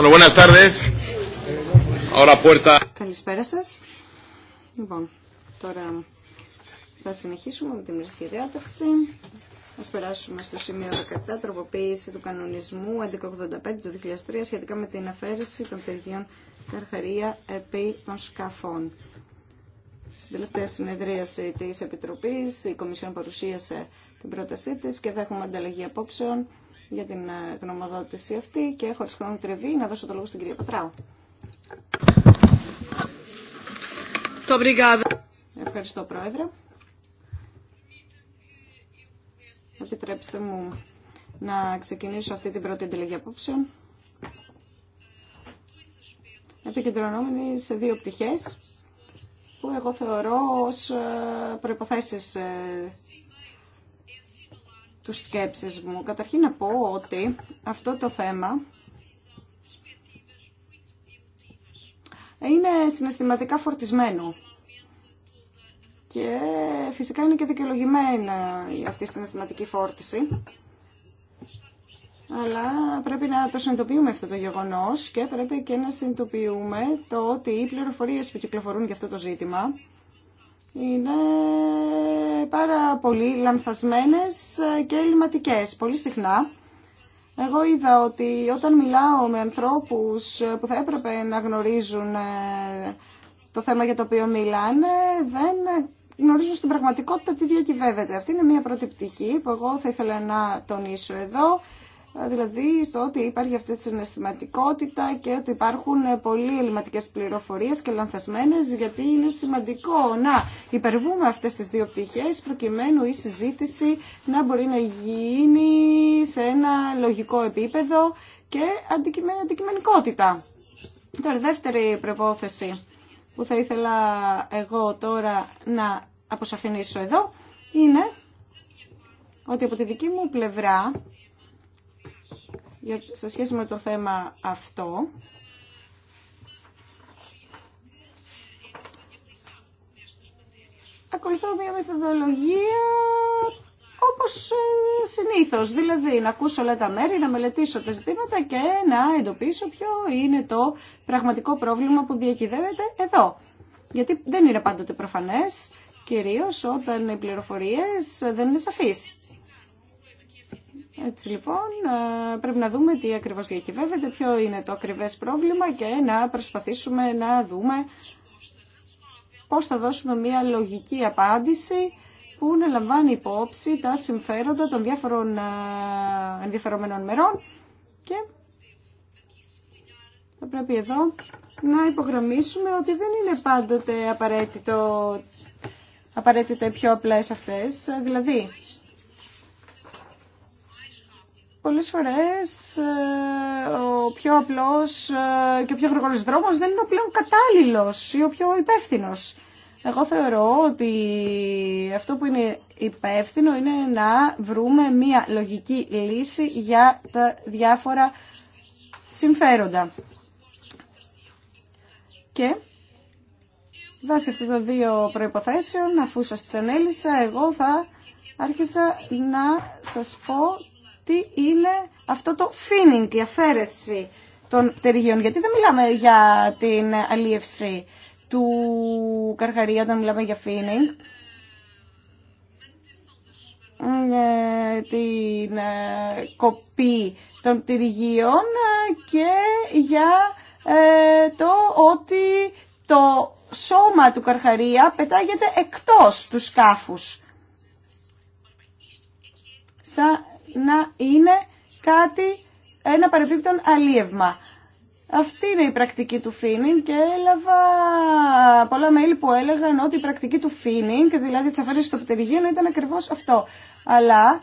Bueno, buenas tardes. Ahora puerta. Καλησπέρα σα. Λοιπόν, τώρα θα συνεχίσουμε με τη μερική διάταξη. Α περάσουμε στο σημείο 17, τροποποίηση του κανονισμού 1185 του 2003 σχετικά με την αφαίρεση των παιδιών καρχαρία επί των σκαφών. Στην τελευταία συνεδρίαση τη Επιτροπή, η Κομισιόν παρουσίασε την πρότασή τη και θα έχουμε ανταλλαγή απόψεων για την ε, γνωμοδότηση αυτή και χωρίς χρόνο τρεβή να δώσω το λόγο στην κυρία Πατράου. Ευχαριστώ Πρόεδρε. Επιτρέψτε μου να ξεκινήσω αυτή την πρώτη αντιλογή απόψεων. Επικεντρωνόμενοι σε δύο πτυχές που εγώ θεωρώ ως ε, προϋποθέσεις ε, τους σκέψεις μου. Καταρχήν να πω ότι αυτό το θέμα είναι συναισθηματικά φορτισμένο. Και φυσικά είναι και δικαιολογημένα αυτή η συναισθηματική φόρτιση. Αλλά πρέπει να το συνειδητοποιούμε αυτό το γεγονός και πρέπει και να συνειδητοποιούμε το ότι οι πληροφορίες που κυκλοφορούν για αυτό το ζήτημα είναι πάρα πολύ λανθασμένες και ελληματικές. Πολύ συχνά εγώ είδα ότι όταν μιλάω με ανθρώπους που θα έπρεπε να γνωρίζουν ε, το θέμα για το οποίο μιλάνε, δεν γνωρίζουν στην πραγματικότητα τι διακυβεύεται. Αυτή είναι μια πρώτη πτυχή που εγώ θα ήθελα να τονίσω εδώ δηλαδή στο ότι υπάρχει αυτή η συναισθηματικότητα και ότι υπάρχουν ε, πολύ ελληματικές πληροφορίες και λανθασμένες γιατί είναι σημαντικό να υπερβούμε αυτές τις δύο πτυχές προκειμένου η συζήτηση να μπορεί να γίνει σε ένα λογικό επίπεδο και αντικειμενικότητα. Τώρα, δεύτερη προπόθεση που θα ήθελα εγώ τώρα να αποσαφηνίσω εδώ είναι ότι από τη δική μου πλευρά σε σχέση με το θέμα αυτό, ακολουθώ μια μεθοδολογία όπως ε, συνήθως, δηλαδή να ακούσω όλα τα μέρη, να μελετήσω τα ζητήματα και να εντοπίσω ποιο είναι το πραγματικό πρόβλημα που διακυδεύεται εδώ. Γιατί δεν είναι πάντοτε προφανές, κυρίως όταν οι πληροφορίες δεν είναι σαφείς. Έτσι λοιπόν ε, πρέπει να δούμε τι ακριβώς διακυβεύεται, ποιο είναι το ακριβές πρόβλημα και να προσπαθήσουμε να δούμε πώς θα δώσουμε μια λογική απάντηση που να λαμβάνει υπόψη τα συμφέροντα των διάφορων ε, ενδιαφερομένων μερών και θα πρέπει εδώ να υπογραμμίσουμε ότι δεν είναι πάντοτε απαραίτητο, απαραίτητα οι πιο απλές αυτές. Δηλαδή, Πολλές φορές ε, ο πιο απλός ε, και ο πιο γρήγορος δρόμος δεν είναι ο πλέον κατάλληλος ή ο πιο υπεύθυνο. Εγώ θεωρώ ότι αυτό που είναι υπεύθυνο είναι να βρούμε μία λογική λύση για τα διάφορα συμφέροντα. Και βάσει αυτών των δύο προϋποθέσεων, αφού σας τις εγώ θα άρχισα να σας πω τι είναι αυτό το φίνινγκ, η αφαίρεση των πτεριγίων. Γιατί δεν μιλάμε για την αλίευση του καρχαρία όταν μιλάμε για φίνινγκ. Ε, την ε, κοπή των πτυριγίων ε, και για το ότι το σώμα του καρχαρία πετάγεται εκτός του σκάφους να είναι κάτι, ένα παρεμπίπτον αλίευμα. Αυτή είναι η πρακτική του φίνινγκ και έλαβα πολλά μέλη που έλεγαν ότι η πρακτική του φίνινγκ, δηλαδή τη αφαίρεση στο πτερυγείο, ήταν ακριβώ αυτό. Αλλά,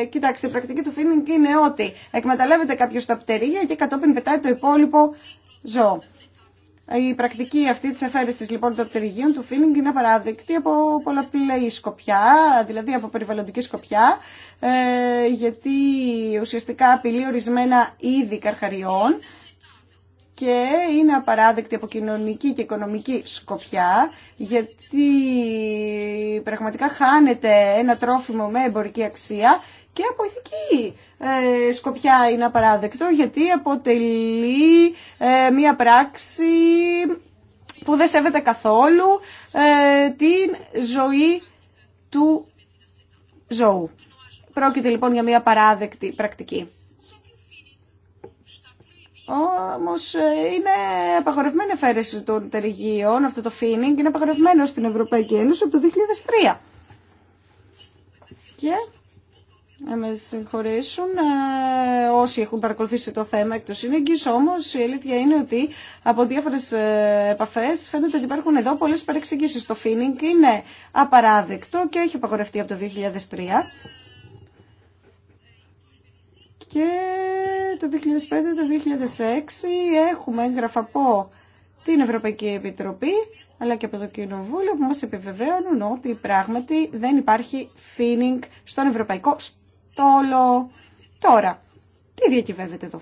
ε, κοιτάξτε, η πρακτική του φίνινγκ είναι ότι εκμεταλλεύεται κάποιο τα πτερυγεία και κατόπιν πετάει το υπόλοιπο ζώο. Η πρακτική αυτή της αφαίρεση λοιπόν των πτερυγίων του φίνιγκ είναι απαράδεκτη από πολλαπλή σκοπιά, δηλαδή από περιβαλλοντική σκοπιά, ε, γιατί ουσιαστικά απειλεί ορισμένα είδη καρχαριών και είναι απαράδεκτη από κοινωνική και οικονομική σκοπιά, γιατί πραγματικά χάνεται ένα τρόφιμο με εμπορική αξία και από ηθική ε, σκοπιά είναι απαράδεκτο γιατί αποτελεί ε, μια πράξη που δεν σέβεται καθόλου ε, την ζωή του ζώου. Πρόκειται λοιπόν για μια παράδεκτη πρακτική. Όμω ε, είναι απαγορευμένη αφαίρεση των τεργείων, αυτό το φίνινγκ είναι απαγορευμένο στην Ευρωπαϊκή Ένωση από το 2003. Και ε, με συγχωρήσουν ε, όσοι έχουν παρακολουθήσει το θέμα εκ των σύνεγγυς, όμως η αλήθεια είναι ότι από διάφορες ε, επαφές φαίνεται ότι υπάρχουν εδώ πολλές παρεξηγήσεις. Το φίνινγκ είναι απαράδεκτο και έχει απαγορευτεί από το 2003 και το 2005 το 2006 έχουμε έγγραφα από την Ευρωπαϊκή Επιτροπή αλλά και από το Κοινοβούλιο που μας επιβεβαίωνουν ότι πράγματι δεν υπάρχει φίνινγκ στον ευρωπαϊκό τόλο. Τώρα, τι διακυβεύεται εδώ.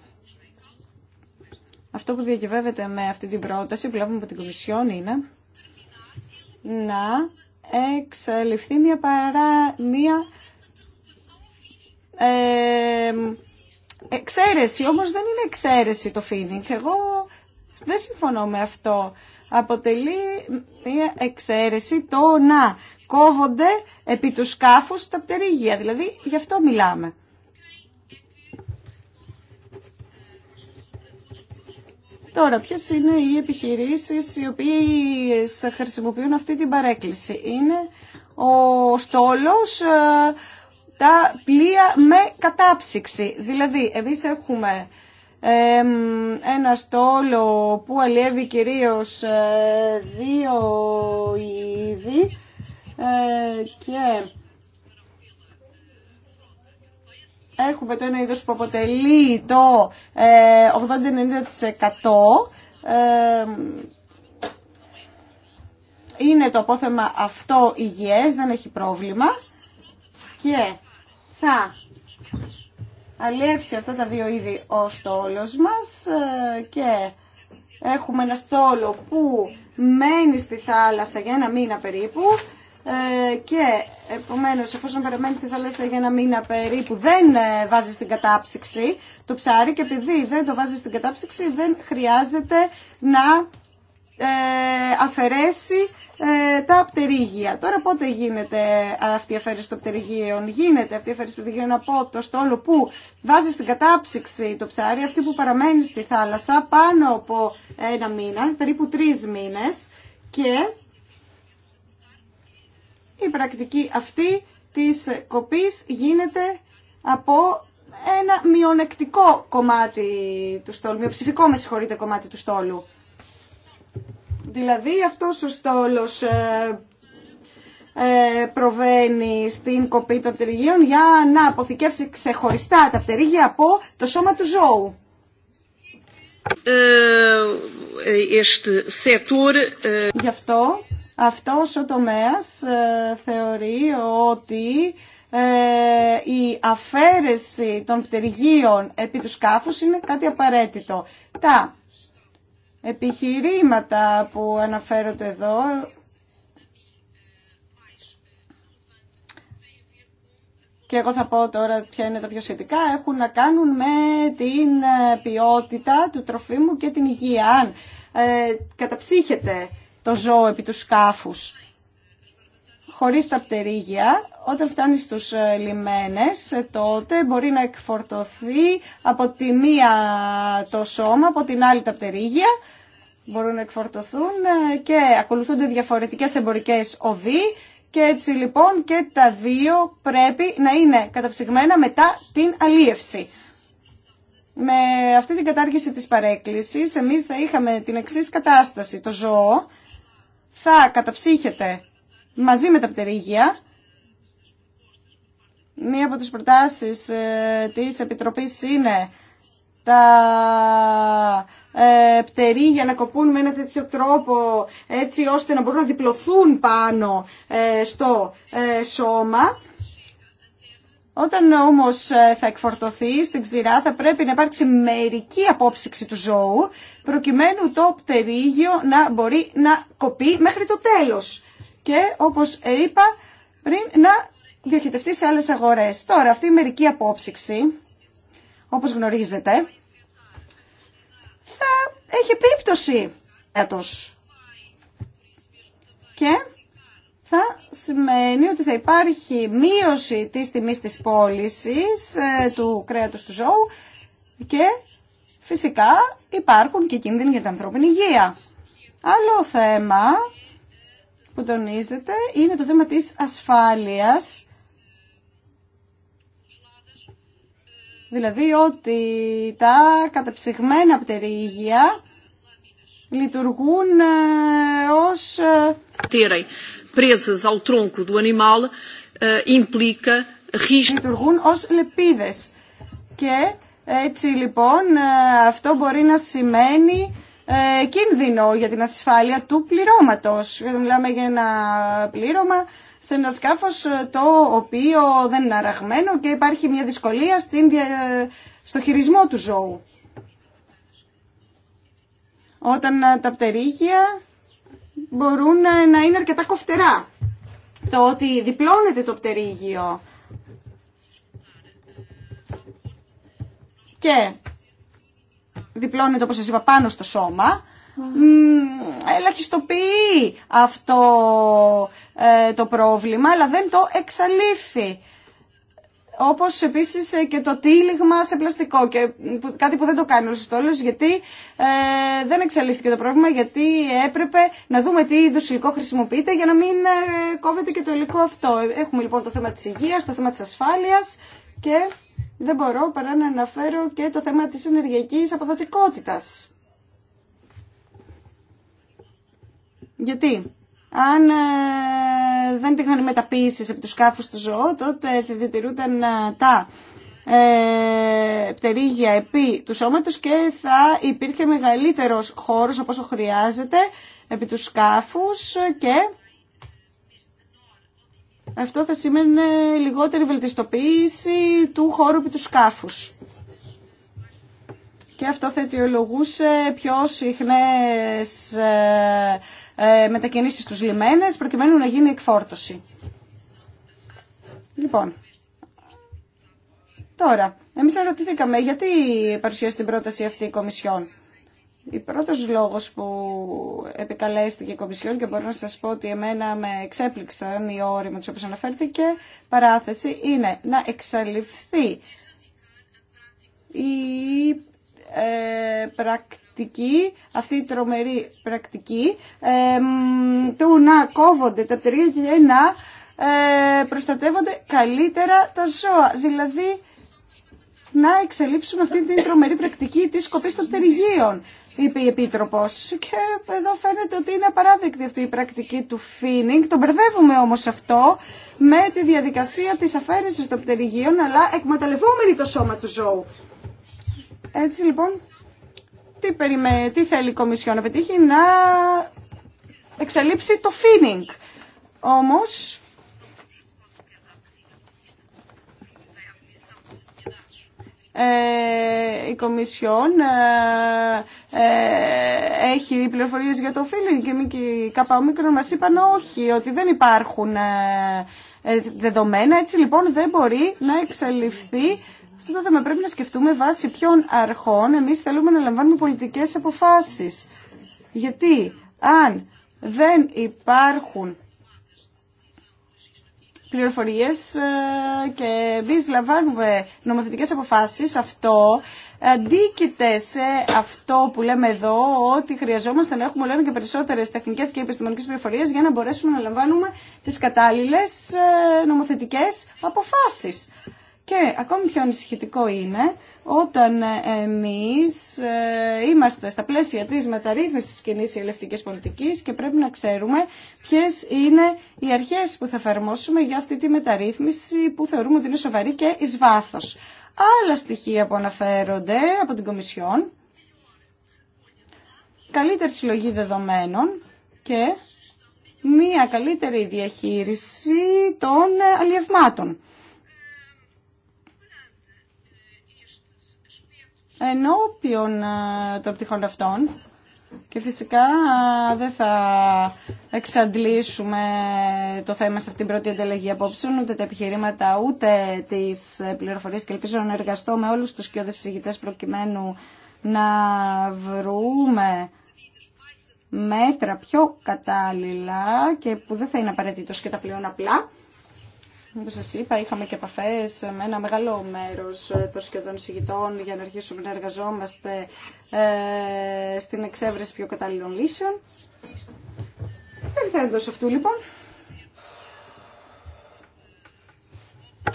Αυτό που διακυβεύεται με αυτή την πρόταση που λάβουμε από την Κομισιόν είναι να εξελιχθεί μια, παρά, μια ε, εξαίρεση. Όμως δεν είναι εξαίρεση το φίνικ. Εγώ δεν συμφωνώ με αυτό. Αποτελεί μια εξαίρεση το να κόβονται επί του σκάφους τα πτερήγια. Δηλαδή, γι' αυτό μιλάμε. Τώρα, ποιε είναι οι επιχειρήσει οι οποίε χρησιμοποιούν αυτή την παρέκκληση. Είναι ο στόλος, ε, τα πλοία με κατάψυξη. Δηλαδή, εμεί έχουμε ένα στόλο που αλλιεύει κυρίως ε, δύο είδη και έχουμε το ένα είδος που αποτελεί το 80-90% ε, ε, είναι το απόθεμα αυτό υγιές, δεν έχει πρόβλημα και θα αλλιεύσει αυτά τα δύο είδη ο στόλος μας ε, και έχουμε ένα στόλο που μένει στη θάλασσα για ένα μήνα περίπου ε, και επομένως εφόσον παραμένει στη θάλασσα για ένα μήνα περίπου δεν ε, βάζει στην την κατάψυξη το ψάρι και επειδή δεν το βάζει στην κατάψυξη δεν χρειάζεται να ε, αφαιρέσει τα πτερίγια. Τώρα πότε γίνεται αυτή η αφαίρεση των πτερυγίων. Γίνεται αυτή η αφαίρεση των πτερυγίων από το στόλο που βάζει στην κατάψυξη το ψάρι, αυτή που παραμένει στη θάλασσα πάνω από ένα μήνα, περίπου τρει μήνε και η πρακτική αυτή της κοπής γίνεται από ένα μειονεκτικό κομμάτι του στόλου, μειοψηφικό με συγχωρείτε κομμάτι του στόλου. Δηλαδή αυτός ο στόλος ε, ε, προβαίνει στην κοπή των πτερυγίων για να αποθηκεύσει ξεχωριστά τα πτερύγια από το σώμα του ζώου. Ε, Γι' αυτό αυτός ο τομέας ε, θεωρεί ότι ε, η αφαίρεση των πτεργίων επί του σκάφους είναι κάτι απαραίτητο. Τα επιχειρήματα που αναφέρονται εδώ και εγώ θα πω τώρα ποια είναι τα πιο σχετικά, έχουν να κάνουν με την ε, ποιότητα του τροφίμου και την υγεία. Αν ε, καταψύχεται το ζώο επί του σκάφους. Χωρίς τα πτερίγια, όταν φτάνει στους ε, λιμένες, ε, τότε μπορεί να εκφορτωθεί από τη μία το σώμα, από την άλλη τα πτερίγια, μπορούν να εκφορτωθούν ε, και ακολουθούνται διαφορετικές εμπορικές οδοί και έτσι λοιπόν και τα δύο πρέπει να είναι καταψυγμένα μετά την αλίευση. Με αυτή την κατάργηση της παρέκκλησης εμείς θα είχαμε την εξής κατάσταση. Το ζώο θα καταψύχεται μαζί με τα πτερήγια μία από τις προτάσεις ε, της Επιτροπής είναι τα ε, να κοπούν με ένα τέτοιο τρόπο έτσι ώστε να μπορούν να διπλωθούν πάνω ε, στο ε, σώμα όταν όμως ε, θα εκφορτωθεί στην ξηρά θα πρέπει να υπάρξει μερική απόψυξη του ζώου προκειμένου το πτερίγιο να μπορεί να κοπεί μέχρι το τέλος. Και όπως είπα πριν να διοχετευτεί σε άλλες αγορές. Τώρα αυτή η μερική απόψυξη όπως γνωρίζετε θα έχει επίπτωση έτος. Και θα σημαίνει ότι θα υπάρχει μείωση της τιμής της πώληση ε, του κρέατος του ζώου και φυσικά υπάρχουν και κίνδυνοι για την ανθρώπινη υγεία. Άλλο θέμα που τονίζεται είναι το θέμα της ασφάλειας. Δηλαδή ότι τα καταψυγμένα πτερήγια λειτουργούν ε, ως... Ε, presas ao tronco do animal eh, implica Λειτουργούν λεπίδες και ε, έτσι λοιπόν ε, αυτό μπορεί να σημαίνει ε, κίνδυνο για την ασφάλεια του πληρώματος. Μιλάμε για ένα πλήρωμα σε ένα σκάφος το οποίο δεν είναι αραγμένο και υπάρχει μια δυσκολία στο χειρισμό του ζώου. Όταν τα πτερήγια μπορούν ε, να είναι αρκετά κοφτερά. Το ότι διπλώνεται το πτερίγιο και διπλώνεται όπως σας είπα πάνω στο σώμα, ελαχιστοποιεί αυτό ε, το πρόβλημα αλλά δεν το εξαλείφει όπως επίση ε, και το τύλιγμα σε πλαστικό και κάτι που δεν το κάνει ο συστόλος γιατί ε, δεν εξελίχθηκε το πρόβλημα γιατί έπρεπε να δούμε τι είδου υλικό χρησιμοποιείται για να μην ε, κόβεται και το υλικό αυτό. Έχουμε λοιπόν το θέμα της υγείας, το θέμα της ασφάλειας και δεν μπορώ παρά να αναφέρω και το θέμα της ενεργειακή αποδοτικότητα. Γιατί αν ε, δεν υπήρχαν οι μεταποίησεις από τους σκάφους του ζώου, τότε θα διατηρούνταν τα ε, πτερίγια επί του σώματος και θα υπήρχε μεγαλύτερος χώρος από όσο χρειάζεται επί του σκάφους και αυτό θα σημαίνει λιγότερη βελτιστοποίηση του χώρου επί του σκάφους. Και αυτό θα αιτιολογούσε πιο συχνές ε, ε, μετακινήσει στους λιμένες προκειμένου να γίνει εκφόρτωση. Λοιπόν, τώρα, εμείς ερωτηθήκαμε γιατί παρουσίασε την πρόταση αυτή η Κομισιόν. Ο πρώτος λόγος που επικαλέστηκε η Κομισιόν και μπορώ να σας πω ότι εμένα με εξέπληξαν οι όροι με τους οποίους αναφέρθηκε, παράθεση είναι να εξαλειφθεί η ε, πρακτική, αυτή η τρομερή πρακτική ε, του να κόβονται τα πτερία και να ε, προστατεύονται καλύτερα τα ζώα. Δηλαδή να εξελίψουμε αυτή την τρομερή πρακτική της κοπής των πτερυγίων είπε η Επίτροπος. Και εδώ φαίνεται ότι είναι απαράδεκτη αυτή η πρακτική του φίνινγκ. Το μπερδεύουμε όμως αυτό με τη διαδικασία της αφαίρεσης των πτεριγίων αλλά εκμεταλλευόμενοι το σώμα του ζώου. Έτσι λοιπόν, τι, περιμέ, τι θέλει η Κομισιόν να πετύχει, να εξαλείψει το feeling. Όμως, Ε, η Κομισιόν ε, ε, έχει πληροφορίες για το feeling και η ΚΑΠΑΟ μας είπαν όχι, ότι δεν υπάρχουν ε, δεδομένα. Έτσι λοιπόν δεν μπορεί να εξαλειφθεί αυτό το θέμα πρέπει να σκεφτούμε βάσει ποιων αρχών εμείς θέλουμε να λαμβάνουμε πολιτικές αποφάσεις. Γιατί αν δεν υπάρχουν πληροφορίες ε, και εμεί λαμβάνουμε νομοθετικές αποφάσεις, αυτό αντίκειται σε αυτό που λέμε εδώ, ότι χρειαζόμαστε να έχουμε όλο και περισσότερες τεχνικές και επιστημονικές πληροφορίες για να μπορέσουμε να λαμβάνουμε τις κατάλληλες ε, νομοθετικές αποφάσεις. Και ακόμη πιο ανησυχητικό είναι όταν εμείς ε, είμαστε στα πλαίσια της μεταρρύθμισης της κοινή ελευτικής πολιτικής και πρέπει να ξέρουμε ποιες είναι οι αρχές που θα εφαρμόσουμε για αυτή τη μεταρρύθμιση που θεωρούμε ότι είναι σοβαρή και εις βάθος. Άλλα στοιχεία που αναφέρονται από την Κομισιόν, καλύτερη συλλογή δεδομένων και μία καλύτερη διαχείριση των αλλιευμάτων. ενώπιον ε, των πτυχών αυτών. Και φυσικά ε, δεν θα εξαντλήσουμε το θέμα σε αυτήν την πρώτη ανταλλαγή απόψεων, ούτε τα επιχειρήματα, ούτε τις ε, πληροφορίες και ελπίζω να εργαστώ με όλους τους κοιόδες συζητητές προκειμένου να βρούμε μέτρα πιο κατάλληλα και που δεν θα είναι απαραίτητο και τα πλέον απλά Όπω σα είπα, είχαμε και επαφέ με ένα μεγάλο μέρο ε, των σχεδόν συγητών για να αρχίσουμε να εργαζόμαστε ε, στην εξέβρεση πιο κατάλληλων λύσεων. σε αυτού λοιπόν.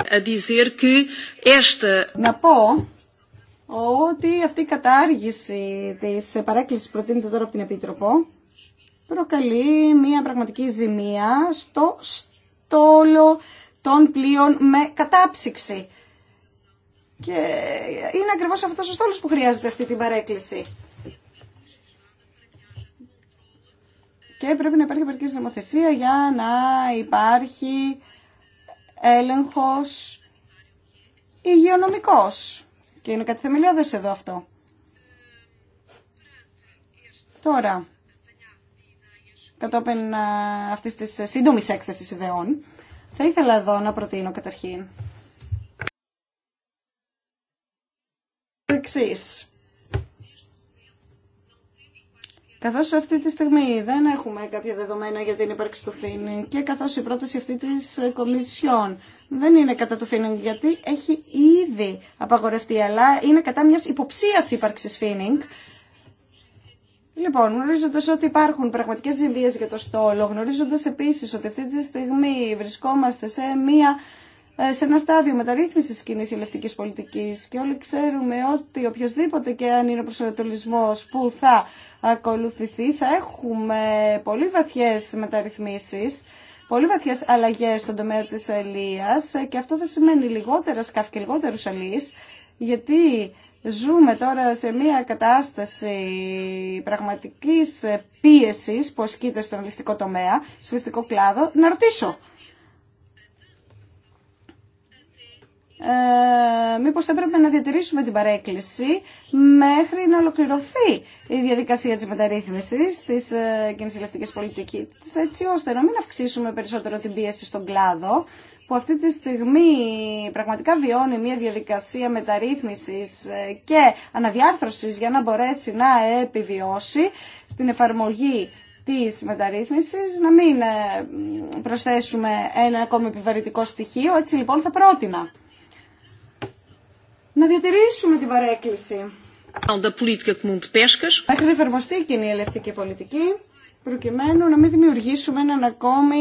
Ε, να πω ότι αυτή η κατάργηση της παρέκκλησης που προτείνεται τώρα από την Επίτροπο προκαλεί μια πραγματική ζημία στο στόλο των πλοίων με κατάψυξη. Και είναι ακριβώς αυτός ο στόλος που χρειάζεται αυτή την παρέκκληση. Και πρέπει να υπάρχει επαρκής νομοθεσία για να υπάρχει έλεγχος υγειονομικός. Και είναι κάτι θεμελιώδες εδώ αυτό. Τώρα, κατόπιν ε, αυτής της ε, σύντομης έκθεσης ιδεών, θα ήθελα εδώ να προτείνω καταρχήν. Εξή. Καθώς αυτή τη στιγμή δεν έχουμε κάποια δεδομένα για την ύπαρξη του φίνινγκ και καθώ η πρόταση αυτή τη Κομισιόν δεν είναι κατά του φίνινγκ γιατί έχει ήδη απαγορευτεί αλλά είναι κατά μια υποψία ύπαρξη φίνινγκ Λοιπόν, γνωρίζοντα ότι υπάρχουν πραγματικέ ζημίε για το στόλο, γνωρίζοντα επίση ότι αυτή τη στιγμή βρισκόμαστε σε μία ε, σε ένα στάδιο μεταρρύθμιση τη κοινή ελευτική πολιτική και όλοι ξέρουμε ότι οποιοδήποτε και αν είναι ο προσανατολισμό που θα ακολουθηθεί, θα έχουμε πολύ βαθιέ μεταρρυθμίσει, πολύ βαθιέ αλλαγέ στον τομέα τη αλληλεία και αυτό θα σημαίνει λιγότερα σκάφη και λιγότερου αλληλεί, γιατί Ζούμε τώρα σε μια κατάσταση πραγματικής πίεσης που ασκείται στον ληφτικό τομέα, στον ληφτικό κλάδο. Να ρωτήσω, ε, μήπως θα έπρεπε να διατηρήσουμε την παρέκκληση μέχρι να ολοκληρωθεί η διαδικασία της μεταρρύθμισης της ε, πολιτική, πολιτικής, έτσι ώστε να μην αυξήσουμε περισσότερο την πίεση στον κλάδο που αυτή τη στιγμή πραγματικά βιώνει μια διαδικασία μεταρρύθμισης ε, και αναδιάρθρωσης για να μπορέσει να επιβιώσει στην εφαρμογή της μεταρρύθμισης, να μην ε, προσθέσουμε ένα ακόμη επιβαρυτικό στοιχείο. Έτσι λοιπόν θα πρότεινα να διατηρήσουμε την παρέκκληση. Μέχρι να εφαρμοστεί η κοινή ελευτική πολιτική προκειμένου να μην δημιουργήσουμε έναν ακόμη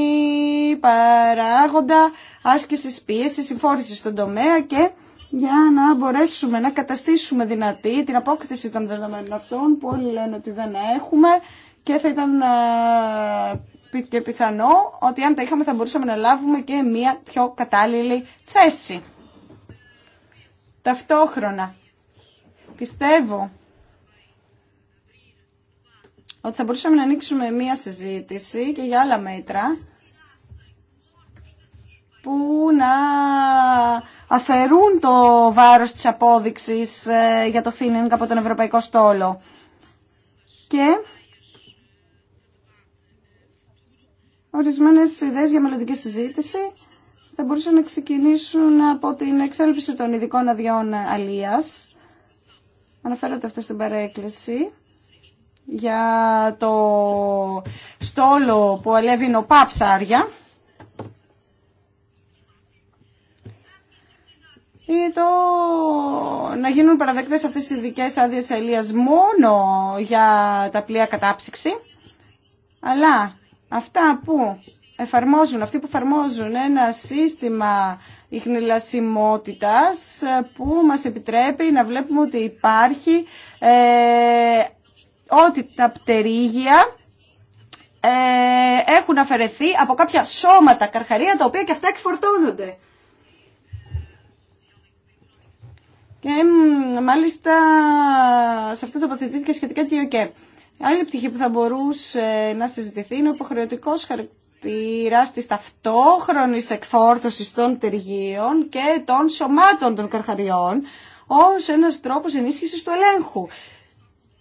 παράγοντα άσκησης πίεσης, συμφόρησης στον τομέα και για να μπορέσουμε να καταστήσουμε δυνατή την απόκτηση των δεδομένων αυτών που όλοι λένε ότι δεν έχουμε και θα ήταν πιθανό ότι αν τα είχαμε θα μπορούσαμε να λάβουμε και μια πιο κατάλληλη θέση. Ταυτόχρονα πιστεύω ότι θα μπορούσαμε να ανοίξουμε μία συζήτηση και για άλλα μέτρα που να αφαιρούν το βάρος της απόδειξης ε, για το Φίνινγκ από τον Ευρωπαϊκό Στόλο. Και ορισμένες ιδέες για μελλοντική συζήτηση θα μπορούσαν να ξεκινήσουν από την εξέλιξη των ειδικών αδειών αλίας. Αναφέρατε αυτό στην παρέκκληση για το στόλο που αλεύει νοπά ψάρια. ή το να γίνουν παραδεκτές αυτές οι ειδικέ άδειε ελίας μόνο για τα πλοία κατάψυξη, αλλά αυτά που εφαρμόζουν, αυτοί που εφαρμόζουν ένα σύστημα ιχνηλασιμότητας που μας επιτρέπει να βλέπουμε ότι υπάρχει ε, ότι τα πτερίγια ε, έχουν αφαιρεθεί από κάποια σώματα καρχαρία τα οποία και αυτά εκφορτώνονται. Και μάλιστα σε αυτό τοποθετήθηκε σχετικά και η Άλλη πτυχή που θα μπορούσε να συζητηθεί είναι ο υποχρεωτικό χαρακτήρα τη ταυτόχρονη εκφόρτωση των πτεργείων και των σωμάτων των καρχαριών ω ένα τρόπο ενίσχυση του ελέγχου.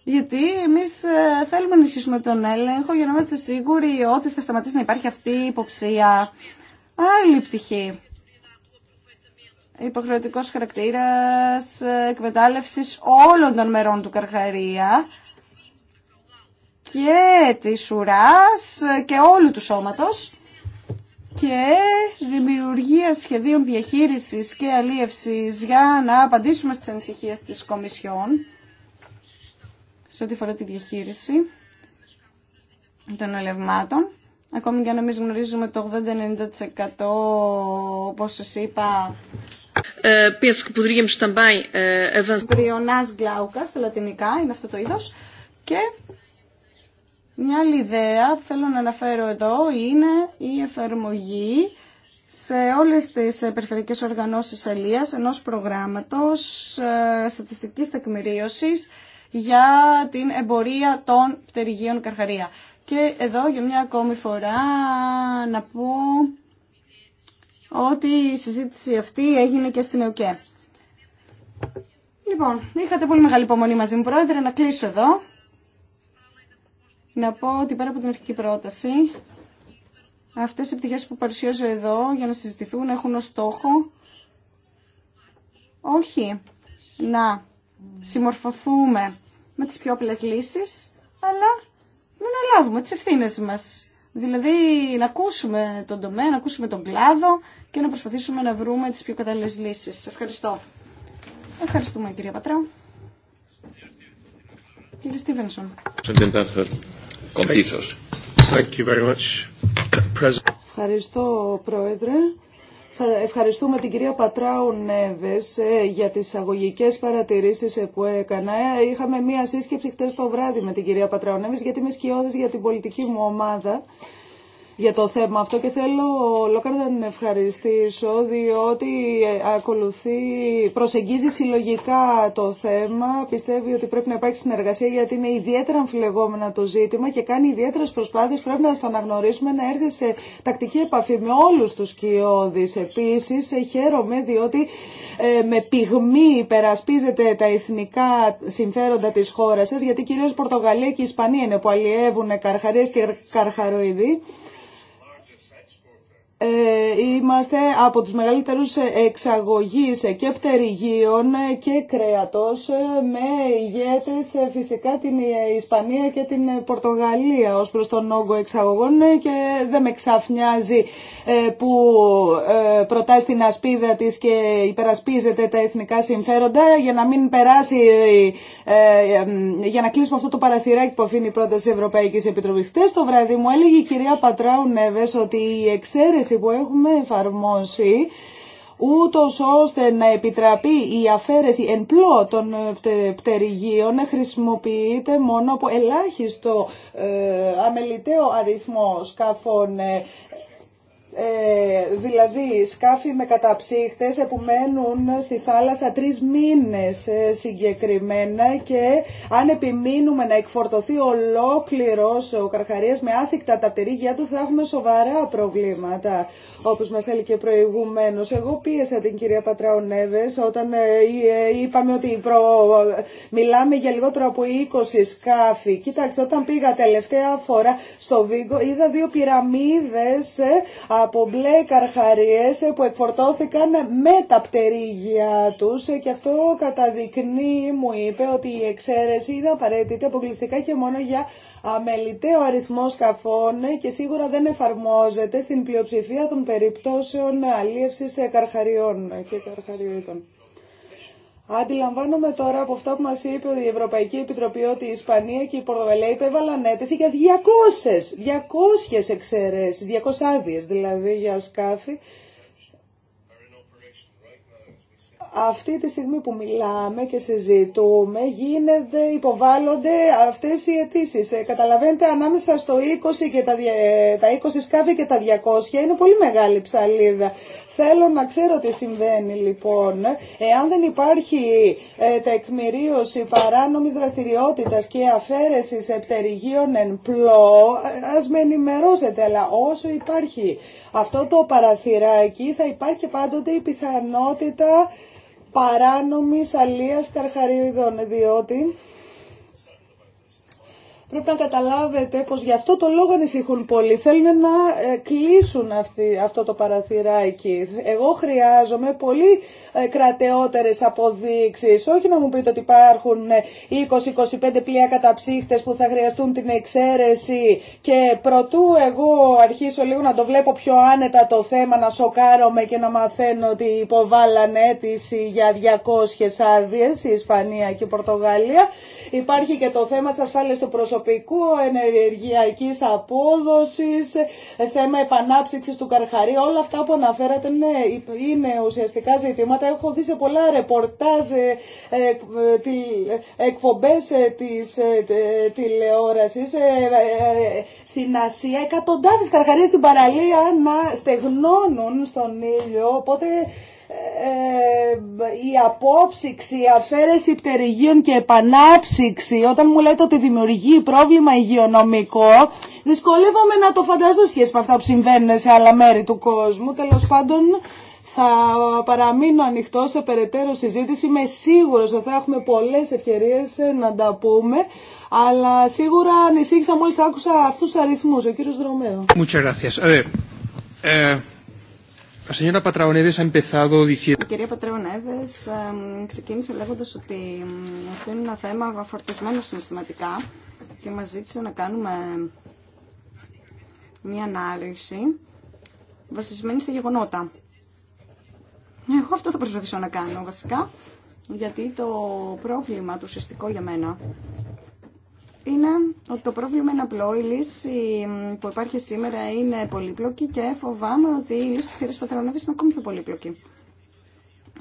Γιατί εμείς ε, θέλουμε να ενισχύσουμε τον έλεγχο για να είμαστε σίγουροι ότι θα σταματήσει να υπάρχει αυτή η υποψία. Άλλη πτυχή. υποχρεωτικό χαρακτήρας ε, εκμετάλλευση όλων των μερών του Καρχαρία και τη ουράς ε, και όλου του σώματος και δημιουργία σχεδίων διαχείρισης και αλίευσης για να απαντήσουμε στις ανησυχίες της Κομισιόν σε ό,τι αφορά τη διαχείριση των ελευμάτων. Ακόμη και αν εμείς γνωρίζουμε το 80-90% όπως σας είπα ε, Μπριονάς ε, γκλάουκα στα λατινικά, είναι αυτό το είδο. Και μια άλλη ιδέα που θέλω να αναφέρω εδώ είναι η εφαρμογή σε όλες τις ε, περιφερειακές οργανώσεις αλίας ενός προγράμματος στατιστικής τεκμηρίωσης για την εμπορία των πτερυγίων καρχαρία. Και εδώ για μια ακόμη φορά να πω ότι η συζήτηση αυτή έγινε και στην ΕΟΚΕ. Λοιπόν, είχατε πολύ μεγάλη υπομονή μαζί μου, Πρόεδρε, να κλείσω εδώ. Να πω ότι πέρα από την αρχική πρόταση, αυτές οι πτυχές που παρουσιάζω εδώ για να συζητηθούν έχουν ως στόχο όχι να συμμορφωθούμε με τις πιο απλές λύσεις, αλλά να αναλάβουμε τις ευθύνες μας. Δηλαδή να ακούσουμε τον τομέα, να ακούσουμε τον κλάδο και να προσπαθήσουμε να βρούμε τις πιο κατάλληλες λύσεις. Ευχαριστώ. Ευχαριστούμε κυρία Πατρά. Κύριε Στίβενσον. Ευχαριστώ Πρόεδρε. Ευχαριστούμε την κυρία Πατράου Νέβες ε, για τις αγωγικές παρατηρήσεις ε, που έκανα. Ε, είχαμε μία σύσκεψη χτες το βράδυ με την κυρία Πατράου Νέβες γιατί είμαι σκιώδης για την πολιτική μου ομάδα για το θέμα αυτό και θέλω ολόκληρα να την ευχαριστήσω διότι ε, ακολουθεί, προσεγγίζει συλλογικά το θέμα, πιστεύει ότι πρέπει να υπάρχει συνεργασία γιατί είναι ιδιαίτερα αμφιλεγόμενα το ζήτημα και κάνει ιδιαίτερες προσπάθειες, πρέπει να το αναγνωρίσουμε, να έρθει σε τακτική επαφή με όλους τους κοιόδης. Επίσης χαίρομαι διότι ε, με πυγμή υπερασπίζεται τα εθνικά συμφέροντα της χώρας σας γιατί κυρίως Πορτογαλία και Ισπανία είναι που αλλιεύουν καρχαρίες και καρχαροειδή. Ε, είμαστε από τους μεγαλύτερους εξαγωγείς και πτερυγίων και κρέατος με ηγέτες ε, φυσικά την Ισπανία και την Πορτογαλία ως προς τον όγκο εξαγωγών και δεν με ξαφνιάζει ε, που προτάσει την ασπίδα της και υπερασπίζεται τα εθνικά συμφέροντα για να μην περάσει για να κλείσουμε αυτό το παραθυράκι που αφήνει η πρόταση Ευρωπαϊκής Επιτροπής. το βράδυ μου έλεγε η κυρία Πατράου ότι η εξαίρεση που έχουμε εφαρμόσει ούτω ώστε να επιτραπεί η αφαίρεση εν πλώ των ε, πτερυγίων χρησιμοποιείται μόνο από ελάχιστο ε, αμεληταίο αριθμό σκαφών ε, ε, δηλαδή σκάφη με καταψύχτες που μένουν στη θάλασσα τρεις μήνες ε, συγκεκριμένα και αν επιμείνουμε να εκφορτωθεί ολόκληρος ο Καρχαρίας με άθικτα τα πτερήγια του θα έχουμε σοβαρά προβλήματα όπως μας έλεγε προηγουμένως. Εγώ πίεσα την κυρία Πατράου όταν ε, ε, είπαμε ότι προ... μιλάμε για λιγότερο από 20 σκάφη. Κοιτάξτε, όταν πήγα τελευταία φορά στο Βίγκο είδα δύο πυραμίδες ε, από μπλε καρχαρίες που εκφορτώθηκαν με τα πτερίγια τους και αυτό καταδεικνύει, μου είπε, ότι η εξαίρεση είναι απαραίτητη αποκλειστικά και μόνο για αμεληταίο αριθμό σκαφών και σίγουρα δεν εφαρμόζεται στην πλειοψηφία των περιπτώσεων αλίευσης καρχαριών και καρχαριοειδών. Αντιλαμβάνομαι τώρα από αυτό που μα είπε η Ευρωπαϊκή Επιτροπή ότι η Ισπανία και η Πορτογαλία υπέβαλαν αίτηση για 200, 200 εξαιρέσεις, 200 άδειε δηλαδή για σκάφη Αυτή τη στιγμή που μιλάμε και συζητούμε γίνεται, υποβάλλονται αυτές οι αιτήσει. Ε, καταλαβαίνετε ανάμεσα στο 20 και τα, τα 20 σκάφη και τα 200 είναι πολύ μεγάλη ψαλίδα. Θέλω να ξέρω τι συμβαίνει λοιπόν. Εάν δεν υπάρχει ε, τεκμηρίωση παράνομης δραστηριότητας και αφαίρεσης επτεριγίων εν πλώ, ε, ας με ενημερώσετε. Αλλά όσο υπάρχει αυτό το παραθυράκι θα υπάρχει πάντοτε η πιθανότητα παράνομης αλίας ειδών, διότι Πρέπει να καταλάβετε πως γι' αυτό το λόγο ανησυχούν πολύ. Θέλουν να ε, κλείσουν αυτή, αυτό το παραθυράκι. Εγώ χρειάζομαι πολύ ε, κρατεότερες αποδείξεις. Όχι να μου πείτε ότι υπάρχουν 20-25 ε, πλοία καταψύχτες που θα χρειαστούν την εξαίρεση και προτού εγώ αρχίσω λίγο να το βλέπω πιο άνετα το θέμα, να σοκάρομαι και να μαθαίνω ότι υποβάλλανε αίτηση για 200 άδειε η Ισπανία και η Πορτογαλία. Υπάρχει και το θέμα της ασφάλειας του προσωπικού, ενεργειακής απόδοσης, θέμα επανάψυξης του καρχαρίου, Όλα αυτά που αναφέρατε είναι, είναι ουσιαστικά ζητήματα. Έχω δει σε πολλά ρεπορτάζ, ε, ε, εκπομπές ε, της τηλεόρασης. Στην Ασία εκατοντάδες καρχαρίες στην παραλία να στεγνώνουν στον ήλιο, οπότε ε, ε, η απόψυξη, η αφαίρεση πτερυγίων και επανάψυξη όταν μου λέτε ότι δημιουργεί πρόβλημα υγειονομικό δυσκολεύομαι να το φανταστώ σχέση με αυτά που συμβαίνουν σε άλλα μέρη του κόσμου τέλος πάντων θα παραμείνω ανοιχτό σε περαιτέρω συζήτηση. Είμαι σίγουρος ότι θα έχουμε πολλές ευκαιρίες να τα πούμε. Αλλά σίγουρα ανησύχησα μόλις άκουσα αυτούς τους αριθμούς. Ο κύριος Δρομέο. Eh, η κυρία Πατραονέβες ξεκίνησε λέγοντας ότι αυτό είναι ένα θέμα φορτισμένο συναισθηματικά και μας ζήτησε να κάνουμε μία ανάλυση βασισμένη σε γεγονότα. Εγώ αυτό θα προσπαθήσω να κάνω βασικά, γιατί το πρόβλημα, του ουσιαστικό για μένα, είναι ότι το πρόβλημα είναι απλό. Η λύση που υπάρχει σήμερα είναι πολύπλοκη και φοβάμαι ότι η λύση τη χειρής πατρονεύης είναι ακόμη πιο πολύπλοκη.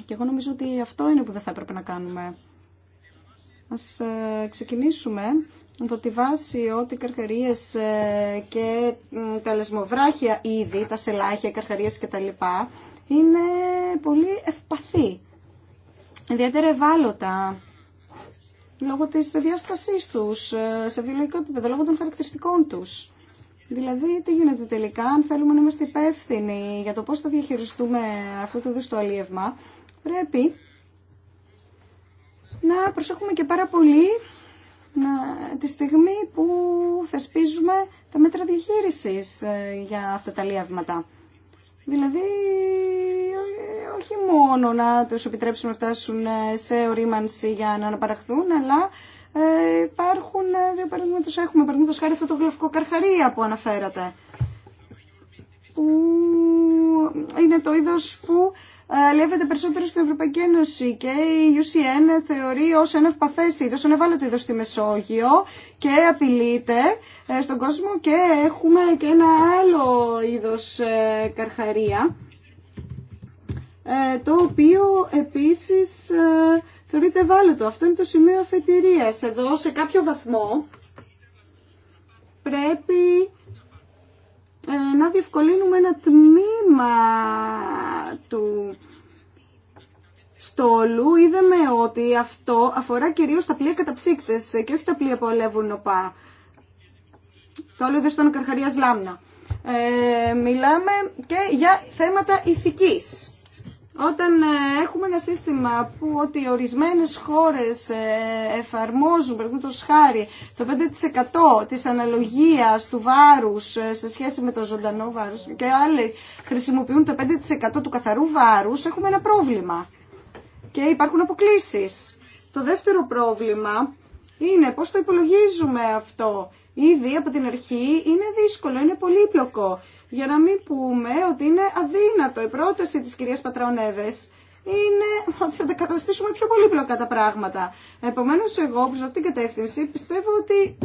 Και εγώ νομίζω ότι αυτό είναι που δεν θα έπρεπε να κάνουμε. Ας ε, ξεκινήσουμε από τη βάση ότι οι καρχαρίες ε, και τα λεσμοβράχια ήδη, τα σελάχια, οι καρχαρίε κτλ. είναι πολύ ευπαθή, ιδιαίτερα ευάλωτα λόγω της διάστασής τους ε, σε βιολογικό επίπεδο, λόγω των χαρακτηριστικών τους. Δηλαδή, τι γίνεται τελικά, αν θέλουμε να είμαστε υπεύθυνοι για το πώς θα διαχειριστούμε αυτό το είδους πρέπει να προσέχουμε και πάρα πολύ να, τη στιγμή που θεσπίζουμε τα μέτρα διαχείρισης ε, για αυτά τα αλίευματα. Δηλαδή, όχι μόνο να του επιτρέψουν να φτάσουν ε, σε ορίμανση για να αναπαραχθούν, αλλά ε, υπάρχουν ε, δύο παραδείγματα. έχουμε. Παραδείγματος χάρη αυτό το γραφικό καρχαρία που αναφέρατε. Που είναι το είδος που αλλιεύεται περισσότερο στην Ευρωπαϊκή Ένωση και η UCN θεωρεί ως ένα ευπαθές είδος, ένα ευάλωτο είδος στη Μεσόγειο και απειλείται ε, στον κόσμο και έχουμε και ένα άλλο είδος ε, καρχαρία ε, το οποίο επίσης θεωρείται ευάλωτο. Αυτό είναι το σημείο αφετηρίας. Εδώ σε κάποιο βαθμό πρέπει ε, να διευκολύνουμε ένα τμήμα του στόλου. Είδαμε ότι αυτό αφορά κυρίως τα πλοία καταψύκτες και όχι τα πλοία που αλεύουν οπά. Το άλλο είδε στον Καρχαρίας Λάμνα. Ε, μιλάμε και για θέματα ηθικής. Όταν ε, έχουμε ένα σύστημα που ότι ορισμένες χώρες ε, εφαρμόζουν, το χάρη, το 5% της αναλογίας του βάρους ε, σε σχέση με το ζωντανό βάρος και άλλοι χρησιμοποιούν το 5% του καθαρού βάρους, έχουμε ένα πρόβλημα και υπάρχουν αποκλήσεις. Το δεύτερο πρόβλημα είναι πώς το υπολογίζουμε αυτό. Ήδη από την αρχή είναι δύσκολο, είναι πολύπλοκο για να μην πούμε ότι είναι αδύνατο. Η πρόταση της κυρίας Πατραονέβες είναι ότι θα τα καταστήσουμε πιο πολύπλοκα τα πράγματα. Επομένως εγώ προς αυτήν την κατεύθυνση πιστεύω ότι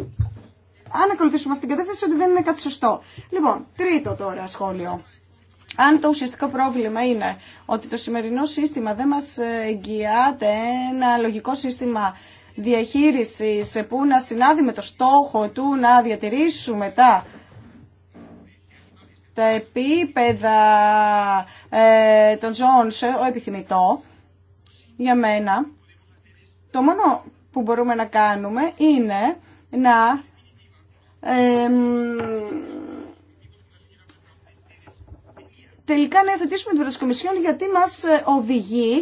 αν ακολουθήσουμε αυτήν την κατεύθυνση ότι δεν είναι κάτι σωστό. Λοιπόν, τρίτο τώρα σχόλιο. Αν το ουσιαστικό πρόβλημα είναι ότι το σημερινό σύστημα δεν μας ε, εγγυάται ένα λογικό σύστημα διαχείρισης ε, που να συνάδει με το στόχο του να διατηρήσουμε τα τα επίπεδα ε, των ζώων σε ο επιθυμητό, για μένα, το μόνο που μπορούμε να κάνουμε είναι να τελικά να εθετήσουμε την πρόταση γιατί μα ε, οδηγεί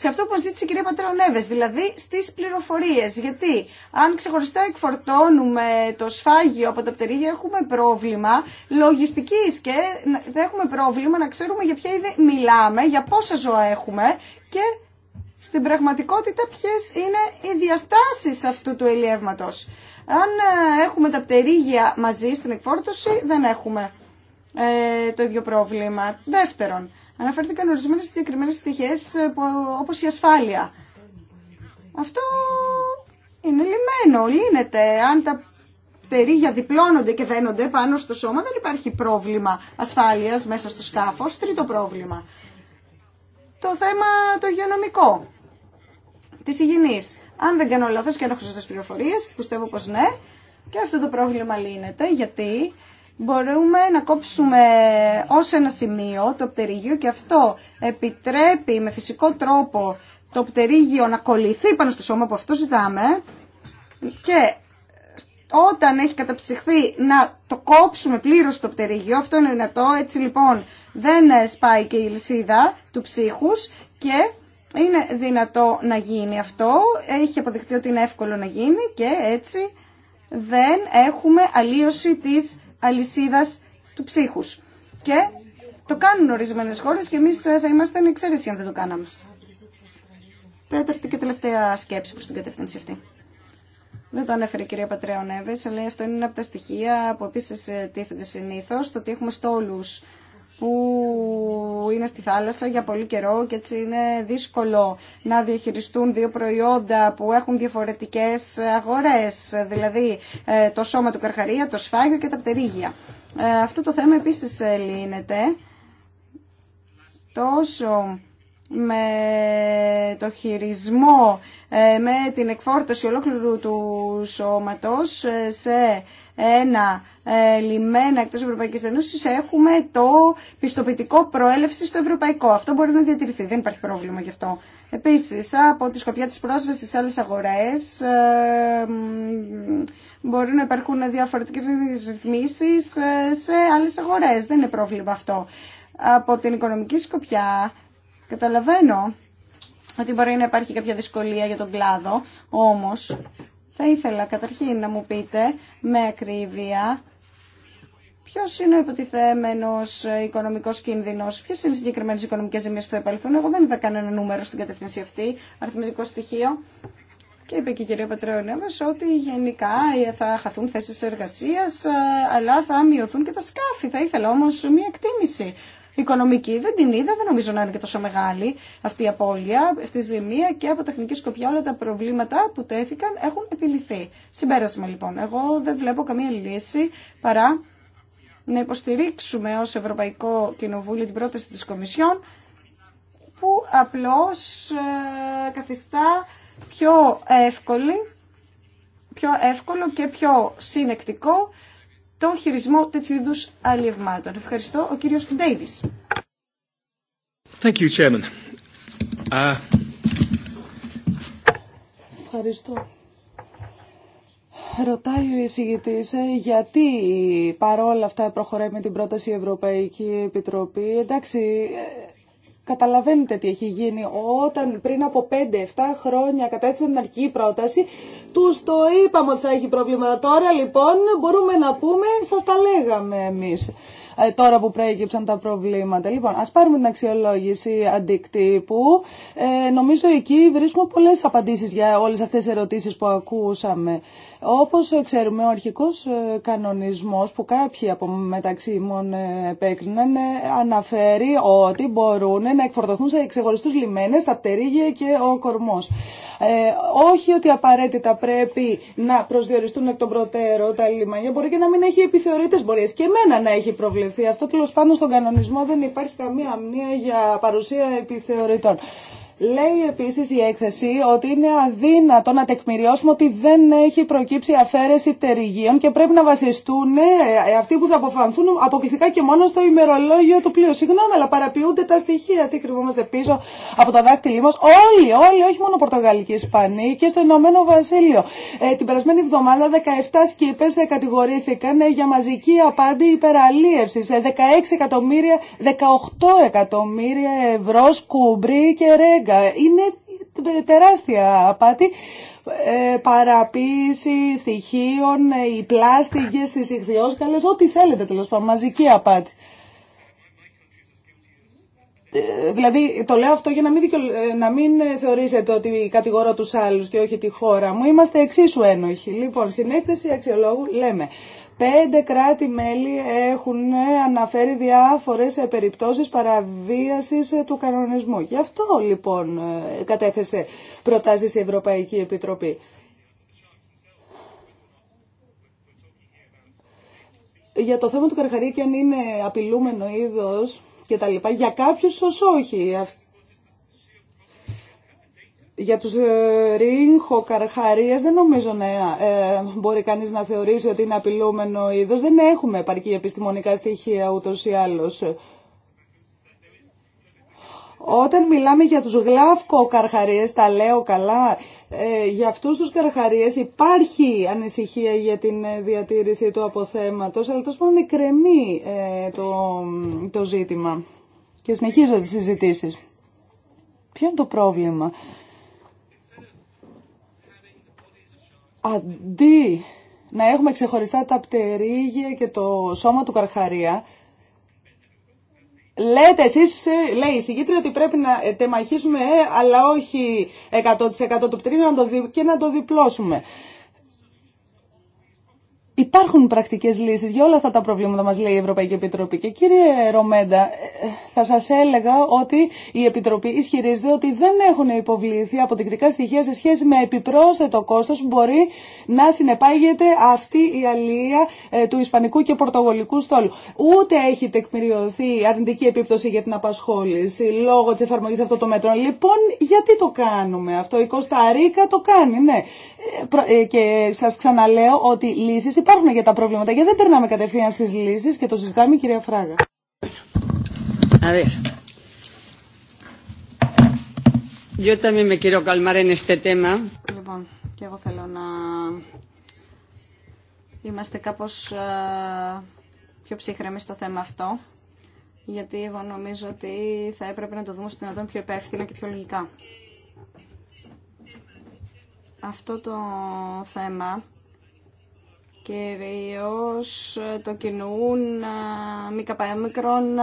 σε αυτό που ζήτησε η κυρία Πατρεωνέβες, δηλαδή στι πληροφορίε. Γιατί αν ξεχωριστά εκφορτώνουμε το σφάγιο από τα πτερίγια έχουμε πρόβλημα λογιστική και θα έχουμε πρόβλημα να ξέρουμε για ποια είδη μιλάμε, για πόσα ζώα έχουμε και στην πραγματικότητα ποιε είναι οι διαστάσεις αυτού του ελιεύματος. Αν ε, έχουμε τα πτερίγια μαζί στην εκφόρτωση δεν έχουμε ε, το ίδιο πρόβλημα. Δεύτερον, αναφέρθηκαν ορισμένε συγκεκριμένε στοιχείε όπω η ασφάλεια. Αυτό είναι λυμένο λύνεται. Αν τα πτερίγια διπλώνονται και δένονται πάνω στο σώμα, δεν υπάρχει πρόβλημα ασφάλειας μέσα στο σκάφος. Τρίτο πρόβλημα. Το θέμα το υγειονομικό τη υγιεινή. Αν δεν κάνω λάθο και αν έχω σωστέ πληροφορίε, πιστεύω πω ναι, και αυτό το πρόβλημα λύνεται γιατί μπορούμε να κόψουμε ως ένα σημείο το πτερίγιο και αυτό επιτρέπει με φυσικό τρόπο το πτερίγιο να κολληθεί πάνω στο σώμα που αυτό ζητάμε και όταν έχει καταψυχθεί να το κόψουμε πλήρως το πτερίγιο, αυτό είναι δυνατό, έτσι λοιπόν δεν σπάει και η λυσίδα του ψύχους και είναι δυνατό να γίνει αυτό, έχει αποδειχθεί ότι είναι εύκολο να γίνει και έτσι δεν έχουμε αλλίωση της Αλυσίδα του ψύχους. Και το κάνουν ορισμένες χώρε και εμείς ε, θα είμαστε εξαίρεση αν δεν το κάναμε. Τέταρτη και τελευταία σκέψη προς την κατεύθυνση αυτή. Δεν το ανέφερε η κυρία Πατρέων Εύες, αλλά αυτό είναι ένα από τα στοιχεία που επίση ε, τίθεται συνήθω το ότι έχουμε στόλου που είναι στη θάλασσα για πολύ καιρό και έτσι είναι δύσκολο να διαχειριστούν δύο προϊόντα που έχουν διαφορετικές αγορές, δηλαδή ε, το σώμα του καρχαρία, το σφάγιο και τα πτερίγια. Ε, αυτό το θέμα επίσης λύνεται τόσο με το χειρισμό, ε, με την εκφόρτωση ολόκληρου του σώματος ε, σε ένα ε, λιμένα εκτός Ευρωπαϊκής Ένωσης έχουμε το πιστοποιητικό προέλευση στο ευρωπαϊκό. Αυτό μπορεί να διατηρηθεί, δεν υπάρχει πρόβλημα γι' αυτό. Επίσης, από τη σκοπιά της πρόσβασης σε άλλες αγορές μπορεί να υπάρχουν διαφορετικές ρυθμίσεις σε άλλες αγορές. Δεν είναι πρόβλημα αυτό. Από την οικονομική σκοπιά Καταλαβαίνω ότι μπορεί να υπάρχει κάποια δυσκολία για τον κλάδο, όμως θα ήθελα καταρχήν να μου πείτε με ακρίβεια ποιο είναι ο υποτιθέμενο οικονομικό κίνδυνο, ποιε είναι οι συγκεκριμένε οικονομικέ ζημίε που θα επαληθούν. Εγώ δεν είδα κανένα νούμερο στην κατεύθυνση αυτή, αριθμητικό στοιχείο. Και είπε και η κυρία Πατρεωνέβα ότι γενικά θα χαθούν θέσει εργασία, ε, αλλά θα μειωθούν και τα σκάφη. Θα ήθελα όμω μία εκτίμηση οικονομική. Δεν την είδα, δεν νομίζω να είναι και τόσο μεγάλη αυτή η απώλεια, αυτή η ζημία και από τεχνική σκοπιά όλα τα προβλήματα που τέθηκαν έχουν επιληθεί. Συμπέρασμα λοιπόν, εγώ δεν βλέπω καμία λύση παρά να υποστηρίξουμε ως Ευρωπαϊκό Κοινοβούλιο την πρόταση της Κομισιόν που απλώς ε, καθιστά πιο εύκολη πιο εύκολο και πιο συνεκτικό τον χειρισμό τέτοιου είδους αλλιευμάτων. Ευχαριστώ. Ο κύριος Ντέιβις. Ευχαριστώ. Ρωτάει ο εισηγητής ε, γιατί παρόλα αυτά προχωράει με την πρόταση η Ευρωπαϊκή Επιτροπή. Εντάξει, ε, Καταλαβαίνετε τι έχει γίνει όταν πριν από 5-7 χρόνια κατέθεσαν την αρχική πρόταση. Του το είπαμε ότι θα έχει προβλήματα Τώρα λοιπόν μπορούμε να πούμε, σα τα λέγαμε εμεί ε, τώρα που προέκυψαν τα προβλήματα. Λοιπόν, ας πάρουμε την αξιολόγηση αντικτύπου. Ε, νομίζω εκεί βρίσκουμε πολλές απαντήσεις για όλες αυτές τις ερωτήσεις που ακούσαμε. Όπως ξέρουμε, ο αρχικός ε, κανονισμός που κάποιοι από μεταξύ μου ε, επέκριναν ε, αναφέρει ότι μπορούν να εκφορτωθούν σε ξεχωριστούς λιμένες τα πτερίγια και ο κορμός. Ε, όχι ότι απαραίτητα πρέπει να προσδιοριστούν εκ των προτέρων τα λιμάνια, μπορεί και να μην έχει επιθεωρητές μπορεί και εμένα να έχει προβλεφθεί. Αυτό τέλο πάντων στον κανονισμό δεν υπάρχει καμία αμνία για παρουσία επιθεωρητών. Λέει επίση η έκθεση ότι είναι αδύνατο να τεκμηριώσουμε ότι δεν έχει προκύψει αφαίρεση πτερυγίων και πρέπει να βασιστούν ε, αυτοί που θα αποφανθούν αποκλειστικά και μόνο στο ημερολόγιο του πλοίου. Συγγνώμη, αλλά παραποιούνται τα στοιχεία. Τι κρυβόμαστε πίσω από τα δάχτυλή μα. Όλοι, όλοι, όχι μόνο Πορτογαλική, Ισπανοί και στο Ηνωμένο Βασίλειο. Ε, την περασμένη εβδομάδα 17 σκήπε ε, κατηγορήθηκαν για μαζική απάντη υπεραλίευση. 16 εκατομμύρια, 18 εκατομμύρια ευρώ σκουμπρί και είναι τεράστια απάτη. Ε, παραποίηση στοιχείων, ε, οι πλάστικες, τι ηχθιόσκαλε, ό,τι θέλετε τέλο πάντων, μαζική απάτη. Ε, δηλαδή, το λέω αυτό για να μην, ε, να μην θεωρήσετε ότι κατηγορώ τους άλλους και όχι τη χώρα μου. Είμαστε εξίσου ένοχοι. Λοιπόν, στην έκθεση αξιολόγου λέμε Πέντε κράτη-μέλη έχουν αναφέρει διάφορες περιπτώσεις παραβίασης του κανονισμού. Γι' αυτό λοιπόν κατέθεσε προτάσεις η Ευρωπαϊκή Επιτροπή. Για το θέμα του καρχαριού αν είναι απειλούμενο είδος και τα λοιπά, για κάποιους ως όχι. Για τους ε, ρίγχο καρχαρίες δεν νομίζω να ε, μπορεί κανείς να θεωρήσει ότι είναι απειλούμενο είδος. Δεν έχουμε επαρκή επιστημονικά στοιχεία ούτως ή άλλως. Όταν μιλάμε για τους γλαύκο καρχαρίες, τα λέω καλά, ε, για αυτούς τους καρχαρίες υπάρχει ανησυχία για την ε, διατήρηση του αποθέματος, αλλά τόσο πάνω κρεμεί το, το ζήτημα και συνεχίζονται τις συζητήσεις. Ποιο είναι το πρόβλημα. αντί να έχουμε ξεχωριστά τα πτερίγια και το σώμα του καρχαρία, Λέτε εσείς, λέει η συγκήτρια ότι πρέπει να τεμαχίσουμε, ε, αλλά όχι 100% του πτερίγιου το και να το διπλώσουμε. Υπάρχουν πρακτικές λύσεις για όλα αυτά τα προβλήματα μας λέει η Ευρωπαϊκή Επιτροπή και κύριε Ρομέντα ε, θα σας έλεγα ότι η Επιτροπή ισχυρίζεται ότι δεν έχουν υποβληθεί αποδεικτικά στοιχεία σε σχέση με επιπρόσθετο κόστος που μπορεί να συνεπάγεται αυτή η αλληλεία ε, του Ισπανικού και Πορτογολικού στόλου. Ούτε έχει τεκμηριωθεί αρνητική επίπτωση για την απασχόληση λόγω της εφαρμογής αυτών των μέτρων. Λοιπόν, γιατί το κάνουμε αυτό. Η Κωνσταντίνα το κάνει, ναι. Ε, και σας ξαναλέω ότι λύσεις υπάρχουν για τα προβλήματα γιατί δεν περνάμε κατευθείαν στι λύσει και το συζητάμε κυρία Φράγα. Λοιπόν, και εγώ θέλω να είμαστε κάπως πιο ψυχρεμοί στο θέμα αυτό, γιατί εγώ νομίζω ότι θα έπρεπε να το δούμε στην δυνατόν πιο επεύθυνο και πιο λογικά. Αυτό το θέμα Κυρίω το κινούν μικρών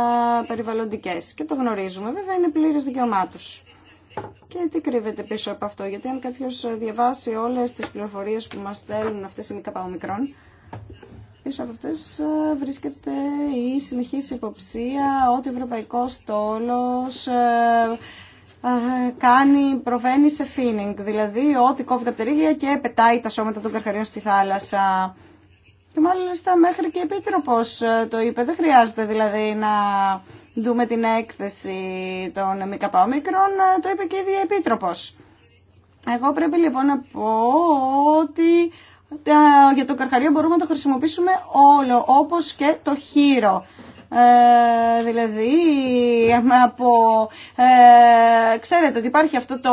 περιβαλλοντικές και το γνωρίζουμε. Βέβαια είναι πλήρες δικαιωμάτους. Και τι κρύβεται πίσω από αυτό, γιατί αν κάποιος διαβάσει όλες τις πληροφορίες που μας στέλνουν αυτές οι ΜΚΟ μικρών, πίσω από αυτές βρίσκεται η συνεχής υποψία ότι ο ευρωπαϊκό στόλο κάνει, προβαίνει σε φίνινγκ, δηλαδή ότι κόβει τα πτερίγια και πετάει τα σώματα των καρχαρίων στη θάλασσα. Και μάλιστα μέχρι και η Επίτροπος ε, το είπε, δεν χρειάζεται δηλαδή να δούμε την έκθεση των ΜΚΟ, ε, το είπε και η ίδια Επίτροπος. Εγώ πρέπει λοιπόν να πω ότι ε, για το καρχαρίο μπορούμε να το χρησιμοποιήσουμε όλο, όπως και το χείρο. Ε, δηλαδή από, ε, ξέρετε ότι υπάρχει αυτό το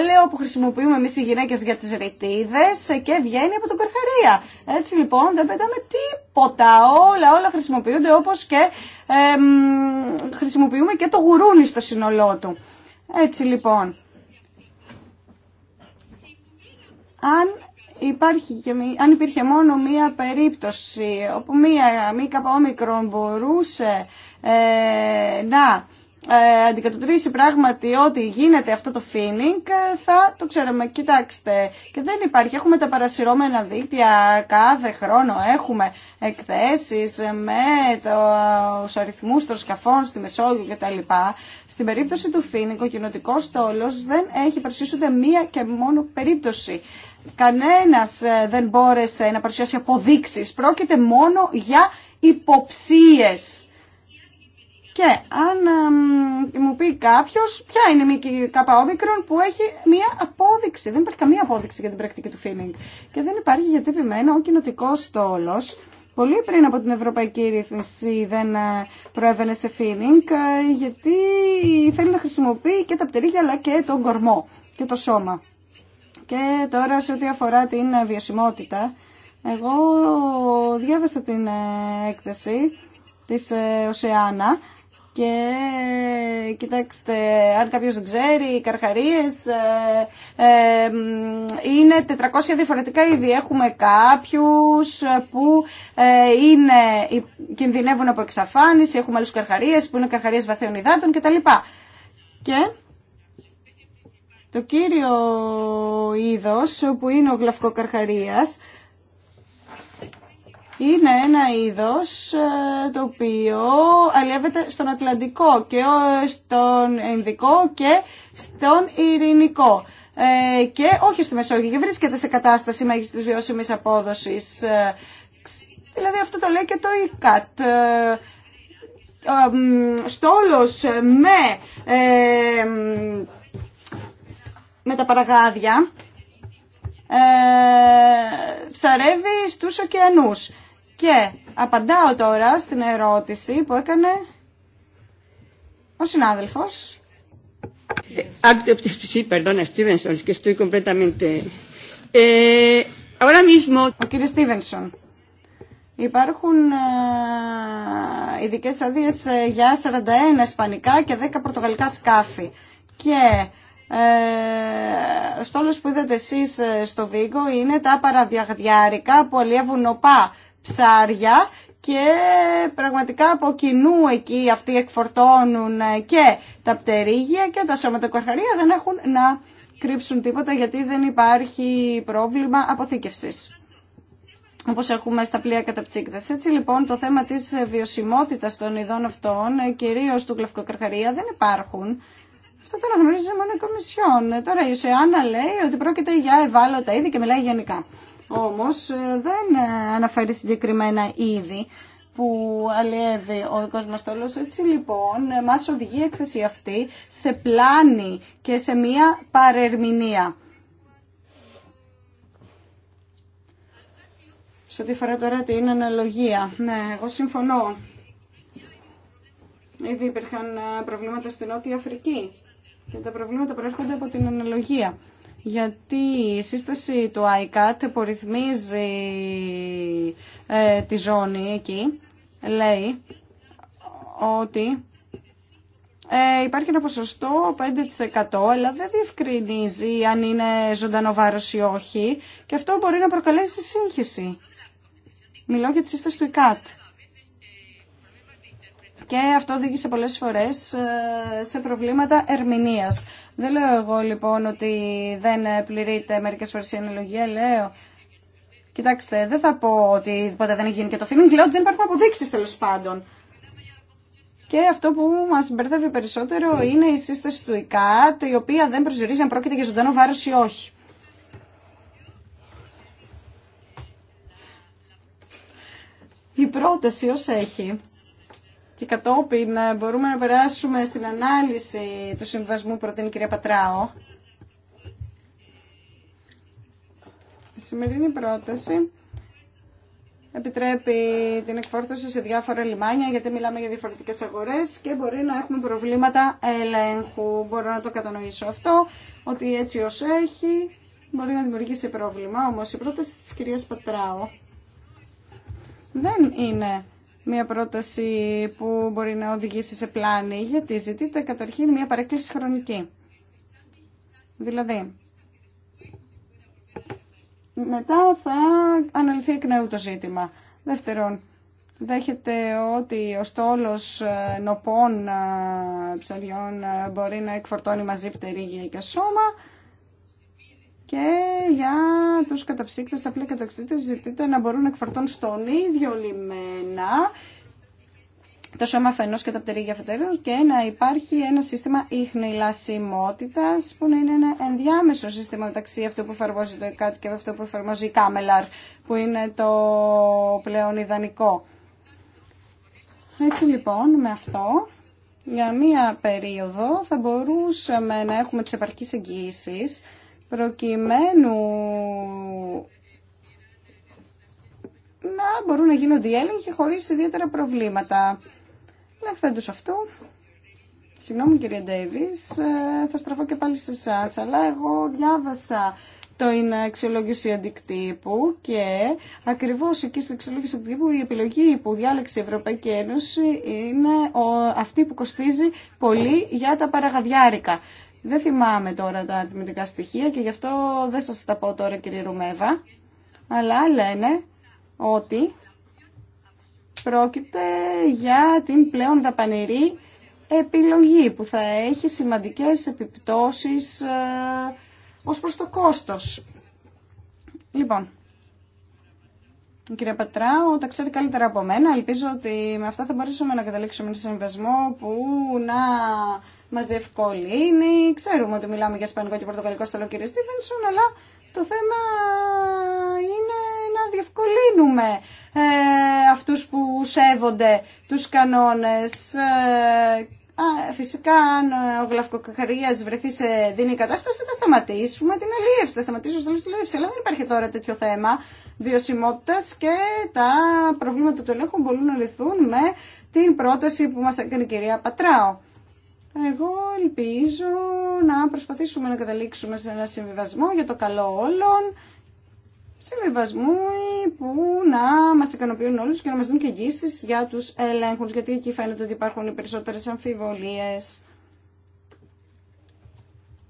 έλαιο που χρησιμοποιούμε εμείς οι γυναίκες για τις ρητίδες και βγαίνει από τον Καρχαρία. Έτσι λοιπόν δεν πετάμε τίποτα, όλα όλα χρησιμοποιούνται όπως και χρησιμοποιούμε και το γουρούνι στο σύνολό του. Έτσι λοιπόν. Αν υπάρχει και, αν υπήρχε μόνο μία περίπτωση όπου μία μη όμικρον μπορούσε ε, να ε, πράγματι ότι γίνεται αυτό το Φίνινγκ θα το ξέρουμε. Κοιτάξτε, και δεν υπάρχει. Έχουμε τα παρασυρώμενα δίκτυα κάθε χρόνο. Έχουμε εκθέσεις με τους αριθμούς των σκαφών στη Μεσόγειο κτλ. Στην περίπτωση του φίνινγκ, ο κοινοτικό στόλος δεν έχει παρουσιάσει μία και μόνο περίπτωση κανένας ε, δεν μπόρεσε να παρουσιάσει αποδείξεις. Πρόκειται μόνο για υποψίες. Και αν μου πει κάποιος ποια είναι η ΚΟ που έχει μία απόδειξη. Δεν υπάρχει καμία απόδειξη για την πρακτική του φίνιγκ. Και δεν υπάρχει γιατί επιμένω ο κοινοτικό τόλος πολύ πριν από την ευρωπαϊκή ρύθμιση δεν ε, προέβαινε σε ε, γιατί θέλει να χρησιμοποιεί και τα πτερίγια αλλά και τον κορμό και το σώμα. Και τώρα σε ό,τι αφορά την ε, βιωσιμότητα, εγώ διάβασα την ε, έκθεση της ε, Οσεάνα και κοιτάξτε, αν κάποιος δεν ξέρει, οι καρχαρίε είναι 400 διαφορετικά είδη. Έχουμε κάποιους που είναι, κινδυνεύουν από εξαφάνιση, έχουμε άλλου καρχαρίες που είναι καρχαρίες βαθέων υδάτων κτλ. Και το κύριο είδος που είναι ο γλαυκοκαρχαρίας είναι ένα είδος ε, το οποίο αλλιεύεται στον Ατλαντικό και ε, στον Ινδικό και στον Ειρηνικό ε, και όχι στη Μεσόγειο και βρίσκεται σε κατάσταση μέγιστης βιώσιμης απόδοσης. Δηλαδή αυτό το λέει και το ΙΚΑΤ. Στόλος με με τα παραγάδια ε, ψαρεύει στους ωκεανούς. Και απαντάω τώρα στην ερώτηση που έκανε ο συνάδελφος. Ο κύριος Στίβενσον. Υπάρχουν ε, ειδικέ αδείε για 41 ισπανικά και 10 πορτογαλικά σκάφη. Και ε, στόλος που είδατε εσείς ε, στο Βίγκο είναι τα παραδιαγδιάρικα που αλλιεύουν οπά ψάρια και πραγματικά από κοινού εκεί αυτοί εκφορτώνουν ε, και τα πτερίγια και τα σώματοκορχαρία δεν έχουν να κρύψουν τίποτα γιατί δεν υπάρχει πρόβλημα αποθήκευσης όπως έχουμε στα πλοία κατά Έτσι λοιπόν το θέμα της βιωσιμότητας των ειδών αυτών, ε, κυρίως του κλευκοκαρχαρία, δεν υπάρχουν αυτό το αναγνωρίζει μόνο η Κομισιόν. Ε, τώρα η Ουσιάνα λέει ότι πρόκειται για ευάλωτα είδη και μιλάει γενικά. Όμω, ε, δεν ε, αναφέρει συγκεκριμένα είδη που αλλιεύει ο κόσμος τόλος. Έτσι λοιπόν μας οδηγεί η έκθεση αυτή σε πλάνη και σε μία παρερμηνία. Σε ό,τι φορά τώρα την αναλογία. Ναι, εγώ συμφωνώ. Ήδη υπήρχαν προβλήματα στην Νότια Αφρική. Και τα προβλήματα προέρχονται από την αναλογία. Γιατί η σύσταση του ICAT που ε, τη ζώνη εκεί λέει ότι ε, υπάρχει ένα ποσοστό 5% αλλά δεν διευκρινίζει αν είναι ζωντανό βάρος ή όχι και αυτό μπορεί να προκαλέσει σύγχυση. Μιλώ για τη σύσταση του ICAT και αυτό οδήγησε πολλές φορές ε, σε προβλήματα ερμηνείας. Δεν λέω εγώ λοιπόν ότι δεν πληρείται μερικές φορές η αναλογία, λέω... Κοιτάξτε, δεν θα πω ότι ποτέ δεν έχει γίνει και το φίλινγκ, λέω ότι δεν υπάρχουν αποδείξεις τέλος πάντων. Και αυτό που μα μπερδεύει περισσότερο είναι η σύσταση του ΙΚΑΤ, η οποία δεν προσδιορίζει αν πρόκειται για ζωντανό βάρο ή όχι. Η πρόταση ως έχει και κατόπιν ε, μπορούμε να περάσουμε στην ανάλυση του συμβασμού που προτείνει κυρία Πατράο. Η σημερινή πρόταση επιτρέπει την εκφόρτωση σε διάφορα λιμάνια, γιατί μιλάμε για διαφορετικές αγορές και μπορεί να έχουμε προβλήματα ελέγχου. Μπορώ να το κατανοήσω αυτό, ότι έτσι ως έχει μπορεί να δημιουργήσει πρόβλημα, όμως η πρόταση της κυρίας Πατράο δεν είναι μια πρόταση που μπορεί να οδηγήσει σε πλάνη, γιατί ζητείται καταρχήν μια παρέκκληση χρονική. Δηλαδή, μετά θα αναλυθεί εκ νέου το ζήτημα. Δεύτερον, δέχεται ότι ο στόλος ε, νοπών ε, ψαριών ε, μπορεί να εκφορτώνει μαζί πτερήγια και σώμα και για τους καταψύκτες, τα πλοία καταψύκτες ζητείται να μπορούν να εκφορτώνουν στον ίδιο λιμένα το σώμα αφενός και τα πτερήγια φετέρων και να υπάρχει ένα σύστημα ίχνηλασιμότητας που να είναι ένα ενδιάμεσο σύστημα μεταξύ αυτού που εφαρμόζει το ΕΚΑΤ και αυτού που εφαρμόζει η Κάμελαρ που είναι το πλέον ιδανικό. Έτσι λοιπόν με αυτό για μία περίοδο θα μπορούσαμε να έχουμε τις επαρκείς εγγύησεις προκειμένου να μπορούν να γίνονται οι έλεγχοι χωρίς ιδιαίτερα προβλήματα. Λεχθέντως αυτού, συγγνώμη κυρία Ντέιβις, ε, θα στραφώ και πάλι σε εσά, αλλά εγώ διάβασα το είναι αξιολόγηση αντικτύπου και ακριβώς εκεί στο αξιολόγηση αντικτύπου η επιλογή που διάλεξε η Ευρωπαϊκή Ένωση είναι αυτή που κοστίζει πολύ για τα παραγαδιάρικα. Δεν θυμάμαι τώρα τα αριθμητικά στοιχεία και γι' αυτό δεν σας τα πω τώρα κύριε Ρουμέβα, αλλά λένε ότι πρόκειται για την πλέον δαπανηρή επιλογή που θα έχει σημαντικές επιπτώσεις ε, ως προς το κόστος. Λοιπόν, η κυρία Πατράου τα ξέρει καλύτερα από μένα. Ελπίζω ότι με αυτά θα μπορέσουμε να καταλήξουμε ένα συμβασμό που να Μα διευκολύνει. Ξέρουμε ότι μιλάμε για σπανικό και πορτοκαλικό στολό κύριε Στίβενσον, αλλά το θέμα είναι να διευκολύνουμε ε, αυτούς που σέβονται τους κανόνες. Ε, α, φυσικά αν ο γλαυκοκαρίας βρεθεί σε δίνει κατάσταση θα σταματήσουμε την αλίευση, θα σταματήσουμε στο τη αλίευση. Αλλά δεν υπάρχει τώρα τέτοιο θέμα βιωσιμότητας και τα προβλήματα του ελέγχου μπορούν να λυθούν με την πρόταση που μας έκανε η κυρία Πατράου εγώ ελπίζω να προσπαθήσουμε να καταλήξουμε σε ένα συμβιβασμό για το καλό όλων. Συμβιβασμού που να μας ικανοποιούν όλους και να μας δουν και εγγύσει για τους ελέγχους, γιατί εκεί φαίνεται ότι υπάρχουν οι περισσότερες αμφιβολίες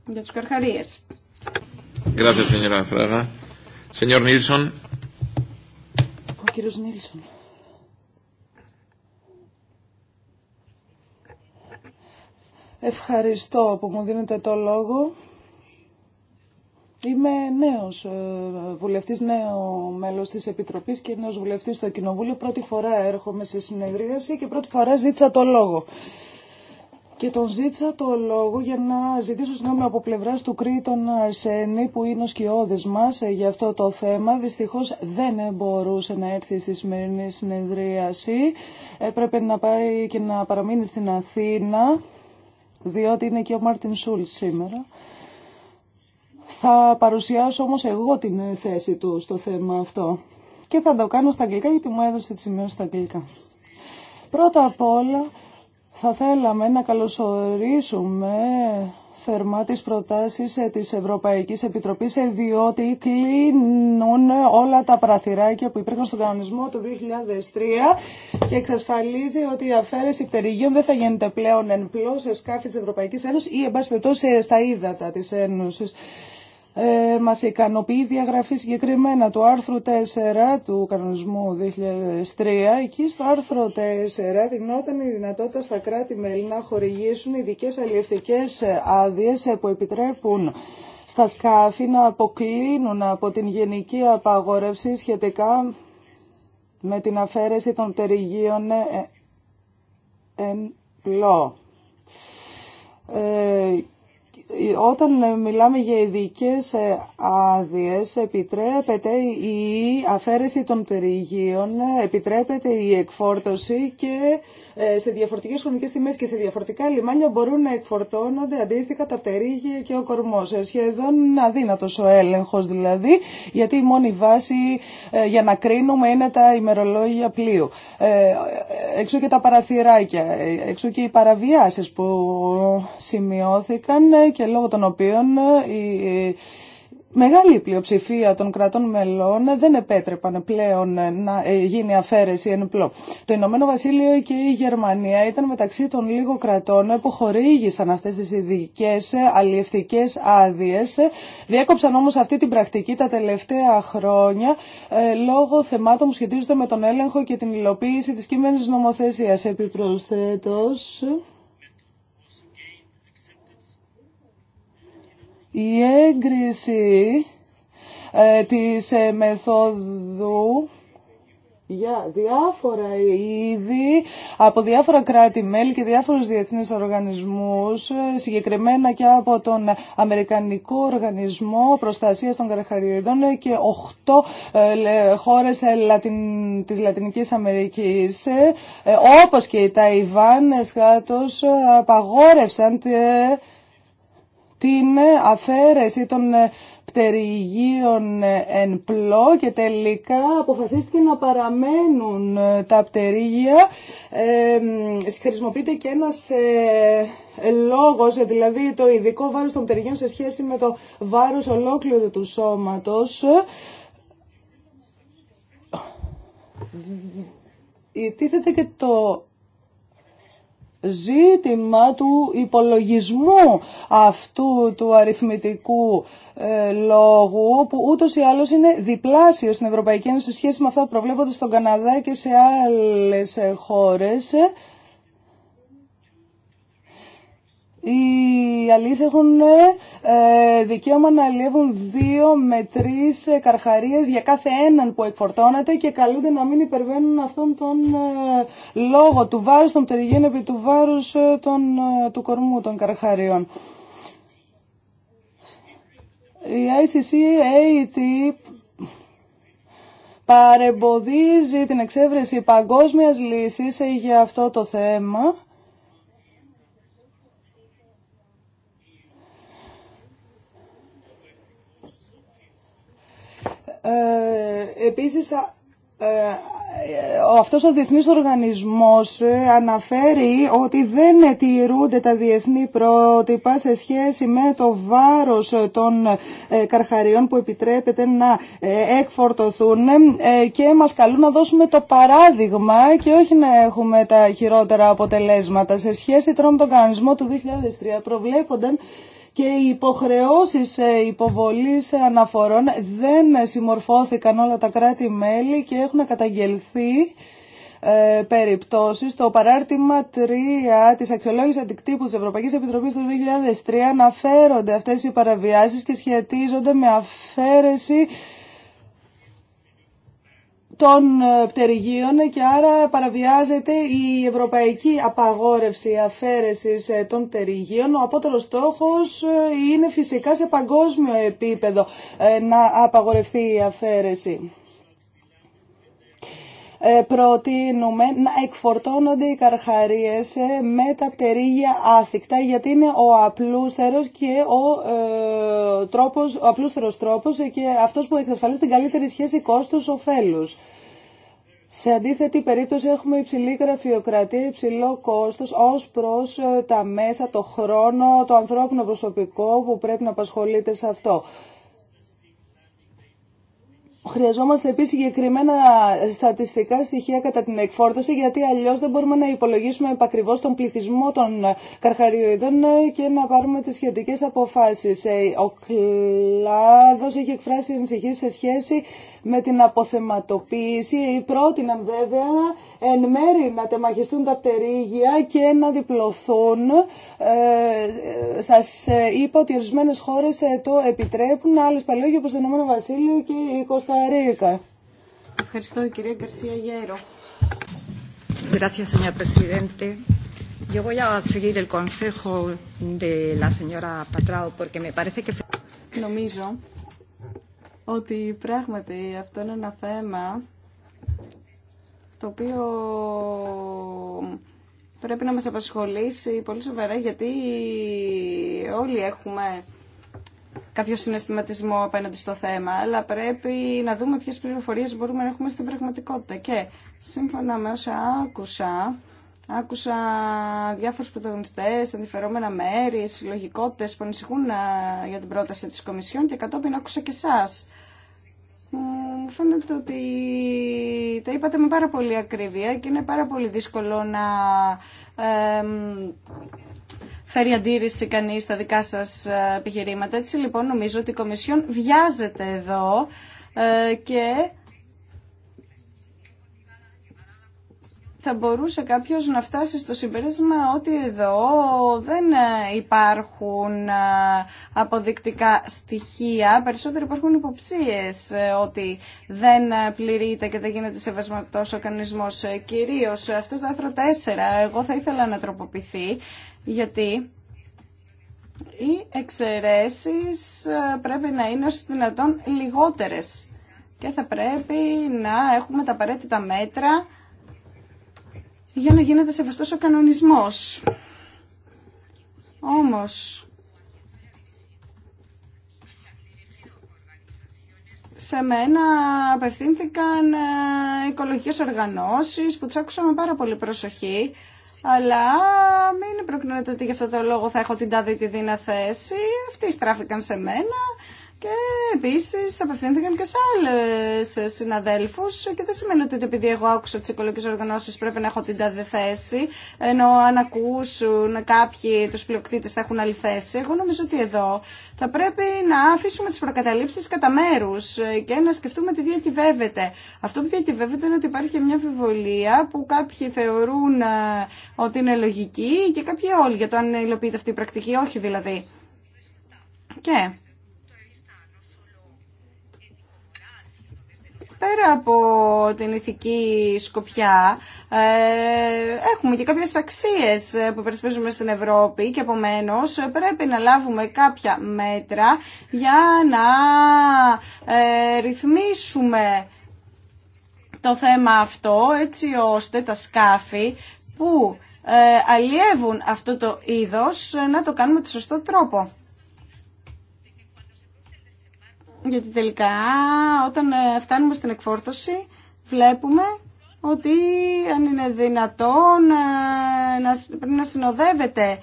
για τους καρχαρίες. Gracias, señora Fraga. Ο κύριος Νίλσον. Ευχαριστώ που μου δίνετε το λόγο. Είμαι νέος ε, βουλευτής, νέο μέλος της Επιτροπής και νέος βουλευτής στο Κοινοβούλιο. Πρώτη φορά έρχομαι σε συνεδρίαση και πρώτη φορά ζήτησα το λόγο. Και τον ζήτησα το λόγο για να ζητήσω συγγνώμη από πλευρά του Κρήτον Αρσένη, που είναι ο σκιώδη μα ε, για αυτό το θέμα. Δυστυχώ δεν μπορούσε να έρθει στη σημερινή συνεδρίαση. Έπρεπε να πάει και να παραμείνει στην Αθήνα διότι είναι και ο Μάρτιν Σούλτ σήμερα. Θα παρουσιάσω όμως εγώ την θέση του στο θέμα αυτό. Και θα το κάνω στα αγγλικά γιατί μου έδωσε τη σημειώση στα αγγλικά. Πρώτα απ' όλα θα θέλαμε να καλωσορίσουμε θερμά τις προτάσεις ε, της Ευρωπαϊκής Επιτροπής ε, διότι κλείνουν όλα τα παραθυράκια που υπήρχαν στον κανονισμό του 2003 και εξασφαλίζει ότι η αφαίρεση πτερυγίων δεν θα γίνεται πλέον εν πλώ σε σκάφη της Ευρωπαϊκής Ένωσης ή εν πάση στα ύδατα της Ένωσης ε, μας ικανοποιεί η διαγραφή συγκεκριμένα του άρθρου 4 του κανονισμού 2003. Εκεί στο άρθρο 4 δινόταν η δυνατότητα στα κράτη-μέλη να χορηγήσουν ειδικέ αλληλευτικές άδειες που επιτρέπουν στα σκάφη να αποκλίνουν από την γενική απαγόρευση σχετικά με την αφαίρεση των πτερυγίων ε, εν Ε, όταν μιλάμε για ειδικέ ε, άδειε, επιτρέπεται η αφαίρεση των πτερυγίων, επιτρέπεται η εκφόρτωση και ε, σε διαφορετικέ χρονικέ τιμέ και σε διαφορετικά λιμάνια μπορούν να εκφορτώνονται αντίστοιχα τα πτερύγια και ο κορμό. Ε, σχεδόν αδύνατο ο έλεγχο, δηλαδή, γιατί η μόνη βάση για να κρίνουμε είναι τα ημερολόγια πλοίου. Έξω και τα παραθυράκια, έξω και οι παραβιάσει που σημειώθηκαν και λόγω των οποίων ε, η μεγάλη πλειοψηφία των κρατών μελών δεν επέτρεπαν πλέον ε, να ε, γίνει αφαίρεση εν πλώ. Το Ηνωμένο Βασίλειο και η Γερμανία ήταν μεταξύ των λίγων κρατών που χορήγησαν αυτές τις ειδικέ αλλιευτικέ άδειε. Διέκοψαν όμως αυτή την πρακτική τα τελευταία χρόνια λόγω θεμάτων που σχετίζονται με τον έλεγχο και την υλοποίηση τη κείμενη νομοθεσία Επιπροσθέτω. Η έγκριση ε, της ε, μεθόδου για διάφορα είδη από διάφορα κράτη-μέλη και διάφορους διεθνείς οργανισμούς, ε, συγκεκριμένα και από τον Αμερικανικό Οργανισμό Προστασίας των Καρχαριδών και 8 χώρες της Λατινικής Αμερικής, όπως και η Ταϊβάν, σχάτως, απαγόρευσαν την αφαίρεση των πτερυγίων εν πλώ και τελικά αποφασίστηκε να παραμένουν τα πτερύγια. Ε, χρησιμοποιείται και ένας ε, λόγος, δηλαδή το ειδικό βάρος των πτερυγίων σε σχέση με το βάρος ολόκληρου του σώματος. Υτίθεται και το ζήτημα του υπολογισμού αυτού του αριθμητικού ε, λόγου που ούτως ή άλλως είναι διπλάσιο στην Ευρωπαϊκή Ένωση σε σχέση με αυτά που προβλέπονται στον Καναδά και σε άλλες ε, χώρες Οι αλείς έχουν ε, ε, δικαίωμα να αλλιεύουν δύο με τρεις ε, καρχαρίες για κάθε έναν που εκφορτώνεται και καλούνται να μην υπερβαίνουν αυτόν τον λόγο του βάρους των πτερυγίων επί του βάρους των, του κορμού των καρχαρίων. Η ICC-AT παρεμποδίζει την εξέβρεση παγκόσμιας λύσης για αυτό το θέμα Ε, επίσης, ε, ε, αυτός ο διεθνής οργανισμός αναφέρει ότι δεν τηρούνται τα διεθνή πρότυπα σε σχέση με το βάρος των καρχαριών που επιτρέπεται να εκφορτωθούν και μας καλούν να δώσουμε το παράδειγμα και όχι να έχουμε τα χειρότερα αποτελέσματα. Σε σχέση τώρα με τον κανονισμό του 2003 προβλέπονταν και οι υποχρεώσεις ε, υποβολής αναφορών δεν συμμορφώθηκαν όλα τα κράτη-μέλη και έχουν καταγγελθεί ε, περιπτώσεις. Το παράρτημα 3 της αξιολόγηση αντικτύπου της Ευρωπαϊκής Επιτροπής του 2003 αναφέρονται αυτές οι παραβιάσεις και σχετίζονται με αφαίρεση των ε, πτερυγίων και άρα παραβιάζεται η ευρωπαϊκή απαγόρευση αφαίρεσης ε, των πτερυγίων. Ο απότερος στόχος ε, είναι φυσικά σε παγκόσμιο επίπεδο να απαγορευτεί η αφαίρεση. Ε, προτείνουμε να εκφορτώνονται οι καρχαρίες ε, με τα πτερίγια άθικτα γιατί είναι ο απλούστερος και ο, ε, τρόπος, ο τρόπος και αυτός που εξασφαλίζει την καλύτερη σχέση κόστους-οφέλους. Σε αντίθετη περίπτωση έχουμε υψηλή γραφειοκρατία, υψηλό κόστος ως προς τα μέσα, το χρόνο, το ανθρώπινο προσωπικό που πρέπει να απασχολείται σε αυτό. Χρειαζόμαστε επίσης συγκεκριμένα στατιστικά στοιχεία κατά την εκφόρτωση, γιατί αλλιώς δεν μπορούμε να υπολογίσουμε επακριβώς τον πληθυσμό των καρχαριοειδών και να πάρουμε τις σχετικές αποφάσεις. Ε, ο κλάδος έχει εκφράσει ενσυχή σε σχέση με την αποθεματοποίηση. Ή πρότειναν βέβαια εν μέρη να τεμαχιστούν τα τερίγια και να διπλωθούν. Ε, σας ε, είπα ότι ορισμένες χώρες ε, το επιτρέπουν, άλλες παλαιόγια όπως το Ηνωμένο Βασίλειο και η Παρίκα. Ευχαριστώ κυρία Γκαρσία Γέρο. Gracias, señor presidente. Yo voy a seguir el consejo de la señora Patrao porque me parece que... Νομίζω ότι πράγματι αυτό είναι ένα θέμα το οποίο πρέπει να μας απασχολήσει πολύ σοβαρά γιατί όλοι έχουμε κάποιο συναισθηματισμό απέναντι στο θέμα, αλλά πρέπει να δούμε ποιες πληροφορίες μπορούμε να έχουμε στην πραγματικότητα. Και σύμφωνα με όσα άκουσα, άκουσα διάφορους πρωταγωνιστές, ενδιαφερόμενα μέρη, συλλογικότητες που ανησυχούν για την πρόταση της Κομισιόν και κατόπιν άκουσα και εσά. Μου φαίνεται ότι τα είπατε με πάρα πολύ ακρίβεια και είναι πάρα πολύ δύσκολο να φέρει αντίρρηση κανείς στα δικά σα ε, επιχειρήματα. Έτσι λοιπόν νομίζω ότι η Κομισιόν βιάζεται εδώ ε, και θα μπορούσε κάποιος να φτάσει στο συμπέρασμα ότι εδώ δεν ε, υπάρχουν αποδεικτικά στοιχεία, περισσότερο υπάρχουν υποψίες ότι δεν πληρείται και δεν γίνεται σεβασμακτός ο κανονισμός κυρίως. Αυτό το άρθρο 4 εγώ θα ήθελα να τροποποιηθεί γιατί οι εξαιρέσεις ε, πρέπει να είναι όσο δυνατόν λιγότερες και θα πρέπει να έχουμε τα απαραίτητα μέτρα για να γίνεται σεβαστός ο κανονισμός. Όμως, σε μένα απευθύνθηκαν ε, οικολογικές οργανώσεις που τους άκουσα πάρα πολύ προσοχή αλλά μην προκνοείτε ότι γι' αυτό το λόγο θα έχω την τάδε τη δίνα θέση. Αυτοί στράφηκαν σε μένα και επίση απευθύνθηκαν και σε άλλε συναδέλφου. Και δεν σημαίνει ότι επειδή εγώ άκουσα τι οικολογικέ οργανώσει πρέπει να έχω την τάδε θέση, ενώ αν ακούσουν κάποιοι του πλειοκτήτε θα έχουν άλλη θέση. Εγώ νομίζω ότι εδώ θα πρέπει να αφήσουμε τι προκαταλήψει κατά μέρου και να σκεφτούμε τι διακυβεύεται. Αυτό που διακυβεύεται είναι ότι υπάρχει μια αμφιβολία που κάποιοι θεωρούν ε, ότι είναι λογική και κάποιοι όλοι για το αν υλοποιείται αυτή η πρακτική, όχι δηλαδή. Και πέρα από την ηθική σκοπιά, ε, έχουμε και κάποιες αξίες που περισπίζουμε στην Ευρώπη και επομένω πρέπει να λάβουμε κάποια μέτρα για να ε, ρυθμίσουμε το θέμα αυτό έτσι ώστε τα σκάφη που ε, αλλιεύουν αυτό το είδος να το κάνουμε το σωστό τρόπο. Γιατί τελικά όταν ε, φτάνουμε στην εκφόρτωση βλέπουμε ότι αν είναι δυνατόν ε, να, να συνοδεύεται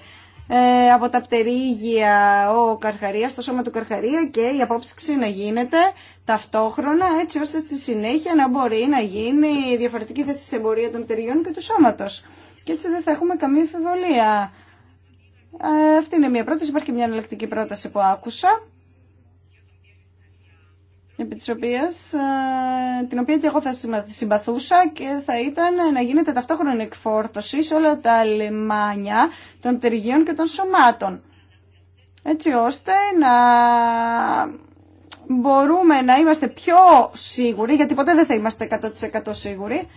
ε, από τα πτερίγια ο Καρχαρία το σώμα του Καρχαρία και η απόψυξη να γίνεται ταυτόχρονα έτσι ώστε στη συνέχεια να μπορεί να γίνει διαφορετική θέση σε εμπορία των πτεριών και του σώματος. Και έτσι δεν θα έχουμε καμία Ε, αυτή είναι μια πρόταση, υπάρχει και μια εναλλακτική πρόταση που άκουσα επί ε, την οποία και εγώ θα συμπαθούσα και θα ήταν να γίνεται ταυτόχρονη εκφόρτωση σε όλα τα λιμάνια των πτεργείων και των σωμάτων. Έτσι ώστε να μπορούμε να είμαστε πιο σίγουροι, γιατί ποτέ δεν θα είμαστε 100% σίγουροι,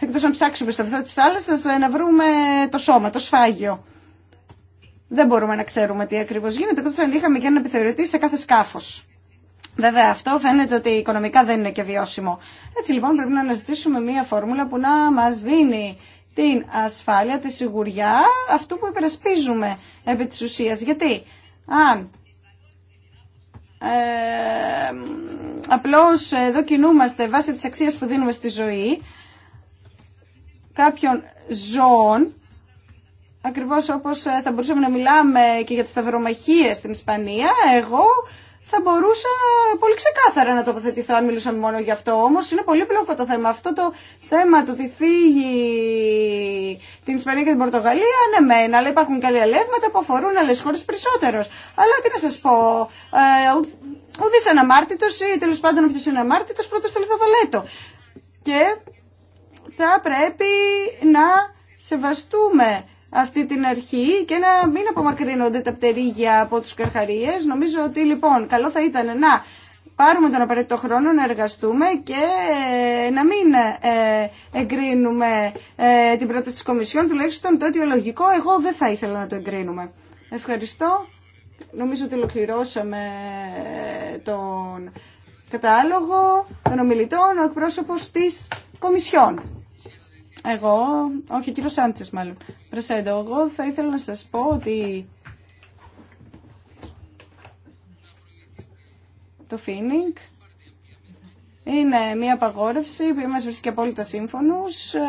εκτός αν ψάξουμε στο βυθό της θάλασσας ε, να βρούμε το σώμα, το σφάγιο. Δεν μπορούμε να ξέρουμε τι ακριβώς γίνεται, εκτός αν είχαμε και έναν επιθεωρητή σε κάθε σκάφος. Βέβαια αυτό φαίνεται ότι οικονομικά δεν είναι και βιώσιμο. Έτσι λοιπόν πρέπει να αναζητήσουμε μία φόρμουλα που να μας δίνει την ασφάλεια, τη σιγουριά αυτού που υπερασπίζουμε επί της ουσίας. Γιατί αν ε, απλώς εδώ κινούμαστε βάσει της αξίας που δίνουμε στη ζωή κάποιων ζώων ακριβώς όπως θα μπορούσαμε να μιλάμε και για τις σταυρομαχίες στην Ισπανία εγώ θα μπορούσα πολύ ξεκάθαρα να τοποθετηθώ αν μιλούσαν μόνο γι' αυτό. Όμως είναι πολύ πλοκό το θέμα. Αυτό το θέμα του ότι θίγει την Ισπανία και την Πορτογαλία, ναι μεν, αλλά υπάρχουν και αλεύματα που αφορούν άλλες χώρες περισσότερο. Αλλά τι να σας πω, ε, ουδής αναμάρτητος ή τέλος πάντων όποιος είναι αναμάρτητος πρώτος το λιθοβαλέτο. Και θα πρέπει να σεβαστούμε αυτή την αρχή και να μην απομακρύνονται τα πτερίγια από τους καρχαρίες. Νομίζω ότι λοιπόν καλό θα ήταν να πάρουμε τον απαραίτητο χρόνο να εργαστούμε και ε, να μην ε, εγκρίνουμε ε, την πρόταση της Κομισιόν, τουλάχιστον το αιτιολογικό εγώ δεν θα ήθελα να το εγκρίνουμε. Ευχαριστώ. Νομίζω ότι ολοκληρώσαμε τον κατάλογο των ομιλητών, ο εκπρόσωπος της Κομισιόν. Εγώ, όχι, ο κύριος Σάντσες μάλλον. εγώ θα ήθελα να σας πω ότι το φίνινγκ είναι μια απαγόρευση που είμαστε βρίσκει απόλυτα σύμφωνους ε,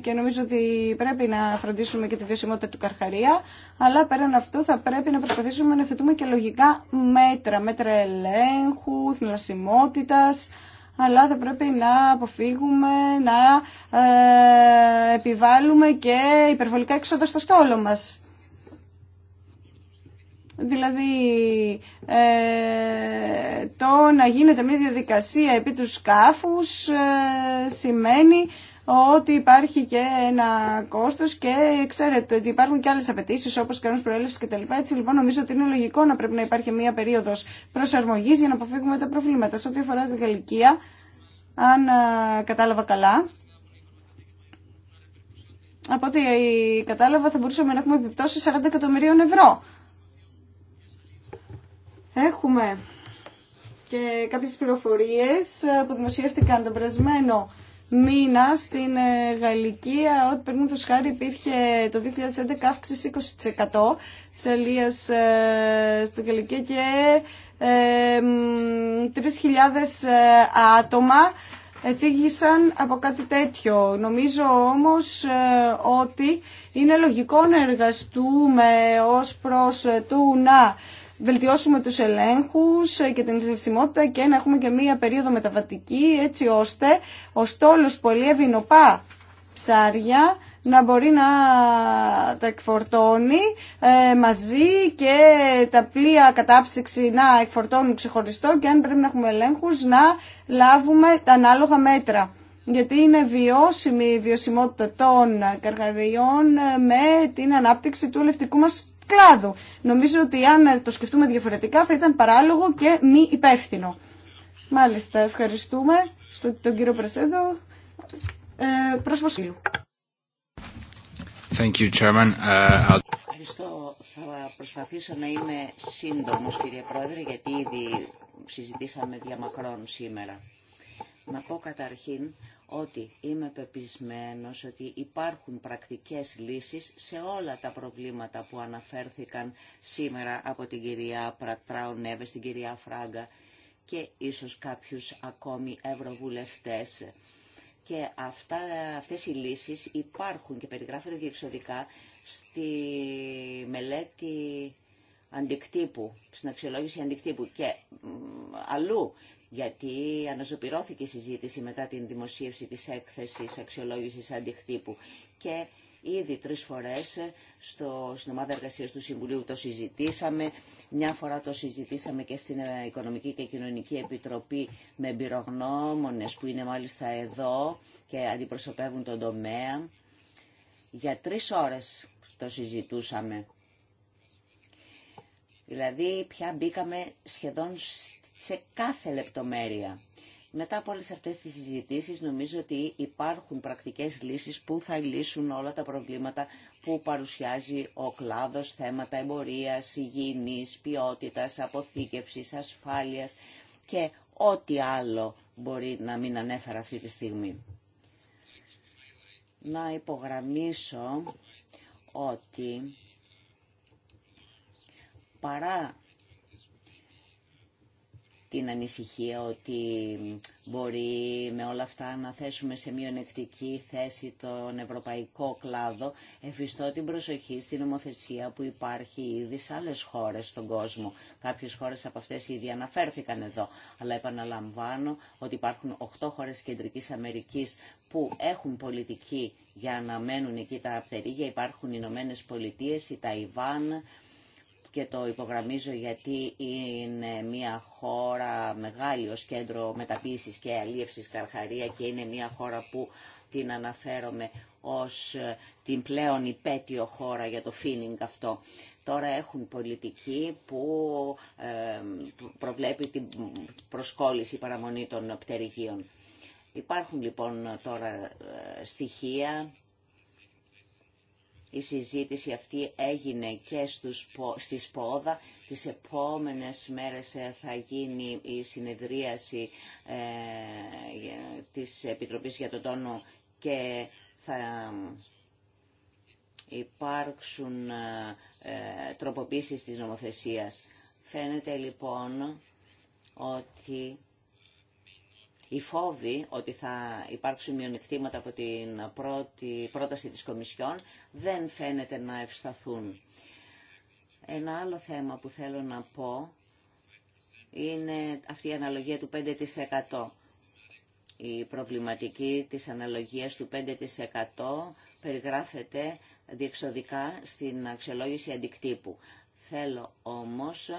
και νομίζω ότι πρέπει να φροντίσουμε και τη βιωσιμότητα του Καρχαρία, αλλά πέραν αυτού θα πρέπει να προσπαθήσουμε να θετούμε και λογικά μέτρα, μέτρα ελέγχου, θνηλασιμότητας, αλλά θα πρέπει να αποφύγουμε να ε, επιβάλλουμε και υπερβολικά έξοδα στο στόλο μας. Δηλαδή, ε, το να γίνεται μια διαδικασία επί του σκάφους ε, σημαίνει ότι υπάρχει και ένα κόστος και ξέρετε ότι υπάρχουν και άλλες απαιτήσει όπως κανόνες προέλευσης κτλ. Έτσι λοιπόν νομίζω ότι είναι λογικό να πρέπει να υπάρχει μια περίοδος προσαρμογής για να αποφύγουμε τα προβλήματα. Σε ό,τι αφορά τη Γαλλικία, αν κατάλαβα καλά, από ό,τι κατάλαβα θα μπορούσαμε να έχουμε επιπτώσει 40 εκατομμυρίων ευρώ. Έχουμε και κάποιες πληροφορίες που δημοσιεύτηκαν τον περασμένο μήνα στην ε, Γαλλική, ότι περνούν το χάρη υπήρχε το 2011 αύξηση 20% της αλίας ε, στην και 3.000 ε, ε, άτομα εθίγησαν από κάτι τέτοιο. Νομίζω όμως ότι είναι λογικό να εργαστούμε ως προς το να βελτιώσουμε τους ελέγχους και την χρησιμότητα και να έχουμε και μία περίοδο μεταβατική έτσι ώστε ο στόλος που ελεύει ψάρια να μπορεί να τα εκφορτώνει ε, μαζί και τα πλοία κατάψυξη να εκφορτώνουν ξεχωριστό και αν πρέπει να έχουμε ελέγχους να λάβουμε τα ανάλογα μέτρα. Γιατί είναι βιώσιμη η βιωσιμότητα των καργαριών με την ανάπτυξη του ελευτικού μας κλάδο. Νομίζω ότι αν το σκεφτούμε διαφορετικά θα ήταν παράλογο και μη υπεύθυνο. Μάλιστα, ευχαριστούμε στον τον κύριο Πρεσέδο. Ε, Πρόσφαση. Ε, Ευχαριστώ. Θα προσπαθήσω να είμαι σύντομος, κύριε Πρόεδρε, γιατί ήδη συζητήσαμε διαμακρών σήμερα. Να πω καταρχήν ότι είμαι πεπισμένος ότι υπάρχουν πρακτικές λύσεις σε όλα τα προβλήματα που αναφέρθηκαν σήμερα από την κυρία Πρατράουνεβε, την κυρία Φράγκα και ίσως κάποιους ακόμη ευρωβουλευτές. Και αυτά, αυτές οι λύσεις υπάρχουν και περιγράφονται διεξοδικά στη μελέτη αντικτύπου, στην αξιολόγηση αντικτύπου και αλλού γιατί αναζωπηρώθηκε η συζήτηση μετά την δημοσίευση της έκθεσης αξιολόγησης αντιχτύπου και ήδη τρεις φορές στο, στην ομάδα εργασίας του Συμβουλίου το συζητήσαμε, μια φορά το συζητήσαμε και στην ε, Οικονομική και Κοινωνική Επιτροπή με εμπειρογνώμονες που είναι μάλιστα εδώ και αντιπροσωπεύουν τον τομέα. Για τρεις ώρες το συζητούσαμε. Δηλαδή πια μπήκαμε σχεδόν σε κάθε λεπτομέρεια. Μετά από όλες αυτές τις συζητήσεις νομίζω ότι υπάρχουν πρακτικές λύσεις που θα λύσουν όλα τα προβλήματα που παρουσιάζει ο κλάδος, θέματα εμπορίας, υγιεινής, ποιότητας, αποθήκευσης, ασφάλειας και ό,τι άλλο μπορεί να μην ανέφερα αυτή τη στιγμή. Να υπογραμμίσω ότι παρά την ανησυχία ότι μπορεί με όλα αυτά να θέσουμε σε μειονεκτική θέση τον ευρωπαϊκό κλάδο, εφιστώ την προσοχή στην νομοθεσία που υπάρχει ήδη σε άλλες χώρες στον κόσμο. Κάποιες χώρες από αυτές ήδη αναφέρθηκαν εδώ, αλλά επαναλαμβάνω ότι υπάρχουν 8 χώρες Κεντρικής Αμερικής που έχουν πολιτική για να μένουν εκεί τα πτερίγια. Υπάρχουν οι Ηνωμένε Πολιτείε, η Ταϊβάν, και το υπογραμμίζω γιατί είναι μια χώρα μεγάλη ως κέντρο μεταποίησης και αλίευσης Καρχαρία και είναι μια χώρα που την αναφέρομαι ως ε, την πλέον υπέτειο χώρα για το φίνινγκ αυτό. Τώρα έχουν πολιτική που ε, προβλέπει την προσκόλληση παραμονή των πτερυγίων. Υπάρχουν λοιπόν τώρα ε, στοιχεία η συζήτηση αυτή έγινε και στους, στις ΠΟΔΑ. Τις επόμενες μέρες ε, θα γίνει η συνεδρίαση ε, της Επιτροπής για τον Τόνο και θα υπάρξουν ε, ε τροποποίησεις της νομοθεσίας. Φαίνεται λοιπόν ότι οι φόβοι ότι θα υπάρξουν μειονεκτήματα από την πρώτη πρόταση της Κομισιόν δεν φαίνεται να ευσταθούν. Ένα άλλο θέμα που θέλω να πω είναι αυτή η αναλογία του 5%. Η προβληματική της αναλογίας του 5% περιγράφεται διεξοδικά στην αξιολόγηση αντικτύπου. Θέλω όμως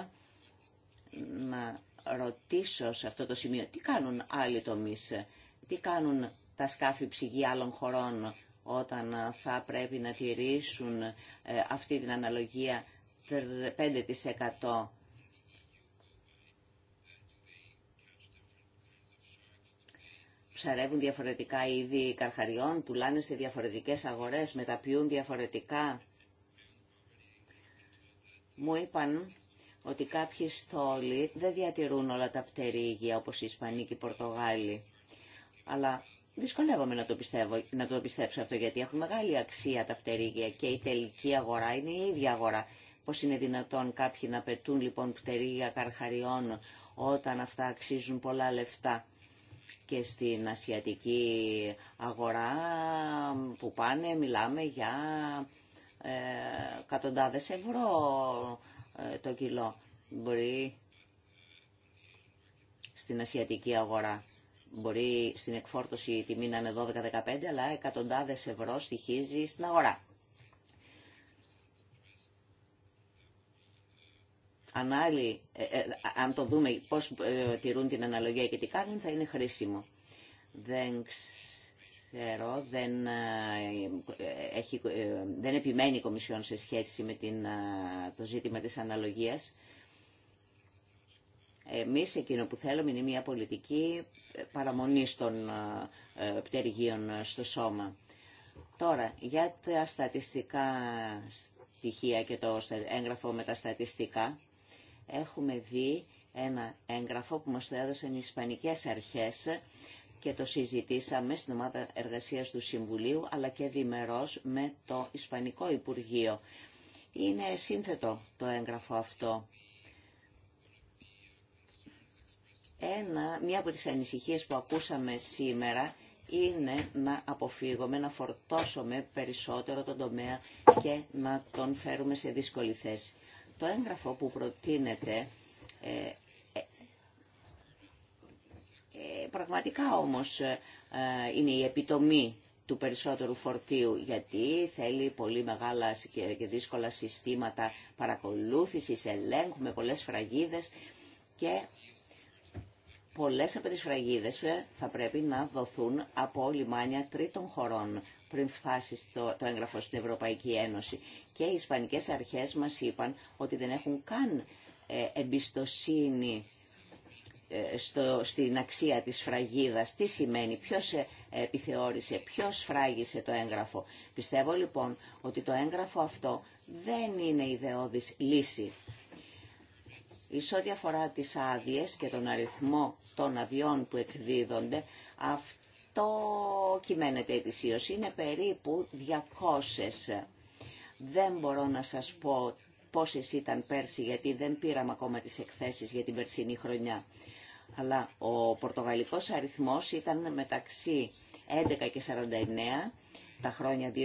να ρωτήσω σε αυτό το σημείο τι κάνουν άλλοι τομείς, τι κάνουν τα σκάφη ψυγή άλλων χωρών όταν θα πρέπει να τηρήσουν ε, αυτή την αναλογία 5%. Ψαρεύουν διαφορετικά είδη καρχαριών, πουλάνε σε διαφορετικές αγορές, μεταποιούν διαφορετικά. Μου είπαν ότι κάποιοι στόλοι δεν διατηρούν όλα τα πτερήγια όπως οι Ισπανοί και οι Πορτογάλοι. Αλλά δυσκολεύομαι να το, πιστεύω, να το πιστέψω αυτό γιατί έχουν μεγάλη αξία τα πτερήγια και η τελική αγορά είναι η ίδια αγορά. Πώς είναι δυνατόν κάποιοι να πετούν λοιπόν πτερήγια καρχαριών όταν αυτά αξίζουν πολλά λεφτά και στην ασιατική αγορά που πάνε μιλάμε για ε, εκατοντάδες ευρώ ε, το κιλό. Μπορεί στην ασιατική αγορά. Μπορεί στην εκφόρτωση τη τιμή να είναι 12-15, αλλά εκατοντάδες ευρώ στοιχίζει στην αγορά. Αν, άλλοι, ε, ε, αν το δούμε πώς ε, τηρούν την αναλογία και τι κάνουν, θα είναι χρήσιμο. Δεν ξέρω, ε, ε, δεν, επιμένει η Κομισιόν σε σχέση με την, ε, το ζήτημα της αναλογίας. Εμείς εκείνο που θέλουμε είναι μια πολιτική παραμονή των πτεργίων στο σώμα. Τώρα, για τα στατιστικά στοιχεία και το έγγραφο με τα στατιστικά, έχουμε δει ένα έγγραφο που μας το έδωσαν οι Ισπανικές αρχές και το συζητήσαμε στην ομάδα εργασίας του Συμβουλίου αλλά και διμερώς με το Ισπανικό Υπουργείο. Είναι σύνθετο το έγγραφο αυτό. Ένα, μία από τις ανησυχίες που ακούσαμε σήμερα είναι να αποφύγουμε, να φορτώσουμε περισσότερο τον τομέα και να τον φέρουμε σε δύσκολη θέση. Το έγγραφο που προτείνεται ε, πραγματικά όμως ε, ε, είναι η επιτομή του περισσότερου φορτίου, γιατί θέλει πολύ μεγάλα και δύσκολα συστήματα παρακολούθησης, ελέγχου με πολλές φραγίδες και πολλές από τις φραγίδες ε, θα πρέπει να δοθούν από λιμάνια τρίτων χωρών πριν φτάσει στο, το έγγραφο στην Ευρωπαϊκή Ένωση. Και οι Ισπανικές αρχές μας είπαν ότι δεν έχουν καν εμπιστοσύνη ε, στο, στην αξία της φραγίδας. Τι σημαίνει, ποιος ε, επιθεώρησε, ποιος φράγισε το έγγραφο. Πιστεύω λοιπόν ότι το έγγραφο αυτό δεν είναι ιδεώδης λύση. Εις ό,τι αφορά τις άδειε και τον αριθμό των αδειών που εκδίδονται, αυτό κυμαίνεται ετησίως. Είναι περίπου 200. Δεν μπορώ να σας πω πόσες ήταν πέρσι, γιατί δεν πήραμε ακόμα τις εκθέσεις για την περσινή χρονιά αλλά ο πορτογαλικός αριθμός ήταν μεταξύ 11 και 49 τα χρόνια 2004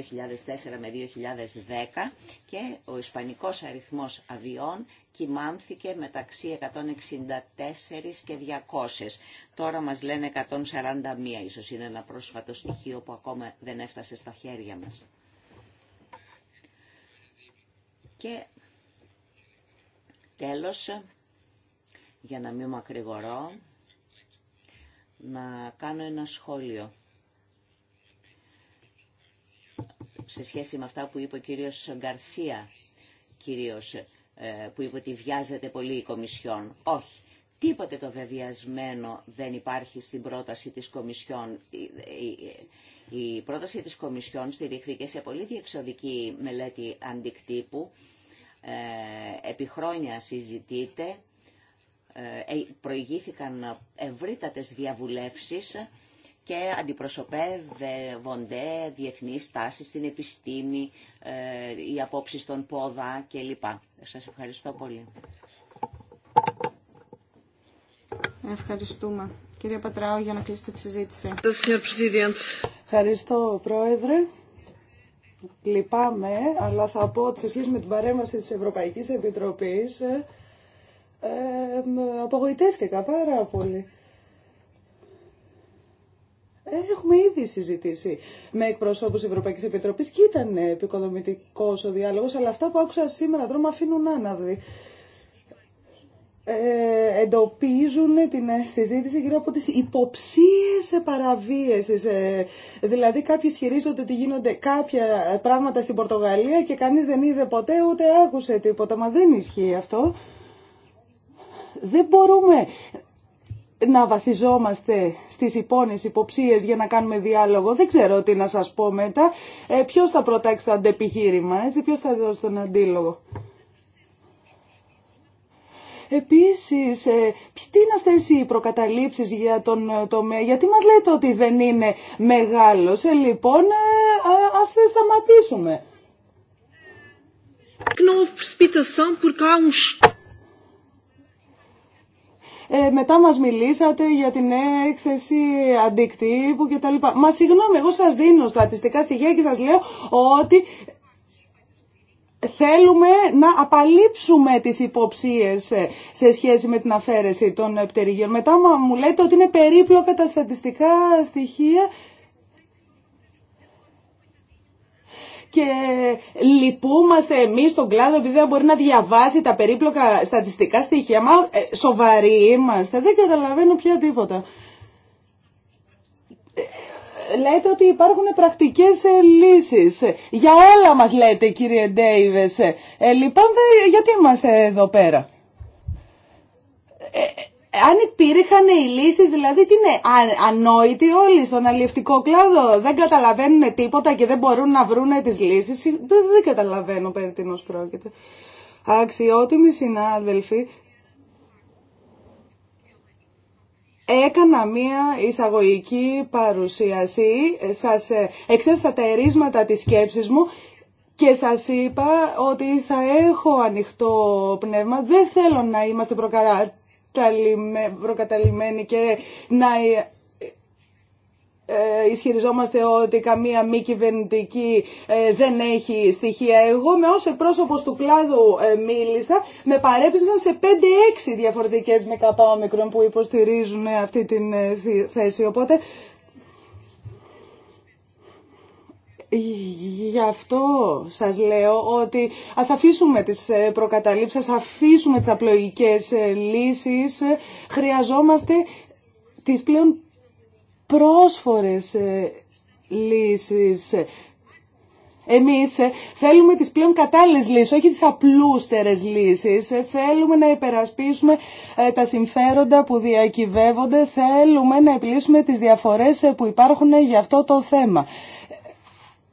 με 2010 και ο ισπανικός αριθμός αδειών κοιμάνθηκε μεταξύ 164 και 200. Τώρα μας λένε 141, ίσως είναι ένα πρόσφατο στοιχείο που ακόμα δεν έφτασε στα χέρια μας. Και τέλος, για να μην μακρηγορώ, να κάνω ένα σχόλιο. Σε σχέση με αυτά που είπε ο κύριος Γκαρσία, κυρίως, ε, που είπε ότι βιάζεται πολύ η Κομισιόν. Όχι. Τίποτε το βεβαιασμένο δεν υπάρχει στην πρόταση της Κομισιόν. Η πρόταση της Κομισιόν στηρίχθηκε σε πολύ διεξοδική μελέτη αντικτύπου. Ε, επί χρόνια συζητείται ε, ε, προηγήθηκαν ευρύτατες διαβουλεύσεις και αντιπροσωπεύονται διεθνείς τάσεις στην επιστήμη, ε, οι απόψεις των πόδα κλπ. Σας ευχαριστώ πολύ. Ευχαριστούμε. Κύριε Πατράου, για να κλείσετε τη συζήτηση. Ευχαριστώ, Πρόεδρε. Λυπάμαι, αλλά θα πω ότι σε σχέση με την παρέμβαση της Ευρωπαϊκής Επιτροπής, απογοητεύτηκα πάρα πολύ. Έχουμε ήδη συζητήσει με εκπροσώπου τη Ευρωπαϊκή Επιτροπή και ήταν επικοδομητικό ο διάλογο, αλλά αυτά που άκουσα σήμερα τώρα με αφήνουν άναυδη. Ε, εντοπίζουν την συζήτηση γύρω από τις υποψίες παραβίασης. Ε, δηλαδή κάποιοι ισχυρίζονται ότι γίνονται κάποια πράγματα στην Πορτογαλία και κανείς δεν είδε ποτέ ούτε άκουσε τίποτα. Μα δεν ισχύει αυτό. Δεν μπορούμε να βασιζόμαστε στις υπόνες υποψίες για να κάνουμε διάλογο. Δεν ξέρω τι να σας πω μετά. Ε, ποιος θα προτάξει το αντεπιχείρημα, έτσι, ποιος θα δώσει τον αντίλογο. Επίσης, ε, τι είναι αυτές οι προκαταλήψεις για τον ε, τομέα, γιατί μας λέτε ότι δεν είναι μεγάλος. Ε, λοιπόν, ε, ας σταματήσουμε. Ε, μετά μας μιλήσατε για την έκθεση αντικτύπου λοιπά. Μα συγγνώμη, εγώ σας δίνω στατιστικά στοιχεία και σας λέω ότι θέλουμε να απαλείψουμε τις υποψίες σε σχέση με την αφαίρεση των πτερυγίων. Μετά μου λέτε ότι είναι περίπλοκα τα στατιστικά στοιχεία και λυπούμαστε εμεί στον κλάδο επειδή δεν μπορεί να διαβάσει τα περίπλοκα στατιστικά στοιχεία. Μα ε, σοβαροί είμαστε, δεν καταλαβαίνω πια τίποτα. Ε, λέτε ότι υπάρχουν πρακτικές ε, λύσεις. Για όλα μας λέτε κύριε Ντέιβες. Ε, λοιπόν, δε, γιατί είμαστε εδώ πέρα αν υπήρχαν οι λύσεις, δηλαδή τι είναι, ανόητοι όλοι στον αλληλευτικό κλάδο, δεν καταλαβαίνουν τίποτα και δεν μπορούν να βρουν τις λύσεις, ε, δεν, καταλαβαίνω περί τι πρόκειται. Αξιότιμοι συνάδελφοι, έκανα μία εισαγωγική παρουσίαση, σας ε, εξέθεσα τα ερίσματα της σκέψης μου και σας είπα ότι θα έχω ανοιχτό πνεύμα, δεν θέλω να είμαστε προκατά προκαταλημένη και να ε, ε, ισχυριζόμαστε ότι καμία μη κυβερνητική ε, δεν έχει στοιχεία. Εγώ με όσε πρόσωπο του κλάδου μίλησα, με παρέπιζαν σε 5-6 διαφορετικές ΜΚΟ που υποστηρίζουν αυτή την θέση. Οπότε Γι' αυτό σας λέω ότι ας αφήσουμε τις ε, προκαταλήψεις, ας αφήσουμε τις απλοϊκές ε, λύσεις. Χρειαζόμαστε τις πλέον πρόσφορες ε, λύσεις. Εμείς θέλουμε τις πλέον κατάλληλες λύσεις, όχι τις απλούστερες λύσεις. Θέλουμε να υπερασπίσουμε τα συμφέροντα που διακυβεύονται. Θέλουμε να επιλύσουμε τις διαφορές που υπάρχουν για αυτό το θέμα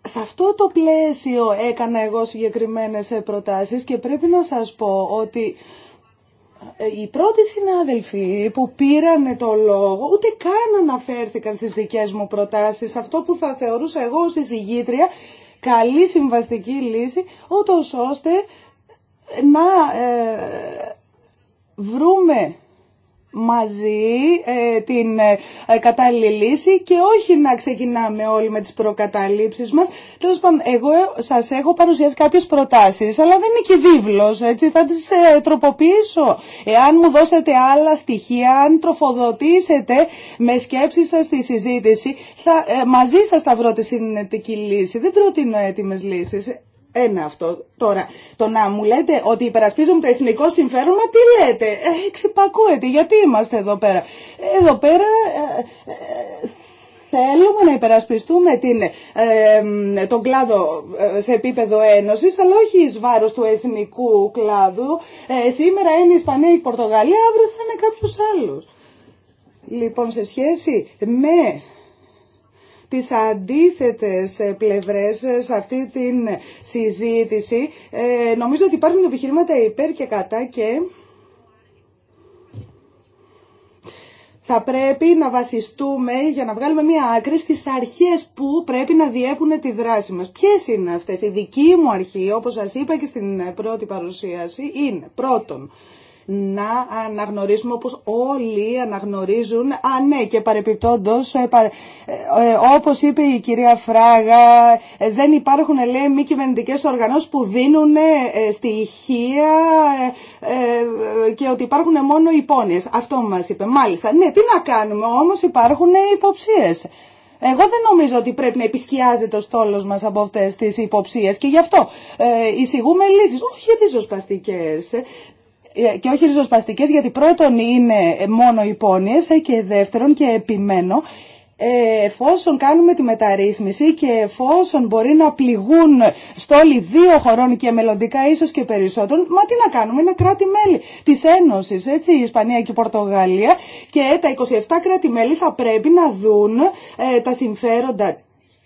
σε αυτό το πλαίσιο έκανα εγώ συγκεκριμένες ε, προτάσεις και πρέπει να σας πω ότι ε, οι πρώτοι συνάδελφοι που πήραν το λόγο ούτε καν αναφέρθηκαν στις δικές μου προτάσεις, αυτό που θα θεωρούσα εγώ ως εισηγήτρια, καλή συμβαστική λύση, ότως ώστε να ε, βρούμε μαζί ε, την ε, ε, κατάλληλη λύση και όχι να ξεκινάμε όλοι με τις προκαταλήψεις μας. Τέλο εγώ σας έχω παρουσιάσει κάποιες προτάσεις, αλλά δεν είναι και βίβλος, έτσι, θα τις τροποποιήσω. Εάν μου δώσετε άλλα στοιχεία, αν τροφοδοτήσετε με σκέψεις σας τη συζήτηση, θα, μαζί σας θα βρω τη συνετική λύση. Δεν προτείνω έτοιμες λύσεις ένα αυτό. Τώρα, το να μου λέτε ότι υπερασπίζομαι το εθνικό συμφέρον, μα τι λέτε, ε, γιατί είμαστε εδώ πέρα. Εδώ πέρα ε, ε, θέλουμε να υπερασπιστούμε την, ε, τον κλάδο ε, σε επίπεδο ένωσης, αλλά όχι εις βάρος του εθνικού κλάδου. σήμερα είναι η Ισπανία, η Πορτογαλία, αύριο θα είναι κάποιος άλλος. Λοιπόν, σε σχέση με τις αντίθετες πλευρές σε αυτή την συζήτηση. Ε, νομίζω ότι υπάρχουν επιχειρήματα υπέρ και κατά και... Θα πρέπει να βασιστούμε για να βγάλουμε μία άκρη στις αρχές που πρέπει να διέπουν τη δράση μας. Ποιες είναι αυτές. Η δική μου αρχή, όπως σας είπα και στην πρώτη παρουσίαση, είναι πρώτον να αναγνωρίσουμε όπως όλοι αναγνωρίζουν. Α, ναι, και παρεπιπτόντως, ε, ε, ε, όπως είπε η κυρία Φράγα, δεν υπάρχουν, λέει, μη κυβερνητικέ οργανώσεις που δίνουν στοιχεία και ότι υπάρχουν μόνο υπόνοιες. Αυτό μας είπε. Μάλιστα, ναι, τι να κάνουμε, όμως υπάρχουν υποψίες. Εγώ δεν νομίζω ότι πρέπει να επισκιάζεται ο στόλος μας από αυτές τις υποψίες και γι' αυτό ε, εισηγούμε λύσεις, όχι ριζοσπαστικές. Ε, και όχι ριζοσπαστικέ, γιατί πρώτον είναι μόνο πόνοιε, ε, και δεύτερον και επιμένω ε, εφόσον κάνουμε τη μεταρρύθμιση και εφόσον μπορεί να πληγούν στόλοι δύο χωρών και μελλοντικά ίσως και περισσότερων, μα τι να κάνουμε, είναι κράτη-μέλη της Ένωσης, έτσι, η Ισπανία και η Πορτογαλία και τα 27 κράτη-μέλη θα πρέπει να δουν τα συμφέροντα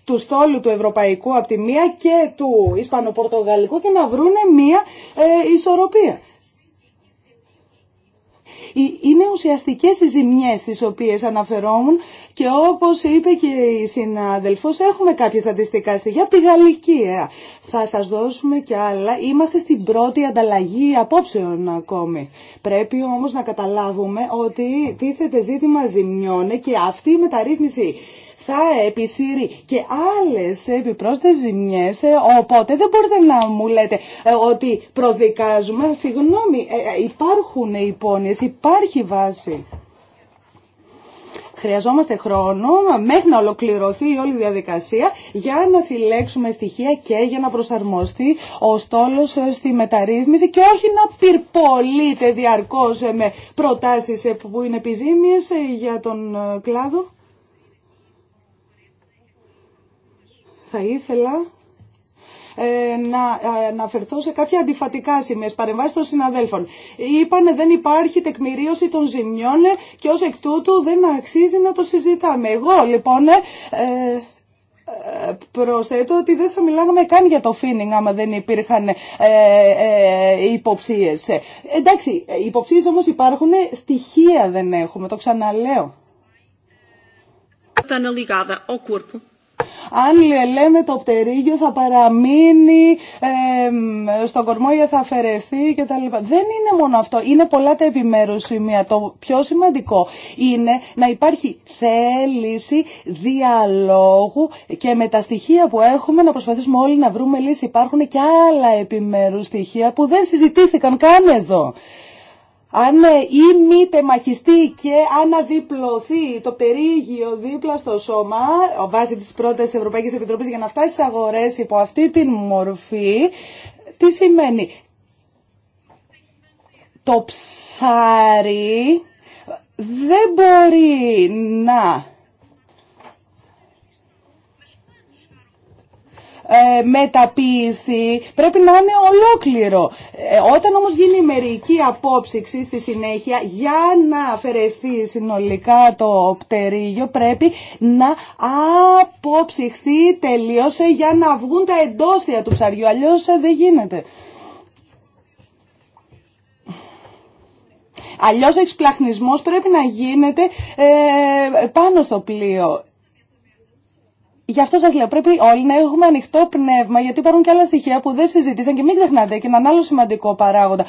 του στόλου του ευρωπαϊκού από τη μία και του ισπανοπορτογαλικού και να βρούνε μία ισορροπία. Είναι ουσιαστικές οι ζημιές τις οποίες αναφερόμουν και όπως είπε και η συνάδελφος έχουμε κάποια στατιστικά στοιχεία από τη Γαλλική. Ε. Θα σας δώσουμε και άλλα. Είμαστε στην πρώτη ανταλλαγή απόψεων ακόμη. Πρέπει όμως να καταλάβουμε ότι τίθεται ζήτημα ζημιών ε, και αυτή η μεταρρύθμιση θα επισύρει και άλλες επιπρόσθετες ζημιές, ε, οπότε δεν μπορείτε να μου λέτε ε, ότι προδικάζουμε. Συγγνώμη, ε, υπάρχουν υπόνοιες, υπάρχει βάση. Χρειαζόμαστε χρόνο μέχρι να ολοκληρωθεί η όλη διαδικασία για να συλλέξουμε στοιχεία και για να προσαρμοστεί ο στόλος στη μεταρρύθμιση και όχι να πυρπολείται διαρκώς με προτάσεις που είναι επιζήμιες για τον κλάδο. θα ήθελα ε, να ε, αναφερθώ σε κάποια αντιφατικά σημεία, παρεμβάσει των συναδέλφων. Είπανε δεν υπάρχει τεκμηρίωση των ζημιών και ως εκ τούτου δεν αξίζει να το συζητάμε. Εγώ λοιπόν ε, ε, προσθέτω ότι δεν θα μιλάγαμε καν για το φίνινγκ άμα δεν υπήρχαν ε, ε, υποψίες. Εντάξει, υποψίες όμως υπάρχουν, στοιχεία δεν έχουμε, το ξαναλέω αν λέμε το πτερίγιο θα παραμείνει ε, στον κορμό ή θα αφαιρεθεί κτλ. Δεν είναι μόνο αυτό. Είναι πολλά τα επιμέρους σημεία. Το πιο σημαντικό είναι να υπάρχει θέληση διαλόγου και με τα στοιχεία που έχουμε να προσπαθήσουμε όλοι να βρούμε λύση. Υπάρχουν και άλλα επιμέρους στοιχεία που δεν συζητήθηκαν καν εδώ αν ή μη τεμαχιστεί και αναδιπλωθεί το περίγειο δίπλα στο σώμα, βάσει της πρώτης Ευρωπαϊκής Επιτροπής για να φτάσει στις αγορές υπό αυτή την μορφή, τι σημαίνει. Το ψάρι δεν μπορεί να Ε, μεταποιηθεί πρέπει να είναι ολόκληρο. Ε, όταν όμως γίνει η μερική απόψυξη στη συνέχεια για να αφαιρεθεί συνολικά το πτερίγιο πρέπει να αποψυχθεί τελείως ε, για να βγουν τα εντόστια του ψαριού. Αλλιώς δεν γίνεται. Αλλιώς ο εξπλαχνισμός πρέπει να γίνεται ε, πάνω στο πλοίο. Γι' αυτό σα λέω, πρέπει όλοι να έχουμε ανοιχτό πνεύμα, γιατί υπάρχουν και άλλα στοιχεία που δεν συζήτησαν και μην ξεχνάτε και έναν άλλο σημαντικό παράγοντα.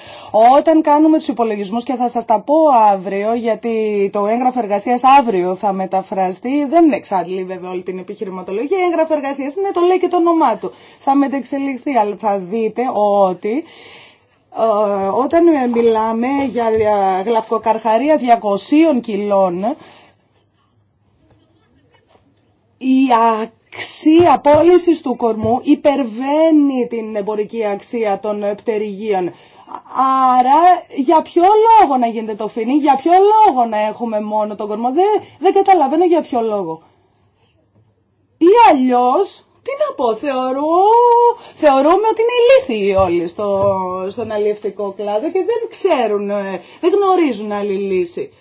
Όταν κάνουμε του υπολογισμού, και θα σα τα πω αύριο, γιατί το έγγραφο εργασία αύριο θα μεταφραστεί, δεν εξαντλεί βέβαια όλη την επιχειρηματολογία. Έγγραφο εργασία είναι, το λέει και το όνομά του. Θα μετεξελιχθεί, αλλά θα δείτε ότι ε, όταν μιλάμε για γλαυκοκαρχαρία 200 κιλών, η αξία πώληση του κορμού υπερβαίνει την εμπορική αξία των πτερυγίων. Άρα για ποιο λόγο να γίνεται το φινί, για ποιο λόγο να έχουμε μόνο τον κορμό, δεν, δεν καταλαβαίνω για ποιο λόγο. Ή αλλιώς, τι να πω, θεωρώ, θεωρούμε ότι είναι ηλίθιοι όλοι στο, στον αλληλευτικό κλάδο και δεν ξέρουν, ε, δεν γνωρίζουν άλλη λύση.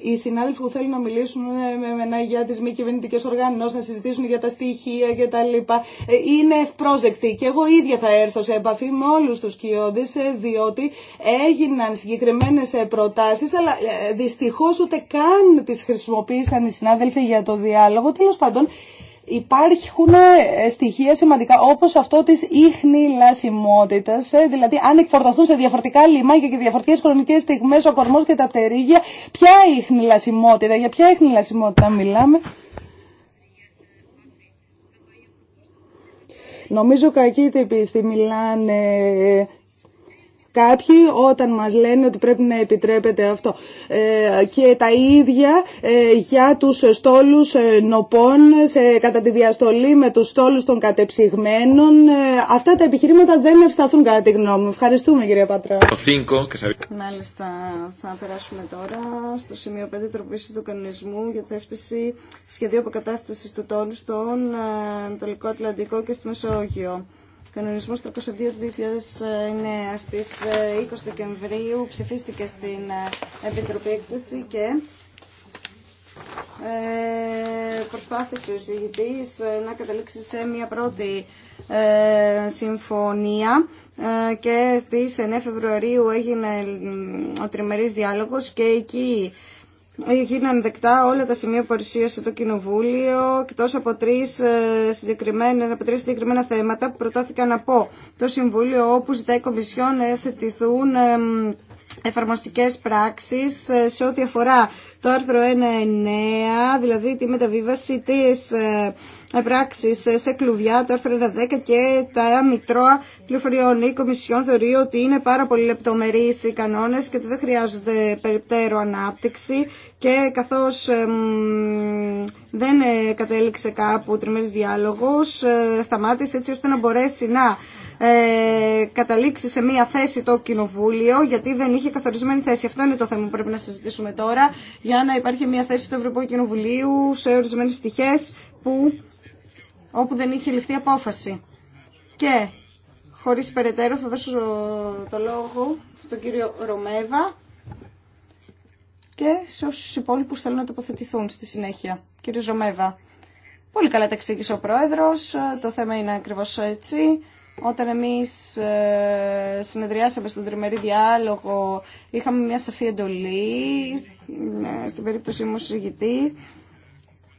οι συνάδελφοι που θέλουν να μιλήσουν με εμένα για τι μη κυβερνητικέ οργανώσει, να συζητήσουν για τα στοιχεία κτλ. Ε, είναι ευπρόσδεκτοι. Και εγώ ίδια θα έρθω σε επαφή με όλου του κοιόντες, ε, διότι έγιναν συγκεκριμένε ε, προτάσει, αλλά δυστυχώ ούτε καν τι χρησιμοποίησαν οι συνάδελφοι για το διάλογο. τέλο πάντων, υπάρχουν στοιχεία σημαντικά όπως αυτό της ίχνη λασιμότητας, ε, δηλαδή αν εκφορτωθούν σε διαφορετικά λιμάνια και διαφορετικές χρονικές στιγμές ο κορμός και τα πτερίγια, ποια ίχνη λασιμότητα, για ποια ίχνη λασιμότητα μιλάμε. Νομίζω κακή τύποι στη Μιλάνε ε, κάποιοι όταν μας λένε ότι πρέπει να επιτρέπεται αυτό. Ε, και τα ίδια ε, για τους στόλους ε, νοπών σε, κατά τη διαστολή με τους στόλους των κατεψυγμένων. Αυτά τα επιχειρήματα δεν ευσταθούν κατά τη γνώμη μου. Ευχαριστούμε κύριε Πατρά. Μάλιστα θα περάσουμε τώρα στο σημείο 5 τροπήση του κανονισμού για θέσπιση σχεδίου αποκατάστασης του τόνου στον Ανατολικό Ατλαντικό και στη Μεσόγειο. Κανονισμό 302 του 2009 στι 20 Δεκεμβρίου ψηφίστηκε στην ε, Επιτροπή Έκθεση και ε, προσπάθησε ο εισηγητής ε, να καταλήξει σε μια πρώτη ε, συμφωνία ε, και στις 9 Φεβρουαρίου έγινε ο τριμερής διάλογος και εκεί Γίνανε δεκτά όλα τα σημεία που παρουσίασε το Κοινοβούλιο, εκτό από τρει ε, συγκεκριμένα, τρεις συγκεκριμένα θέματα που προτάθηκαν από το Συμβούλιο, όπου ζητάει η Κομισιόν να εθετηθούν εφαρμοστικές πράξεις ε, σε ό,τι αφορά το άρθρο 1.9, δηλαδή τη μεταβίβαση της ε, πράξης ε, σε κλουβιά, το άρθρο 1.10 και τα μητρώα πληροφοριών. Η Κομισιόν θεωρεί ότι είναι πάρα πολύ λεπτομερείς οι κανόνες και ότι δεν χρειάζονται περιπτέρω ανάπτυξη και καθώς δεν κατέληξε κάπου τριμμένης διάλογος, σταμάτησε έτσι ώστε να μπορέσει να ε, καταλήξει σε μία θέση το Κοινοβούλιο, γιατί δεν είχε καθορισμένη θέση. Αυτό είναι το θέμα που πρέπει να συζητήσουμε τώρα, για να υπάρχει μία θέση του Ευρωπαϊκού Κοινοβουλίου σε ορισμένε πτυχέ όπου δεν είχε ληφθεί απόφαση. Και χωρί περαιτέρω θα δώσω το λόγο στον κύριο Ρωμέβα και σε όσου υπόλοιπου θέλουν να τοποθετηθούν στη συνέχεια. Κύριε Ρωμέβα, πολύ καλά τα εξήγησε ο Πρόεδρος, το θέμα είναι ακριβώς έτσι. Όταν εμείς ε, συνεδριάσαμε στον τριμερή διάλογο, είχαμε μια σαφή εντολή, ναι, στην περίπτωση μου συζητή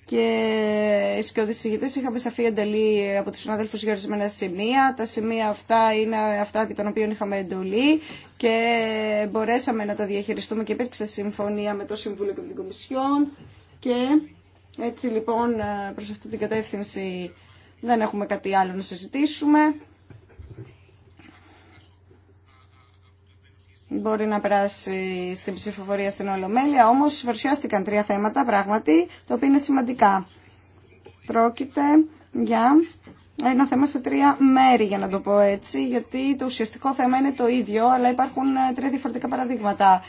και οι σκιώδει είχαμε σαφή εντολή από του συναδέλφους για ορισμένα σημεία. Τα σημεία αυτά είναι αυτά από τα οποία είχαμε εντολή και μπορέσαμε να τα διαχειριστούμε και υπήρξε συμφωνία με το Συμβούλιο και την Κομισιόν. Και έτσι λοιπόν ε, προς αυτή την κατεύθυνση δεν έχουμε κάτι άλλο να συζητήσουμε. μπορεί να περάσει στην ψηφοφορία στην Ολομέλεια, όμως παρουσιάστηκαν τρία θέματα πράγματι, τα οποία είναι σημαντικά. Πρόκειται για ένα θέμα σε τρία μέρη, για να το πω έτσι, γιατί το ουσιαστικό θέμα είναι το ίδιο, αλλά υπάρχουν ε, τρία διαφορετικά παραδείγματα.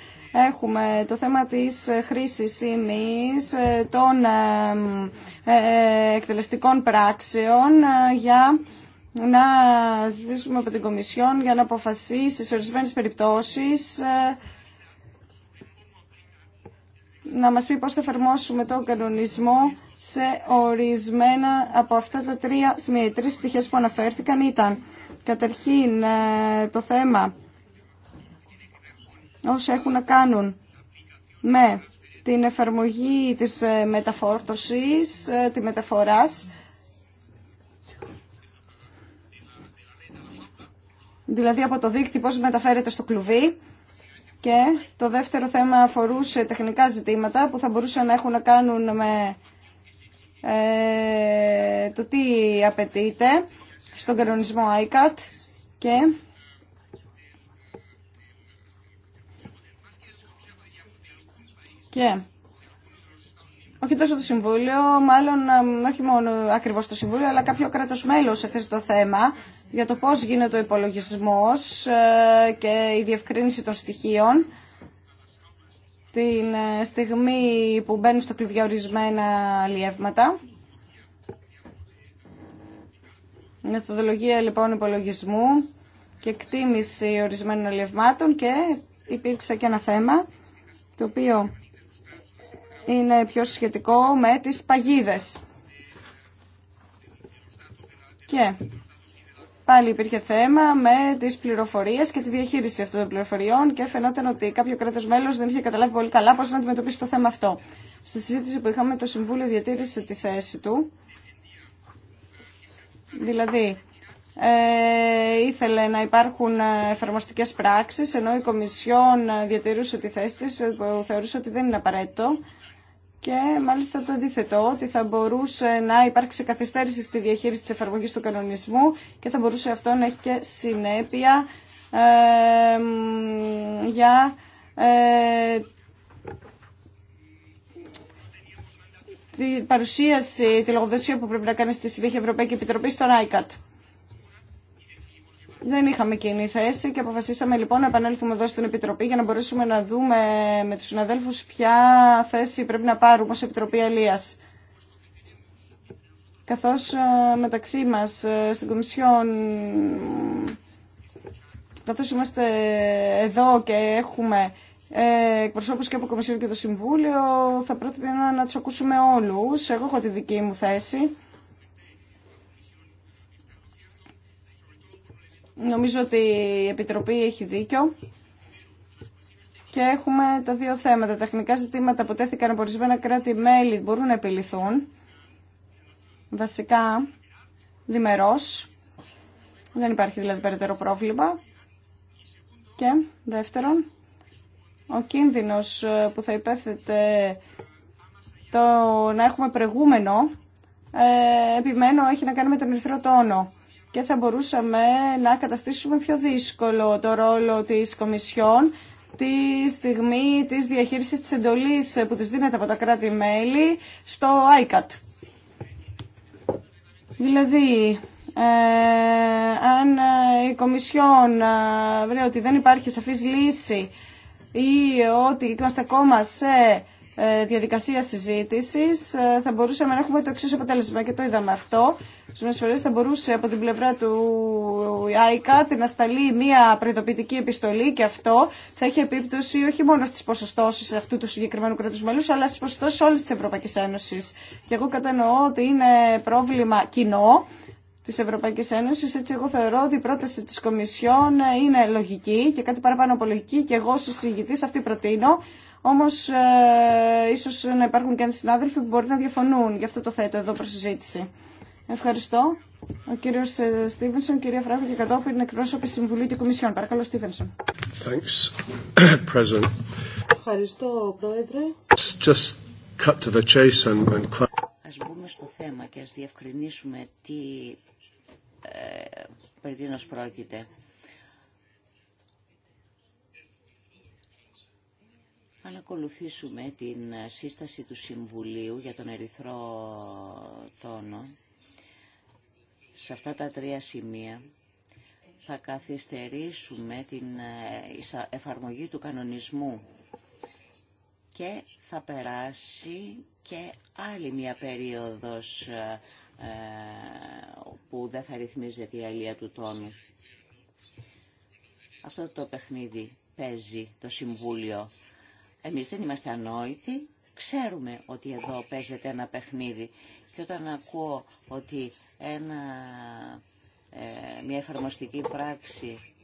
Έχουμε το θέμα της ε, χρήσης ήμις ε, των εκτελεστικών πράξεων για να ζητήσουμε από την Κομισιόν για να αποφασίσει σε ορισμένες περιπτώσεις ε, να μας πει πώς θα εφαρμόσουμε τον κανονισμό σε ορισμένα από αυτά τα τρία σημεία. Οι τρεις πτυχές που αναφέρθηκαν ήταν καταρχήν ε, το θέμα όσα έχουν να κάνουν με την εφαρμογή της ε, μεταφόρτωσης, τη μεταφοράς δηλαδή από το δίκτυ πώς μεταφέρεται στο κλουβί. Και το δεύτερο θέμα αφορούσε τεχνικά ζητήματα που θα μπορούσαν να έχουν να κάνουν με ε, το τι απαιτείται στον κανονισμό ICAT και και όχι τόσο το Συμβούλιο, μάλλον ε, όχι μόνο ακριβώς το Συμβούλιο, αλλά κάποιο κράτος μέλος θέση το θέμα για το πώς γίνεται ο υπολογισμός ε, και η διευκρίνηση των στοιχείων την ε, στιγμή που μπαίνουν στο κλειδιά ορισμένα αλλιεύματα. Μεθοδολογία λοιπόν υπολογισμού και εκτίμηση ορισμένων αλλιευμάτων και υπήρξε και ένα θέμα το οποίο είναι πιο σχετικό με τις παγίδες. Και πάλι υπήρχε θέμα με τις πληροφορίες και τη διαχείριση αυτών των πληροφοριών και φαινόταν ότι κάποιο κράτος μέλος δεν είχε καταλάβει πολύ καλά πώς να αντιμετωπίσει το θέμα αυτό. Στη συζήτηση που είχαμε το Συμβούλιο διατήρησε τη θέση του. Δηλαδή, ε, ήθελε να υπάρχουν εφαρμοστικέ πράξεις, ενώ η Κομισιόν διατηρούσε τη θέση της, που θεωρούσε ότι δεν είναι απαραίτητο και μάλιστα το αντίθετο, ότι θα μπορούσε να υπάρξει καθυστέρηση στη διαχείριση της εφαρμογής του κανονισμού και θα μπορούσε αυτό να έχει και συνέπεια για ε, την παρουσίαση, τη λογοδοσία που πρέπει να κάνει στη συνέχεια Ευρωπαϊκή Επιτροπή στον ICAT. Δεν είχαμε κοινή θέση και αποφασίσαμε λοιπόν να επανέλθουμε εδώ στην Επιτροπή για να μπορέσουμε να δούμε με τους συναδέλφους ποια θέση πρέπει να πάρουμε ως Επιτροπή Αλίας. Καθώς ε, μεταξύ μας ε, στην Κομισιόν, καθώς είμαστε εδώ και έχουμε ε, εκπροσώπους και από Κομισιόν και το Συμβούλιο, θα πρέπει να τους ακούσουμε όλους. Εγώ έχω τη δική μου θέση. Νομίζω ότι η Επιτροπή έχει δίκιο. Και έχουμε τα δύο θέματα. Τα τεχνικά ζητήματα που τέθηκαν από ορισμένα κράτη-μέλη μπορούν να επιληθούν. Βασικά, διμερός. Δεν υπάρχει δηλαδή περαιτέρω πρόβλημα. Και δεύτερον, ο κίνδυνος ε, που θα υπέθετε το να έχουμε προηγούμενο, ε, επιμένω, έχει να κάνει με τον ερθρό τόνο και θα μπορούσαμε να καταστήσουμε πιο δύσκολο το ρόλο της Κομισιόν τη στιγμή της διαχείρισης της εντολής που της δίνεται από τα κράτη-μέλη στο ICAT. Δηλαδή, ε, αν ε, η Κομισιόν ε, βρει ότι δεν υπάρχει σαφής λύση ή ότι είμαστε ακόμα σε ε, διαδικασία συζήτηση ε, θα μπορούσαμε να έχουμε το εξή αποτέλεσμα και το είδαμε αυτό. Στι φορέ θα μπορούσε από την πλευρά του ΆΙΚΑ να σταλεί μια προειδοποιητική επιστολή και αυτό θα έχει επίπτωση όχι μόνο στι ποσοστώσεις αυτού του συγκεκριμένου κράτου μελού, αλλά στι ποσοστώσεις όλη τη Ευρωπαϊκή Ένωση. Και εγώ κατανοώ ότι είναι πρόβλημα κοινό τη Ευρωπαϊκή Ένωση. Έτσι εγώ θεωρώ ότι η πρόταση τη Κομισιόν είναι λογική και κάτι παραπάνω από λογική και εγώ ω αυτή προτείνω όμως ε, ίσως να υπάρχουν και συνάδελφοι που μπορεί να διαφωνούν. Γι' αυτό το θέτω εδώ προς συζήτηση. Ευχαριστώ. Ο κύριο ε, Στίβενσον, κυρία Φράγκο και κατόπιν εκπρόσωπη Συμβουλή του Κομισιόν. Παρακαλώ, Στίβενσον. Thanks, President. Ευχαριστώ, Πρόεδρε. Just cut to the chase and, Ας μπούμε στο θέμα και ας διευκρινίσουμε τι ε, περί πρόκειται. Αν ακολουθήσουμε την σύσταση του Συμβουλίου για τον Ερυθρό Τόνο, σε αυτά τα τρία σημεία θα καθυστερήσουμε την ε, εφαρμογή του κανονισμού και θα περάσει και άλλη μια περίοδος ε, που δεν θα ρυθμίζεται η αλία του τόνου. Αυτό το παιχνίδι παίζει το Συμβούλιο εμείς δεν είμαστε ανόητοι, ξέρουμε ότι εδώ παίζεται ένα παιχνίδι και όταν ακούω ότι ένα, ε, μια εφαρμοστική πράξη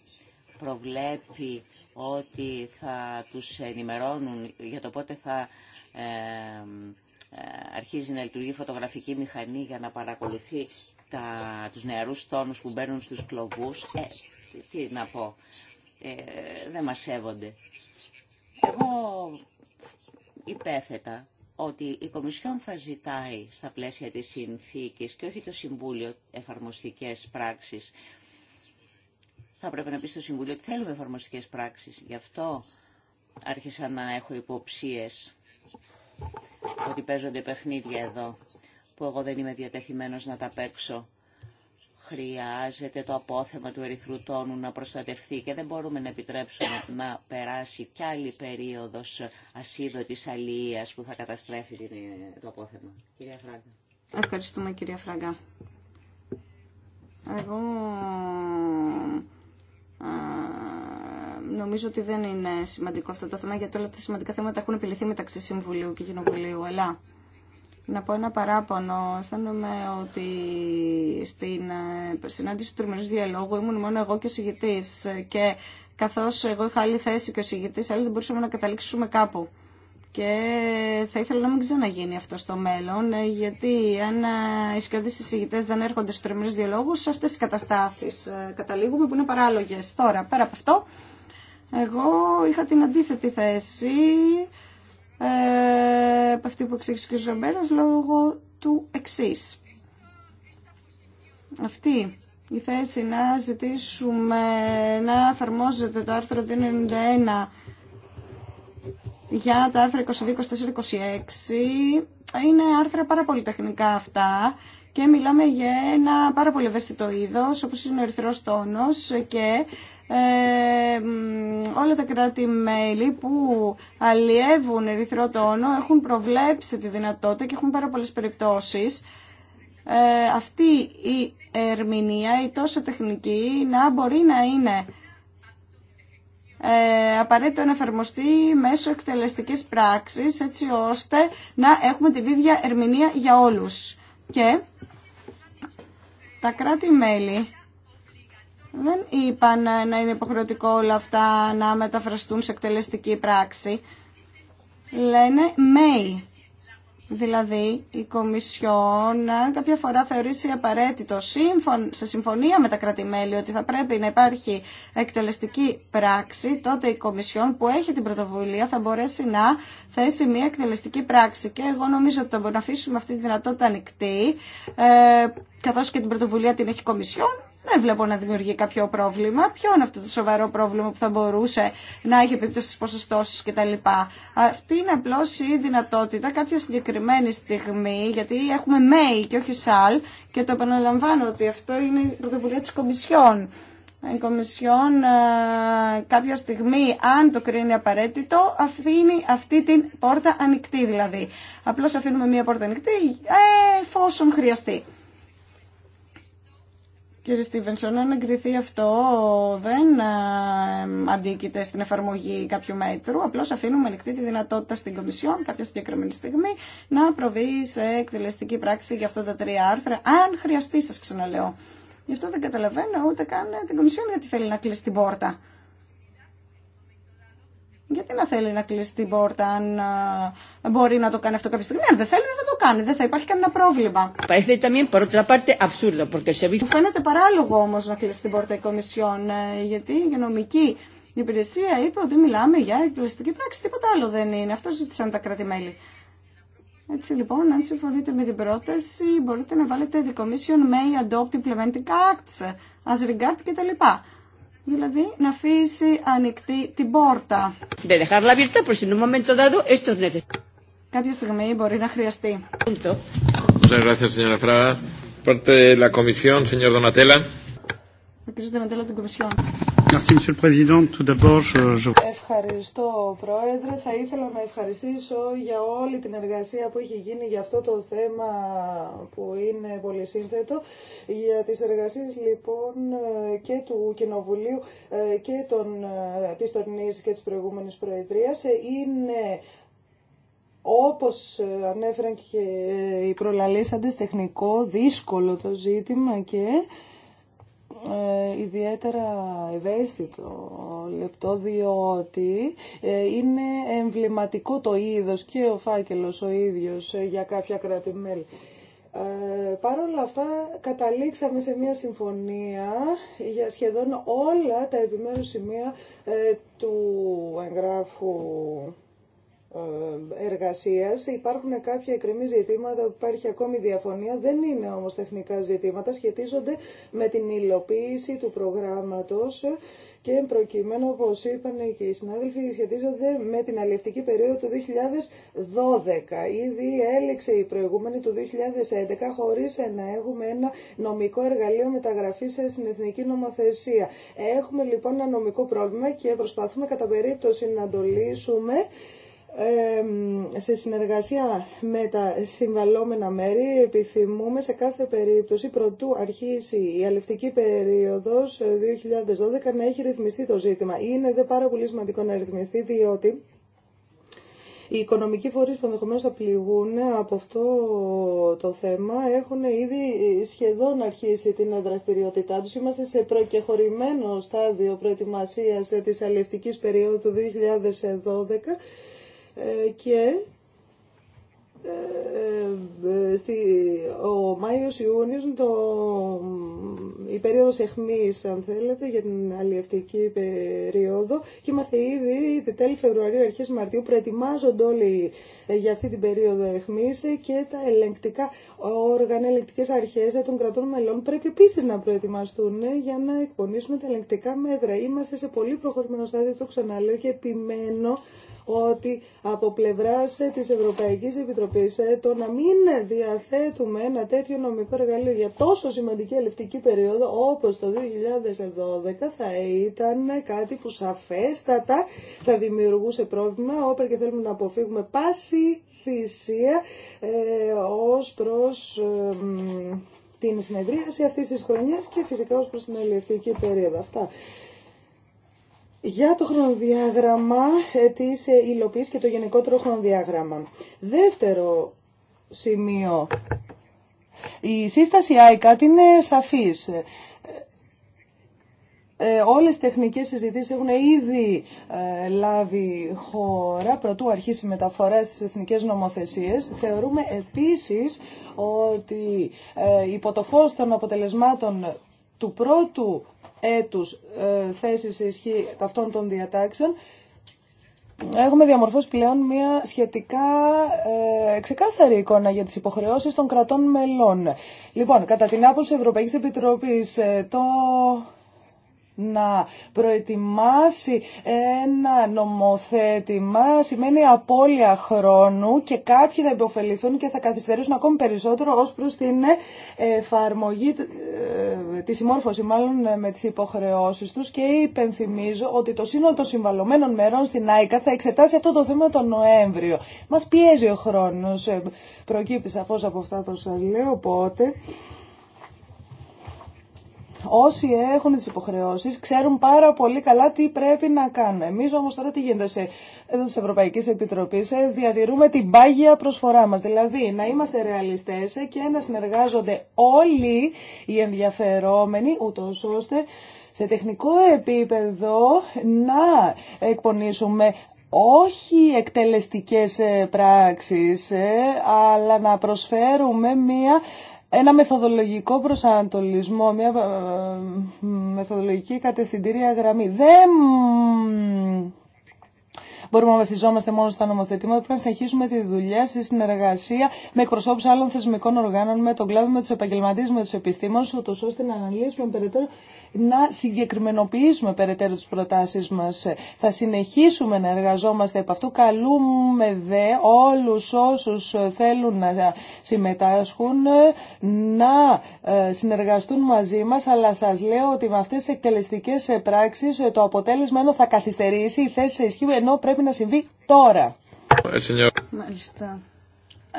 προβλέπει ότι θα τους ενημερώνουν για το πότε θα ε, ε αρχίζει να λειτουργεί φωτογραφική μηχανή για να παρακολουθεί τα, τους νεαρούς τόνους που μπαίνουν στους κλοβούς. Ε, τι, να πω, ε, δεν μας σέβονται. Εγώ υπέθετα ότι η Κομισιόν θα ζητάει στα πλαίσια της συνθήκης και όχι το Συμβούλιο εφαρμοστικές πράξεις. Θα πρέπει να πει στο Συμβούλιο ότι θέλουμε εφαρμοστικές πράξεις. Γι' αυτό άρχισα να έχω υποψίες ότι παίζονται παιχνίδια εδώ που εγώ δεν είμαι διατεθειμένος να τα παίξω χρειάζεται το απόθεμα του ερυθρού να προστατευτεί και δεν μπορούμε να επιτρέψουμε να περάσει κι άλλη περίοδος ασίδωτης αλληλείας που θα καταστρέφει το απόθεμα. Κυρία Φράγκα. Ευχαριστούμε κυρία Φράγκα. Εγώ νομίζω ότι δεν είναι σημαντικό αυτό το θέμα γιατί όλα τα σημαντικά θέματα έχουν επιληθεί μεταξύ Συμβουλίου και Κοινοβουλίου, αλλά να πω ένα παράπονο. Αισθάνομαι ότι στην ε, συνάντηση του τριμερού διαλόγου ήμουν μόνο εγώ και ο συγητής και καθώ εγώ είχα άλλη θέση και ο συγητή, άλλοι δεν μπορούσαμε να καταλήξουμε κάπου. Και θα ήθελα να μην ξαναγίνει αυτό στο μέλλον, ε, γιατί αν ε, οι σκιώδει συγητέ δεν έρχονται στου τριμερού διαλόγου, σε αυτέ τι καταστάσει καταλήγουμε που είναι παράλογε. Τώρα, πέρα από αυτό, εγώ είχα την αντίθετη θέση ε, αυτή που εξήγησε ο κ. λόγω του εξή. Αυτή η θέση να ζητήσουμε να εφαρμόζεται το άρθρο 291 για τα άρθρα 22, 24, 26 είναι άρθρα πάρα πολύ τεχνικά αυτά και μιλάμε για ένα πάρα πολύ ευαίσθητο είδος όπως είναι ο ερυθρός τόνος και ε, όλα τα κράτη-μέλη που αλλιεύουν ερυθρό τόνο έχουν προβλέψει τη δυνατότητα και έχουν πάρα πολλές περιπτώσεις ε, αυτή η ερμηνεία, η τόσο τεχνική, να μπορεί να είναι ε, απαραίτητο να εφαρμοστεί μέσω εκτελεστικής πράξης έτσι ώστε να έχουμε την ίδια ερμηνεία για όλους. Και τα κράτη-μέλη δεν είπαν να είναι υποχρεωτικό όλα αυτά να μεταφραστούν σε εκτελεστική πράξη. Λένε may Δηλαδή, η Κομισιόν, αν κάποια φορά θεωρήσει απαραίτητο σε συμφωνία με τα κρατημέλη ότι θα πρέπει να υπάρχει εκτελεστική πράξη, τότε η Κομισιόν που έχει την πρωτοβουλία θα μπορέσει να θέσει μια εκτελεστική πράξη. Και εγώ νομίζω ότι θα μπορούμε να αφήσουμε αυτή τη δυνατότητα ανοιχτή, ε, καθώς και την πρωτοβουλία την έχει η Κομισιόν, δεν βλέπω να δημιουργεί κάποιο πρόβλημα. Ποιο είναι αυτό το σοβαρό πρόβλημα που θα μπορούσε να έχει επίπτωση στι ποσοστώσει κτλ. Αυτή είναι απλώ η δυνατότητα κάποια συγκεκριμένη στιγμή, γιατί έχουμε ΜΕΙ και όχι ΣΑΛ και το επαναλαμβάνω ότι αυτό είναι η πρωτοβουλία τη Κομισιόν. Η Κομισιόν ε, κάποια στιγμή, αν το κρίνει απαραίτητο, αφήνει αυτή την πόρτα ανοιχτή δηλαδή. Απλώς αφήνουμε μία πόρτα ανοιχτή ε, εφόσον χρειαστεί. Κύριε Στίβενσον, αν εγκριθεί αυτό δεν ε, αντίκειται στην εφαρμογή κάποιου μέτρου, Απλώ αφήνουμε ανοιχτή τη δυνατότητα στην Κομισιόν κάποια συγκεκριμένη στιγμή να προβεί σε εκτελεστική πράξη για αυτά τα τρία άρθρα, αν χρειαστεί σα ξαναλέω. Γι' αυτό δεν καταλαβαίνω ούτε καν ε, την Κομισιόν γιατί θέλει να κλείσει την πόρτα. Γιατί να θέλει να κλείσει την πόρτα αν ε, μπορεί να το κάνει αυτό κάποια στιγμή. Αν δεν θέλει δεν κάνει, δεν θα υπάρχει κανένα πρόβλημα. βίντεο. φαίνεται παράλογο όμως να κλείσει την πόρτα η Κομισιόν, ε, γιατί η νομική υπηρεσία είπε ότι μιλάμε για εκπληστική πράξη, τίποτα άλλο δεν είναι. Αυτό ζήτησαν τα κρατη Έτσι λοιπόν, αν συμφωνείτε με την πρόταση, μπορείτε να βάλετε The Commission may adopt implementing acts as regards κτλ. Δηλαδή, να αφήσει ανοιχτή την πόρτα. Δεν dejarla abierta, por si en un momento dado esto es κάποια στιγμή μπορεί να χρειαστεί. Ευχαριστώ, Πρόεδρε. Θα ήθελα να ευχαριστήσω για όλη την εργασία που έχει γίνει για αυτό το θέμα που είναι πολύ σύνθετο. Για τις εργασίες, λοιπόν, και του Κοινοβουλίου ε, και των, ε, της Τωρινής και της προηγούμενης Προεδρίας. Ε, είναι όπως ε, ανέφεραν και ε, οι προλαλήσαντες, τεχνικό, δύσκολο το ζήτημα και ε, ιδιαίτερα ευαίσθητο λεπτό διότι ε, είναι εμβληματικό το είδος και ο φάκελος ο ίδιος για κάποια κράτη-μέλη. Ε, Παρ' όλα αυτά καταλήξαμε σε μια συμφωνία για σχεδόν όλα τα επιμέρους σημεία του εγγράφου ε, εργασίας. Υπάρχουν κάποια εκκρεμή ζητήματα που υπάρχει ακόμη διαφωνία. Δεν είναι όμω τεχνικά ζητήματα. Σχετίζονται με την υλοποίηση του προγράμματο και προκειμένου, όπω είπαν και οι συνάδελφοι, σχετίζονται με την αλληλευτική περίοδο του 2012. Ήδη έληξε η προηγούμενη του 2011 χωρί να έχουμε ένα νομικό εργαλείο μεταγραφής στην εθνική νομοθεσία. Έχουμε λοιπόν ένα νομικό πρόβλημα και προσπαθούμε κατά περίπτωση να το λύσουμε σε συνεργασία με τα συμβαλόμενα μέρη επιθυμούμε σε κάθε περίπτωση πρωτού αρχίσει η αλευτική περίοδος 2012 ε, να έχει ρυθμιστεί το ζήτημα. Είναι δε πάρα πολύ σημαντικό να ρυθμιστεί διότι οι οικονομικοί φορείς που ενδεχομένω θα πληγούν από αυτό το θέμα έχουν ήδη σχεδόν αρχίσει την δραστηριότητά τους. Είμαστε σε προκεχωρημένο στάδιο προετοιμασίας της αλληλευτικής περίοδου του 2012 ε, και ε, ε, ο Μάιος Ιούνιος το, η περίοδος εχμής αν θέλετε για την αλλιευτική περίοδο και είμαστε ήδη τέλη Φεβρουαρίου αρχές Μαρτίου προετοιμάζονται όλοι για αυτή την περίοδο εχμής και τα ελεγκτικά όργανα, ελεγκτικές αρχές των κρατών μελών πρέπει επίσης να προετοιμαστούν για να εκπονήσουμε τα ελεγκτικά μέτρα. Είμαστε σε πολύ προχωρημένο στάδιο, το ξαναλέω και επιμένω ότι από πλευράς της Ευρωπαϊκής Επιτροπής ε, το να μην διαθέτουμε ένα τέτοιο νομικό εργαλείο για τόσο σημαντική ελευτική περίοδο όπως το 2012 θα ήταν κάτι που σαφέστατα θα δημιουργούσε πρόβλημα όπερ και θέλουμε να αποφύγουμε πάση θυσία ε, ως προς ε, την συνεδρίαση αυτής της χρονιάς και φυσικά ως προς την αλληλευτική περίοδο. Αυτά για το χρονοδιάγραμμα ε, της ε, υλοποίησης και το γενικότερο χρονοδιάγραμμα. Δεύτερο σημείο. Η σύσταση ICAT είναι σαφής. Ε, ε όλες οι τεχνικές συζητήσεις έχουν ήδη ε, λάβει χώρα πρωτού αρχίσει μεταφορά στις εθνικές νομοθεσίες. Θεωρούμε επίσης ότι ε, υπό το φως των αποτελεσμάτων του πρώτου έτους ε, σε ισχύ αυτών των διατάξεων, έχουμε διαμορφώσει πλέον μια σχετικά ε, ξεκάθαρη εικόνα για τις υποχρεώσεις των κρατών μελών. Λοιπόν, κατά την άποψη Ευρωπαϊκής Επιτροπής, ε, το να προετοιμάσει ένα νομοθέτημα σημαίνει απώλεια χρόνου και κάποιοι θα υποφεληθούν και θα καθυστερήσουν ακόμη περισσότερο ως προς την εφαρμογή, ε, τη συμμόρφωση μάλλον ε, με τις υποχρεώσεις τους και υπενθυμίζω ότι το σύνολο των συμβαλωμένων μέρων στην ΑΕΚΑ θα εξετάσει αυτό το θέμα τον Νοέμβριο. Μας πιέζει ο χρόνος, ε, προκύπτει σαφώς από αυτά που σας λέω, οπότε όσοι έχουν τις υποχρεώσεις ξέρουν πάρα πολύ καλά τι πρέπει να κάνουμε. Εμείς όμως τώρα τι γίνεται σε, εδώ Ευρωπαϊκή Επιτροπή ε, διατηρούμε την πάγια προσφορά μας. Δηλαδή να είμαστε ρεαλιστές ε, και να συνεργάζονται όλοι οι ενδιαφερόμενοι, ούτω ώστε σε τεχνικό επίπεδο να εκπονήσουμε όχι εκτελεστικές ε, πράξεις, αλλά να προσφέρουμε μία ένα μεθοδολογικό προσανατολισμό, μια ε, μεθοδολογική κατευθυντήρια γραμμή. Δεν μπορούμε να βασιζόμαστε μόνο στα νομοθετήματα. Πρέπει να συνεχίσουμε τη δουλειά στη συνεργασία με εκπροσώπου άλλων θεσμικών οργάνων, με τον κλάδο, με του επαγγελματίε, με του επιστήμονε, ώστε να αναλύσουμε περαιτέρω να συγκεκριμενοποιήσουμε περαιτέρω τις προτάσεις μας. Θα συνεχίσουμε να εργαζόμαστε επ' αυτού. Καλούμε δε όλους όσους θέλουν να συμμετάσχουν να ε, συνεργαστούν μαζί μας, αλλά σας λέω ότι με αυτές τις εκτελεστικές πράξεις ε, το αποτέλεσμα ενώ θα καθυστερήσει η θέση σε ισχύ, ενώ πρέπει να συμβεί τώρα. Ε, Μάλιστα.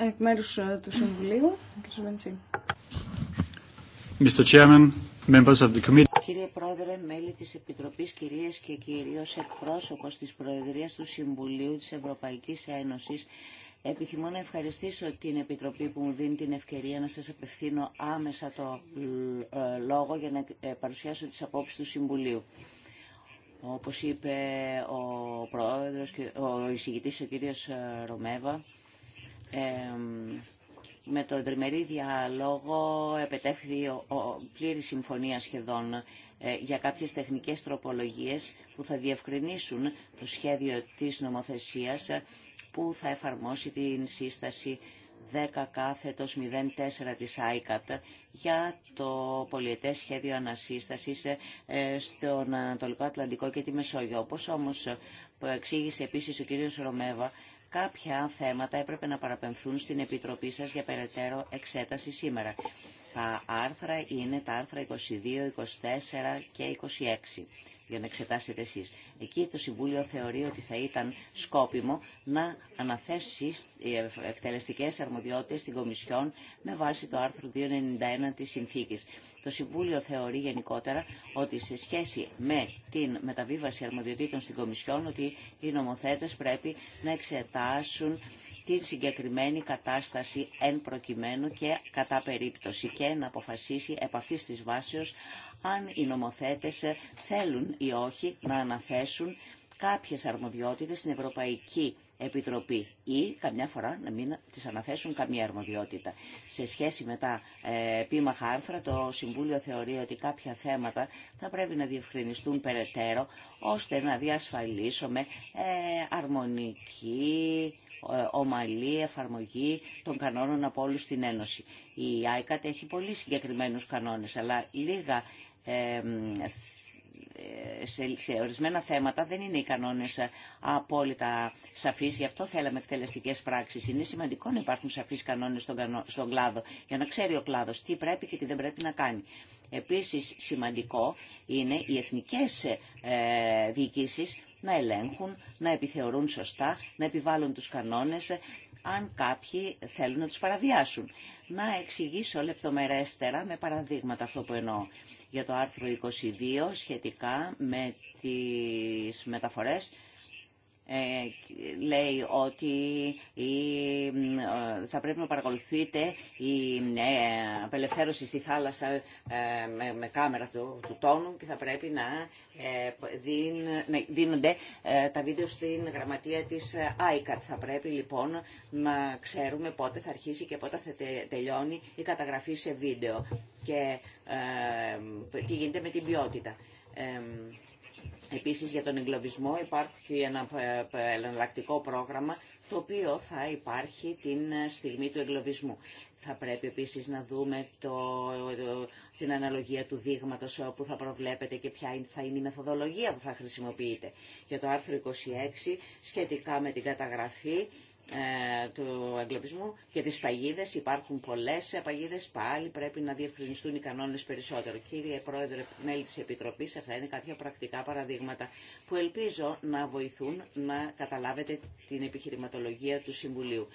Εκ μέρους του Συμβουλίου, κ. Chairman, Members of the committee. Κύριε Πρόεδρε, μέλη της Επιτροπής, κυρίες και κύριοι, ως εκπρόσωπος της Προεδρίας του Συμβουλίου της Ευρωπαϊκής Ένωσης, επιθυμώ να ευχαριστήσω την Επιτροπή που μου δίνει την ευκαιρία να σας απευθύνω άμεσα το ε, λόγο για να ε, παρουσιάσω τις απόψεις του Συμβουλίου. Όπως είπε ο, πρόεδρος, ο εισηγητής, ο κύριος ε, Ρωμέβα, με τον τριμερή διάλογο επετέφθη ο, πλήρη συμφωνία σχεδόν ε, για κάποιες τεχνικές τροπολογίες που θα διευκρινίσουν το σχέδιο της νομοθεσίας ε, που θα εφαρμόσει την σύσταση 10 κάθετος 04 της ΆΙΚΑΤ για το πολιετές σχέδιο ανασύστασης ε, στον Ανατολικό Ατλαντικό και τη Μεσόγειο. Όπως όμως εξήγησε επίσης ο κύριος Ρωμέβα, Κάποια θέματα έπρεπε να παραπεμφθούν στην Επιτροπή σας για περαιτέρω εξέταση σήμερα. Τα άρθρα είναι τα άρθρα 22, 24 και 26 για να εξετάσετε εσείς. Εκεί το Συμβούλιο θεωρεί ότι θα ήταν σκόπιμο να αναθέσει εκτελεστικές αρμοδιότητες στην Κομισιόν με βάση το άρθρο 291 της Συνθήκης. Το Συμβούλιο θεωρεί γενικότερα ότι σε σχέση με την μεταβίβαση αρμοδιοτήτων στην Κομισιόν ότι οι νομοθέτες πρέπει να εξετάσουν την συγκεκριμένη κατάσταση εν προκειμένου και κατά περίπτωση και να αποφασίσει επ' αυτής της βάσεως αν οι νομοθέτες θέλουν ή όχι να αναθέσουν κάποιες αρμοδιότητες στην Ευρωπαϊκή επιτροπή ή καμιά φορά να μην τις αναθέσουν καμία αρμοδιότητα. Σε σχέση με τα ε, επίμαχα άρθρα, το Συμβούλιο θεωρεί ότι κάποια θέματα θα πρέπει να διευκρινιστούν περαιτέρω, ώστε να διασφαλίσουμε ε, αρμονική, ε, ομαλή εφαρμογή των κανόνων από όλους στην Ένωση. Η ΆΙΚΑΤ έχει πολύ συγκεκριμένους κανόνες, αλλά λίγα σε ορισμένα θέματα δεν είναι οι κανόνες απόλυτα σαφείς, γι' αυτό θέλαμε εκτελεστικές πράξεις. Είναι σημαντικό να υπάρχουν σαφείς κανόνες στον κλάδο, για να ξέρει ο κλάδος τι πρέπει και τι δεν πρέπει να κάνει. Επίσης σημαντικό είναι οι εθνικές ε, διοικήσεις να ελέγχουν, να επιθεωρούν σωστά, να επιβάλλουν τους κανόνες αν κάποιοι θέλουν να τους παραβιάσουν. Να εξηγήσω λεπτομερέστερα με παραδείγματα αυτό που εννοώ για το άρθρο 22 σχετικά με τις μεταφορές ε, λέει ότι ε, θα πρέπει να παρακολουθείτε η ε, απελευθέρωση στη θάλασσα με κάμερα του τόνου και θα πρέπει να δίνονται τα βίντεο στην γραμματεία της ICAT. Θα πρέπει λοιπόν να ξέρουμε πότε θα αρχίσει και πότε θα τελειώνει η καταγραφή σε βίντεο και τι γίνεται με την ποιότητα. Επίσης για τον εγκλωβισμό υπάρχει ένα ε, ε, εναλλακτικό πρόγραμμα το οποίο θα υπάρχει την ε, στιγμή του εγκλωβισμού. Θα πρέπει επίσης να δούμε το, την αναλογία του δείγματος που θα προβλέπετε και ποια θα είναι η μεθοδολογία που θα χρησιμοποιείτε. Για το άρθρο 26 σχετικά με την καταγραφή ε, του εγκλωβισμού και τις παγίδες. Υπάρχουν πολλές παγίδες, πάλι πρέπει να διευκρινιστούν οι κανόνες περισσότερο. Κύριε Πρόεδρε, μέλη της Επιτροπής, αυτά είναι κάποια πρακτικά παραδείγματα που ελπίζω να βοηθούν να καταλάβετε την επιχειρηματολογία του Συμβουλίου.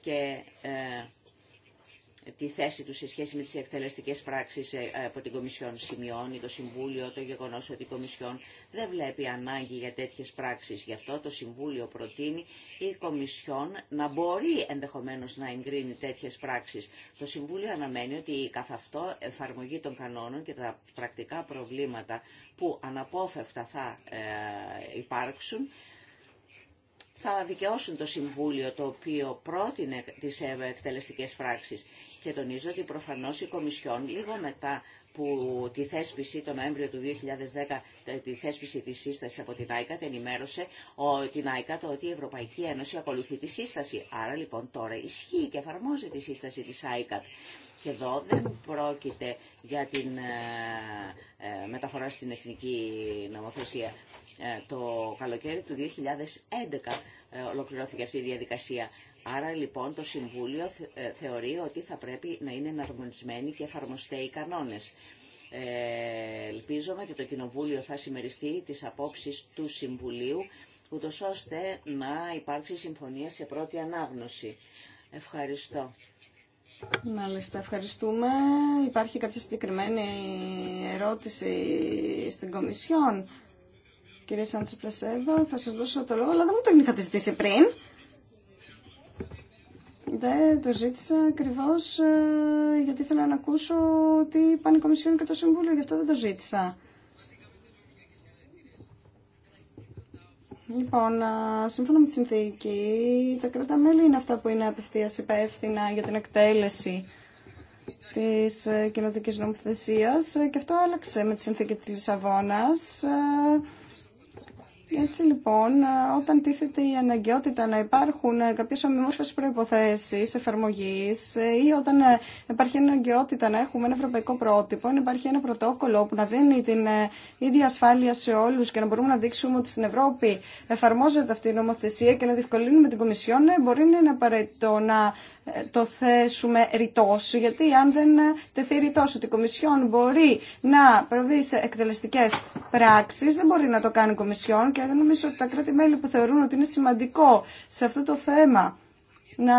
Και ε, τη θέση του σε σχέση με τι εκτελεστικέ πράξει ε, από την Κομισιόν. Σημειώνει το Συμβούλιο το γεγονό ότι η Κομισιόν δεν βλέπει ανάγκη για τέτοιε πράξει Γι' αυτό το Συμβούλιο προτείνει η Κομισιόν να μπορεί ενδεχομένω να εγκρίνει τέτοιε πράξει. Το Συμβούλιο αναμένει ότι καθ' αυτό εφαρμογή των κανόνων και τα πρακτικά προβλήματα που αναπόφευκτα θα ε, υπάρξουν θα δικαιώσουν το Συμβούλιο το οποίο πρότεινε τις ε, εκτελεστικές πράξεις και τονίζω ότι προφανώς η Κομισιόν λίγο μετά που τη θέσπιση το Νοέμβριο του 2010, τη θέσπιση της σύστασης από την ΆΙΚΑ, την ενημέρωσε ο, την ΆΙΚΑ το ότι η Ευρωπαϊκή Ένωση ακολουθεί τη σύσταση. Άρα λοιπόν τώρα ισχύει και εφαρμόζεται η σύσταση της ΆΙΚΑ. Και εδώ δεν πρόκειται για την ε, ε, μεταφορά στην εθνική νομοθεσία. Ε, το καλοκαίρι του 2011 ολοκληρώθηκε αυτή η διαδικασία. Άρα λοιπόν το Συμβούλιο ε, θεωρεί ότι θα πρέπει να είναι εναρμονισμένοι και οι κανόνες. Ε, ελπίζομαι και το Κοινοβούλιο θα συμμεριστεί τις απόψεις του Συμβουλίου, ούτω ώστε να υπάρξει συμφωνία σε πρώτη ανάγνωση. Ευχαριστώ. Μάλιστα, ευχαριστούμε. Υπάρχει κάποια συγκεκριμένη ερώτηση στην Κομισιόν. Κυρία Σάντσι Πρεσέδο, θα σας δώσω το λόγο, αλλά δεν μου το είχατε ζητήσει πριν. Δεν το ζήτησα ακριβώ ε, γιατί ήθελα να ακούσω τι είπαν η Κομισιόν και το Συμβούλιο, γι' αυτό δεν το ζήτησα. Λοιπόν, ε, σύμφωνα με τη συνθήκη, τα κράτα-μέλη είναι αυτά που είναι απευθεία υπεύθυνα για την εκτέλεση της ε, κοινωτικής νομοθεσίας και αυτό άλλαξε με τη συνθήκη της Λισαβόνα. Έτσι λοιπόν, ε, όταν τίθεται η αναγκαιότητα να υπάρχουν ε, κάποιες ομοιόμορφες προϋποθέσεις εφαρμογής ε, ή όταν υπάρχει αναγκαιότητα να έχουμε ένα ευρωπαϊκό πρότυπο, αν υπάρχει ένα πρωτόκολλο που να δίνει την ίδια ασφάλεια σε όλους και να μπορούμε να δείξουμε ότι στην Ευρώπη εφαρμόζεται αυτή η νομοθεσία και να διευκολύνουμε την Κομισιόν, μπορεί να είναι απαραίτητο να το θέσουμε ρητός, γιατί αν δεν τεθεί ρητός ότι η Κομισιόν μπορεί να προβεί σε εκτελεστικές πράξεις, δεν μπορεί να το κάνει η Κομισιόν και δεν νομίζω ότι τα κράτη-μέλη που θεωρούν ότι είναι σημαντικό σε αυτό το θέμα να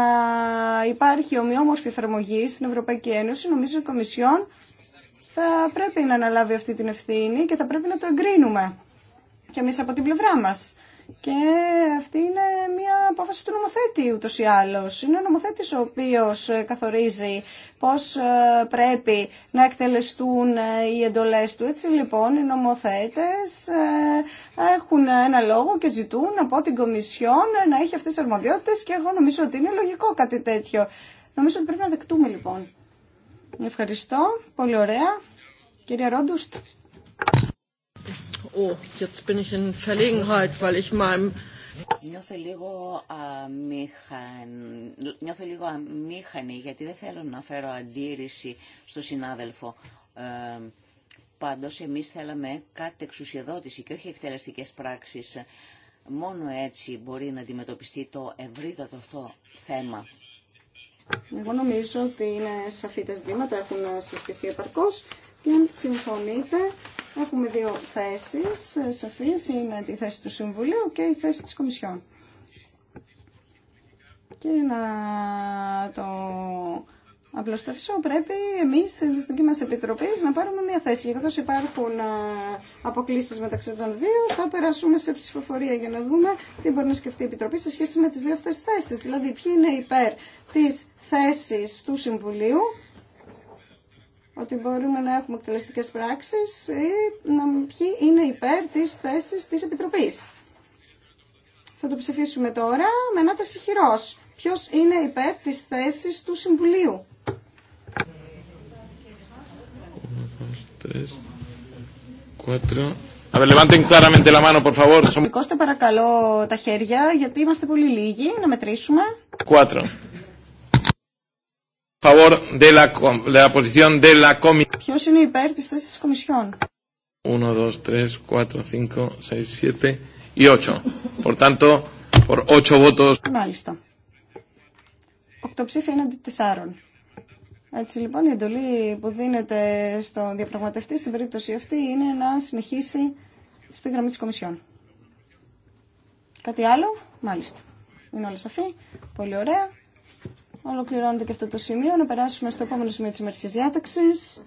υπάρχει ομοιόμορφη εφαρμογή στην Ευρωπαϊκή Ένωση, νομίζω η Κομισιόν θα πρέπει να αναλάβει αυτή την ευθύνη και θα πρέπει να το εγκρίνουμε και εμείς από την πλευρά μας. Και αυτή είναι μια απόφαση του νομοθέτη ούτως ή άλλως. Είναι ο νομοθέτης ο οποίος ε, καθορίζει πώς ε, πρέπει να εκτελεστούν ε, οι εντολές του. Έτσι λοιπόν οι νομοθέτες έχουν ένα λόγο και ζητούν από την Κομισιόν να έχει αυτές τις αρμοδιότητες και εγώ νομίζω ότι είναι λογικό κάτι τέτοιο. Νομίζω ότι πρέπει να δεκτούμε λοιπόν. Ευχαριστώ. Πολύ ωραία. Κυρία Ρόντουστ. Oh, jetzt bin ich in Verlegenheit, weil ich meinem Νιώθω λίγο, αμήχαν... Νιώθω λίγο αμήχανη, γιατί δεν θέλω να φέρω αντίρρηση στο συνάδελφο. Ε, πάντως, εμείς θέλαμε κάτι εξουσιοδότηση και όχι εκτελεστικές πράξεις. Μόνο έτσι μπορεί να αντιμετωπιστεί το ευρύτατο αυτό θέμα. Εγώ νομίζω ότι είναι σαφή τα ζητήματα, έχουν συστηθεί επαρκώς και αν συμφωνείτε Έχουμε δύο θέσεις σαφείς, είναι τη θέση του Συμβουλίου και η θέση της Κομισιόν. Και να το απλωστευσώ, πρέπει εμείς στην δική μας Επιτροπή να πάρουμε μια θέση. Γιατί καθώς υπάρχουν αποκλήσεις μεταξύ των δύο, θα περάσουμε σε ψηφοφορία για να δούμε τι μπορεί να σκεφτεί η Επιτροπή σε σχέση με τις δύο αυτές θέσεις. Δηλαδή, ποιοι είναι υπέρ της θέσης του Συμβουλίου ότι μπορούμε να έχουμε εκτελεστικέ πράξει ή να ποιοι είναι υπέρ τη θέση τη επιτροπή. Θα το ψηφίσουμε τώρα με ένα χειρός. Ποιο είναι υπέρ τη θέση του Συμβουλίου. Σηκώστε παρακαλώ τα χέρια γιατί είμαστε πολύ λίγοι. Να μετρήσουμε favor de la, de la posición de la Comisión. Ποιο είναι υπέρ τη θέση τη 1, 2, 3, 4, 5, 6, 7 y 8. Por tanto, por 8 votos. Μάλιστα. Οκτωψήφια έναντι τεσσάρων. Έτσι λοιπόν η εντολή που δίνεται στον διαπραγματευτή στην περίπτωση αυτή είναι να συνεχίσει στη γραμμή της Κομισιόν. Κάτι άλλο, μάλιστα. Είναι όλα σαφή, πολύ ωραία. Ολοκληρώνεται και αυτό το σημείο. Να περάσουμε στο επόμενο σημείο της ημερησίας διάταξης,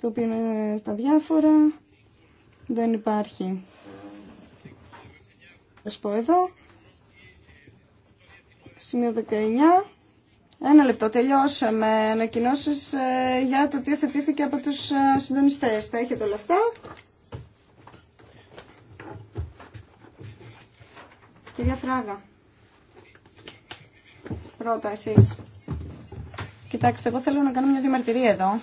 το οποίο είναι τα διάφορα. Δεν υπάρχει. Θα σας πω εδώ. Σημείο 19. Ένα λεπτό, τελειώσαμε. Ανακοινώσει ε, για το τι θετήθηκε από τους ε, συντονιστές. Τα έχετε όλα αυτά. Κυρία Φράγα πρώτα εσείς. Κοιτάξτε, εγώ θέλω να κάνω μια διαμαρτυρία εδώ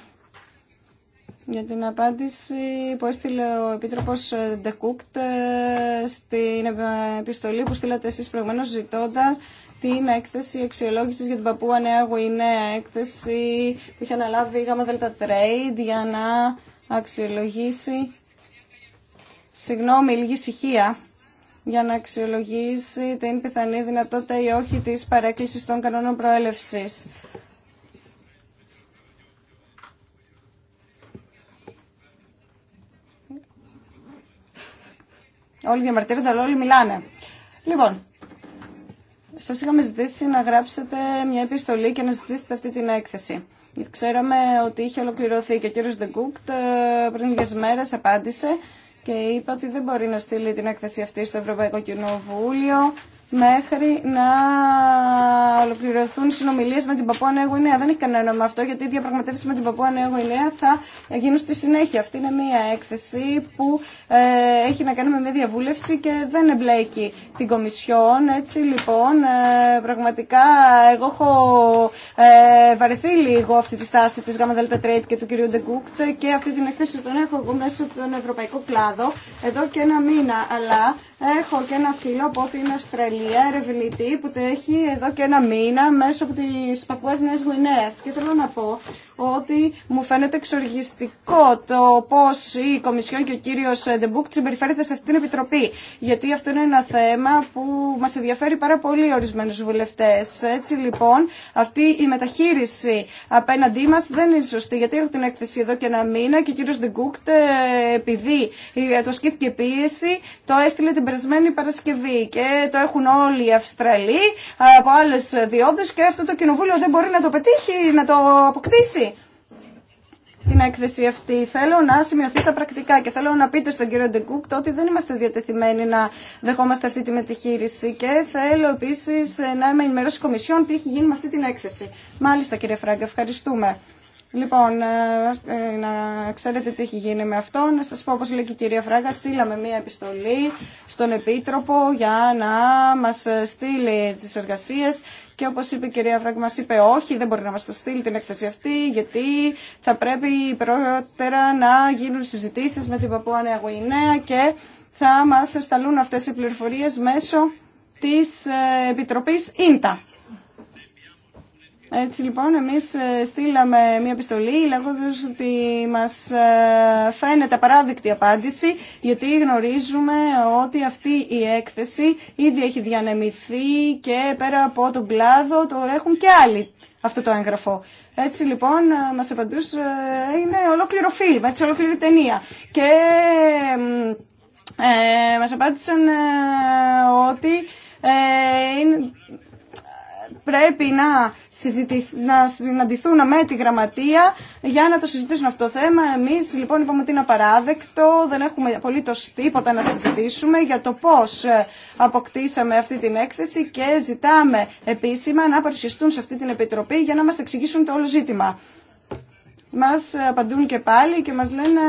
για την απάντηση που έστειλε ο Επίτροπος Ντεκούκτ στην επιστολή που στείλατε εσείς προηγουμένως ζητώντα την έκθεση αξιολόγηση για την Παππούα Νέα Γουινέα, έκθεση που είχε αναλάβει η ΓΑΜΑ Trade για να αξιολογήσει, συγγνώμη, λίγη ησυχία, για να αξιολογήσει την πιθανή δυνατότητα ή όχι της παρέκκλησης των κανόνων προέλευσης. Όλοι διαμαρτύρονται, αλλά όλοι μιλάνε. Λοιπόν, σα είχαμε ζητήσει να γράψετε μια επιστολή και να ζητήσετε αυτή την έκθεση. Ξέραμε ότι είχε ολοκληρωθεί και ο κύριος Δεκούκτ ε, πριν λίγες μέρες απάντησε και είπα ότι δεν μπορεί να στείλει την έκθεση αυτή στο Ευρωπαϊκό Κοινοβούλιο μέχρι να ολοκληρωθούν οι συνομιλίε με την Παππούα Νέα Γουινέα. Δεν έχει κανένα νόημα αυτό, γιατί οι διαπραγματεύσει με την Παππούα Νέα Γουινέα θα γίνουν στη συνέχεια. Αυτή είναι μια έκθεση που ε, έχει να κάνει με μια διαβούλευση και δεν εμπλέκει την Κομισιόν. Έτσι λοιπόν, ε, πραγματικά εγώ έχω ε, βαρεθεί λίγο αυτή τη στάση τη ΔΕΛΤΑ ΤΡΕΙΤ και του κ. Ντεγκούκτ και αυτή την έκθεση τον έχω εγώ μέσω τον ευρωπαϊκό κλάδο εδώ και ένα μήνα. Αλλά Έχω και ένα φίλο από την Αυστραλία, ερευνητή, που το έχει εδώ και ένα μήνα μέσω από τη παππούες Νέες Γουινέα. Και θέλω να πω ότι μου φαίνεται εξοργιστικό το πως η Κομισιόν και ο κύριο Ντεμπούκ συμπεριφέρεται σε αυτή την επιτροπή. Γιατί αυτό είναι ένα θέμα που μας ενδιαφέρει πάρα πολύ ορισμένου βουλευτέ. Έτσι λοιπόν, αυτή η μεταχείριση απέναντί μα δεν είναι σωστή. Γιατί έχω την έκθεση εδώ και ένα μήνα και ο κύριο Ντεμπούκ, επειδή ε, το ασκήθηκε πίεση, το έστειλε την περασμένη Παρασκευή και το έχουν όλοι οι Αυστραλοί από άλλε διόδε, και αυτό το κοινοβούλιο δεν μπορεί να το πετύχει, να το αποκτήσει την έκθεση αυτή. Θέλω να σημειωθεί στα πρακτικά και θέλω να πείτε στον κύριο Ντεκούκ ότι δεν είμαστε διατεθειμένοι να δεχόμαστε αυτή τη μετεχείριση και θέλω επίση να είμαι ενημερώσει η Κομισιόν τι έχει γίνει με αυτή την έκθεση. Μάλιστα, κύριε Φράγκ, ευχαριστούμε. Λοιπόν, ε, ε, να ξέρετε τι έχει γίνει με αυτό. Να σας πω, όπως λέει και η κυρία Φράγκα, στείλαμε μία επιστολή στον Επίτροπο για να μας στείλει τις εργασίες και όπως είπε η κυρία Φράγκα, μας είπε όχι, δεν μπορεί να μας το στείλει την έκθεση αυτή, γιατί θα πρέπει πρώτερα να γίνουν συζητήσεις με την Παππούα Νέα Γουινέα και θα μας σταλούν αυτές οι πληροφορίες μέσω της ε, Επιτροπής Ίντα. Έτσι λοιπόν εμείς ε, στείλαμε μια επιστολή Λέγοντα ότι μας ε, φαίνεται παράδεκτη απάντηση γιατί γνωρίζουμε ότι αυτή η έκθεση ήδη έχει διανεμηθεί και πέρα από τον κλάδο το έχουν και άλλοι αυτό το έγγραφο. Έτσι λοιπόν ε, μας απαντούσε είναι ολόκληρο φιλμ, έτσι ολόκληρη ταινία. Και ε, μας απάντησαν ότι είναι, πρέπει να, να συναντηθούν με τη γραμματεία για να το συζητήσουν αυτό το θέμα. Εμείς λοιπόν είπαμε ότι είναι απαράδεκτο, δεν έχουμε απολύτω τίποτα να συζητήσουμε για το πώ ε, αποκτήσαμε αυτή την έκθεση και ζητάμε επίσημα να παρουσιαστούν σε αυτή την Επιτροπή για να μας εξηγήσουν το όλο ζήτημα μας απαντούν και πάλι και μας λένε,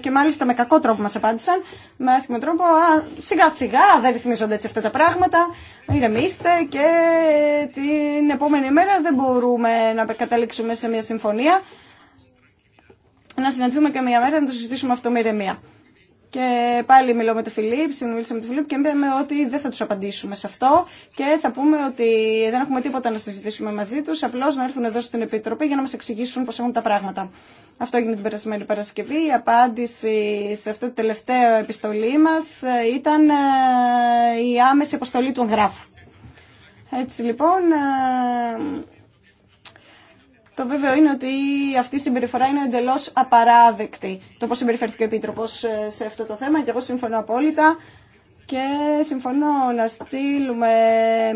και μάλιστα με κακό τρόπο μας απάντησαν, με άσχημο τρόπο, α, σιγά σιγά δεν ρυθμίζονται έτσι αυτά τα πράγματα, ηρεμήστε και την επόμενη μέρα δεν μπορούμε να καταλήξουμε σε μια συμφωνία, να συναντηθούμε και μια μέρα να το συζητήσουμε αυτό με ηρεμία. Και πάλι μιλώ με τον Φιλίπ, συνομίλησα με τον Φιλίπ και είπαμε ότι δεν θα του απαντήσουμε σε αυτό και θα πούμε ότι δεν έχουμε τίποτα να συζητήσουμε μαζί του, απλώ να έρθουν εδώ στην Επιτροπή για να μα εξηγήσουν πώ έχουν τα πράγματα. Αυτό έγινε την περασμένη Παρασκευή. Η απάντηση σε αυτό το τελευταίο επιστολή μα ε, ήταν ε, η άμεση αποστολή του εγγράφου. Έτσι λοιπόν, ε, το βέβαιο είναι ότι αυτή η συμπεριφορά είναι εντελώ απαράδεκτη. Το πώ συμπεριφέρθηκε ο Επίτροπο ε, σε αυτό το θέμα και εγώ συμφωνώ απόλυτα. Και συμφωνώ να στείλουμε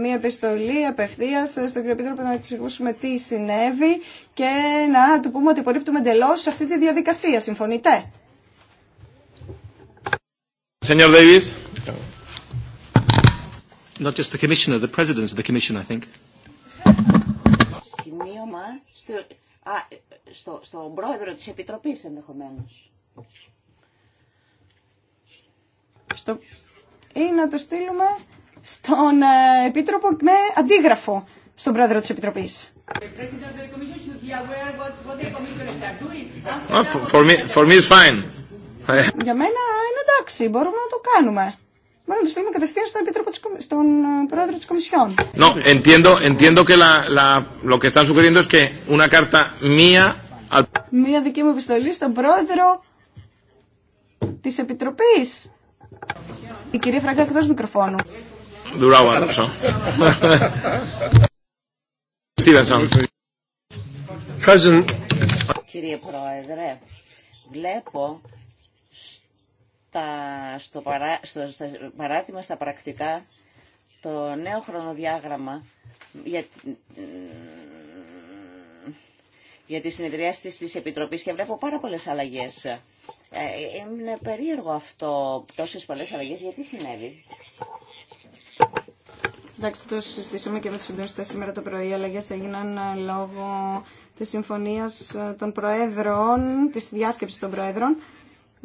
μία επιστολή απευθεία στον κύριο Επίτροπο να εξηγούσουμε τι συνέβη και να του πούμε ότι απορρίπτουμε εντελώ αυτή τη διαδικασία. Συμφωνείτε. Not just the Commissioner, the the Commission, I think στο, στο, στον πρόεδρο της Επιτροπής ενδεχομένως. Στο... Ή να το στείλουμε στον ε, Επίτροπο με αντίγραφο στον πρόεδρο της Επιτροπής. For Για μένα είναι εντάξει, μπορούμε να το κάνουμε να το στείλουμε κατευθείαν στον, ε, Πρόεδρο της Κομισιόν. entiendo, entiendo que lo que están sugiriendo es que una carta mía... Μία δική μου επιστολή στον Πρόεδρο της Επιτροπής. Η κυρία Φραγκά εκτός μικροφώνου. Κύριε Πρόεδρε, βλέπω στο, παρά, στο στα, στα πρακτικά το νέο χρονοδιάγραμμα για, για τη συνεδρία της Επιτροπής και βλέπω πάρα πολλές αλλαγές. Ε, είναι περίεργο αυτό, τόσες πολλές αλλαγές, γιατί συνέβη. Εντάξει, το συζητήσαμε και με τους συντονιστέ σήμερα το πρωί. Οι αλλαγέ έγιναν ε, λόγω της συμφωνίας ε, των Προέδρων, της διάσκεψης των Προέδρων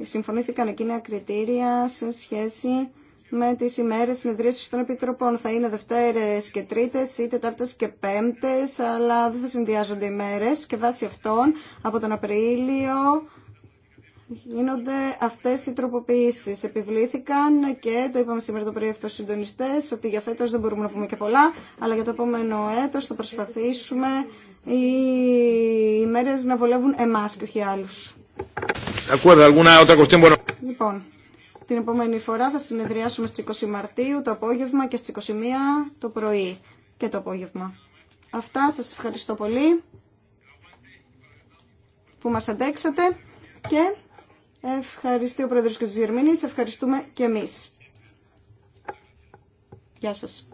συμφωνήθηκαν εκείνα κριτήρια σε σχέση με τι ημέρε συνεδρίαση των επιτροπών. Θα είναι Δευτέρε και τρίτε, ή Τετάρτε και πέμπτε, αλλά δεν θα συνδυάζονται ημέρε. και βάσει αυτών από τον Απρίλιο γίνονται αυτέ οι τροποποίησει. Επιβλήθηκαν και το είπαμε σήμερα το πρωί αυτό στους ότι για φέτο δεν μπορούμε να πούμε και πολλά, αλλά για το επόμενο έτος θα προσπαθήσουμε οι ημέρε να βολεύουν εμά και όχι άλλου. Λοιπόν, την επόμενη φορά θα συνεδριάσουμε στις 20 Μαρτίου το απόγευμα και στις 21 το πρωί και το απόγευμα. Αυτά, σας ευχαριστώ πολύ που μας αντέξατε και ευχαριστεί ο Πρόεδρος και τους ευχαριστούμε και εμείς. Γεια σας.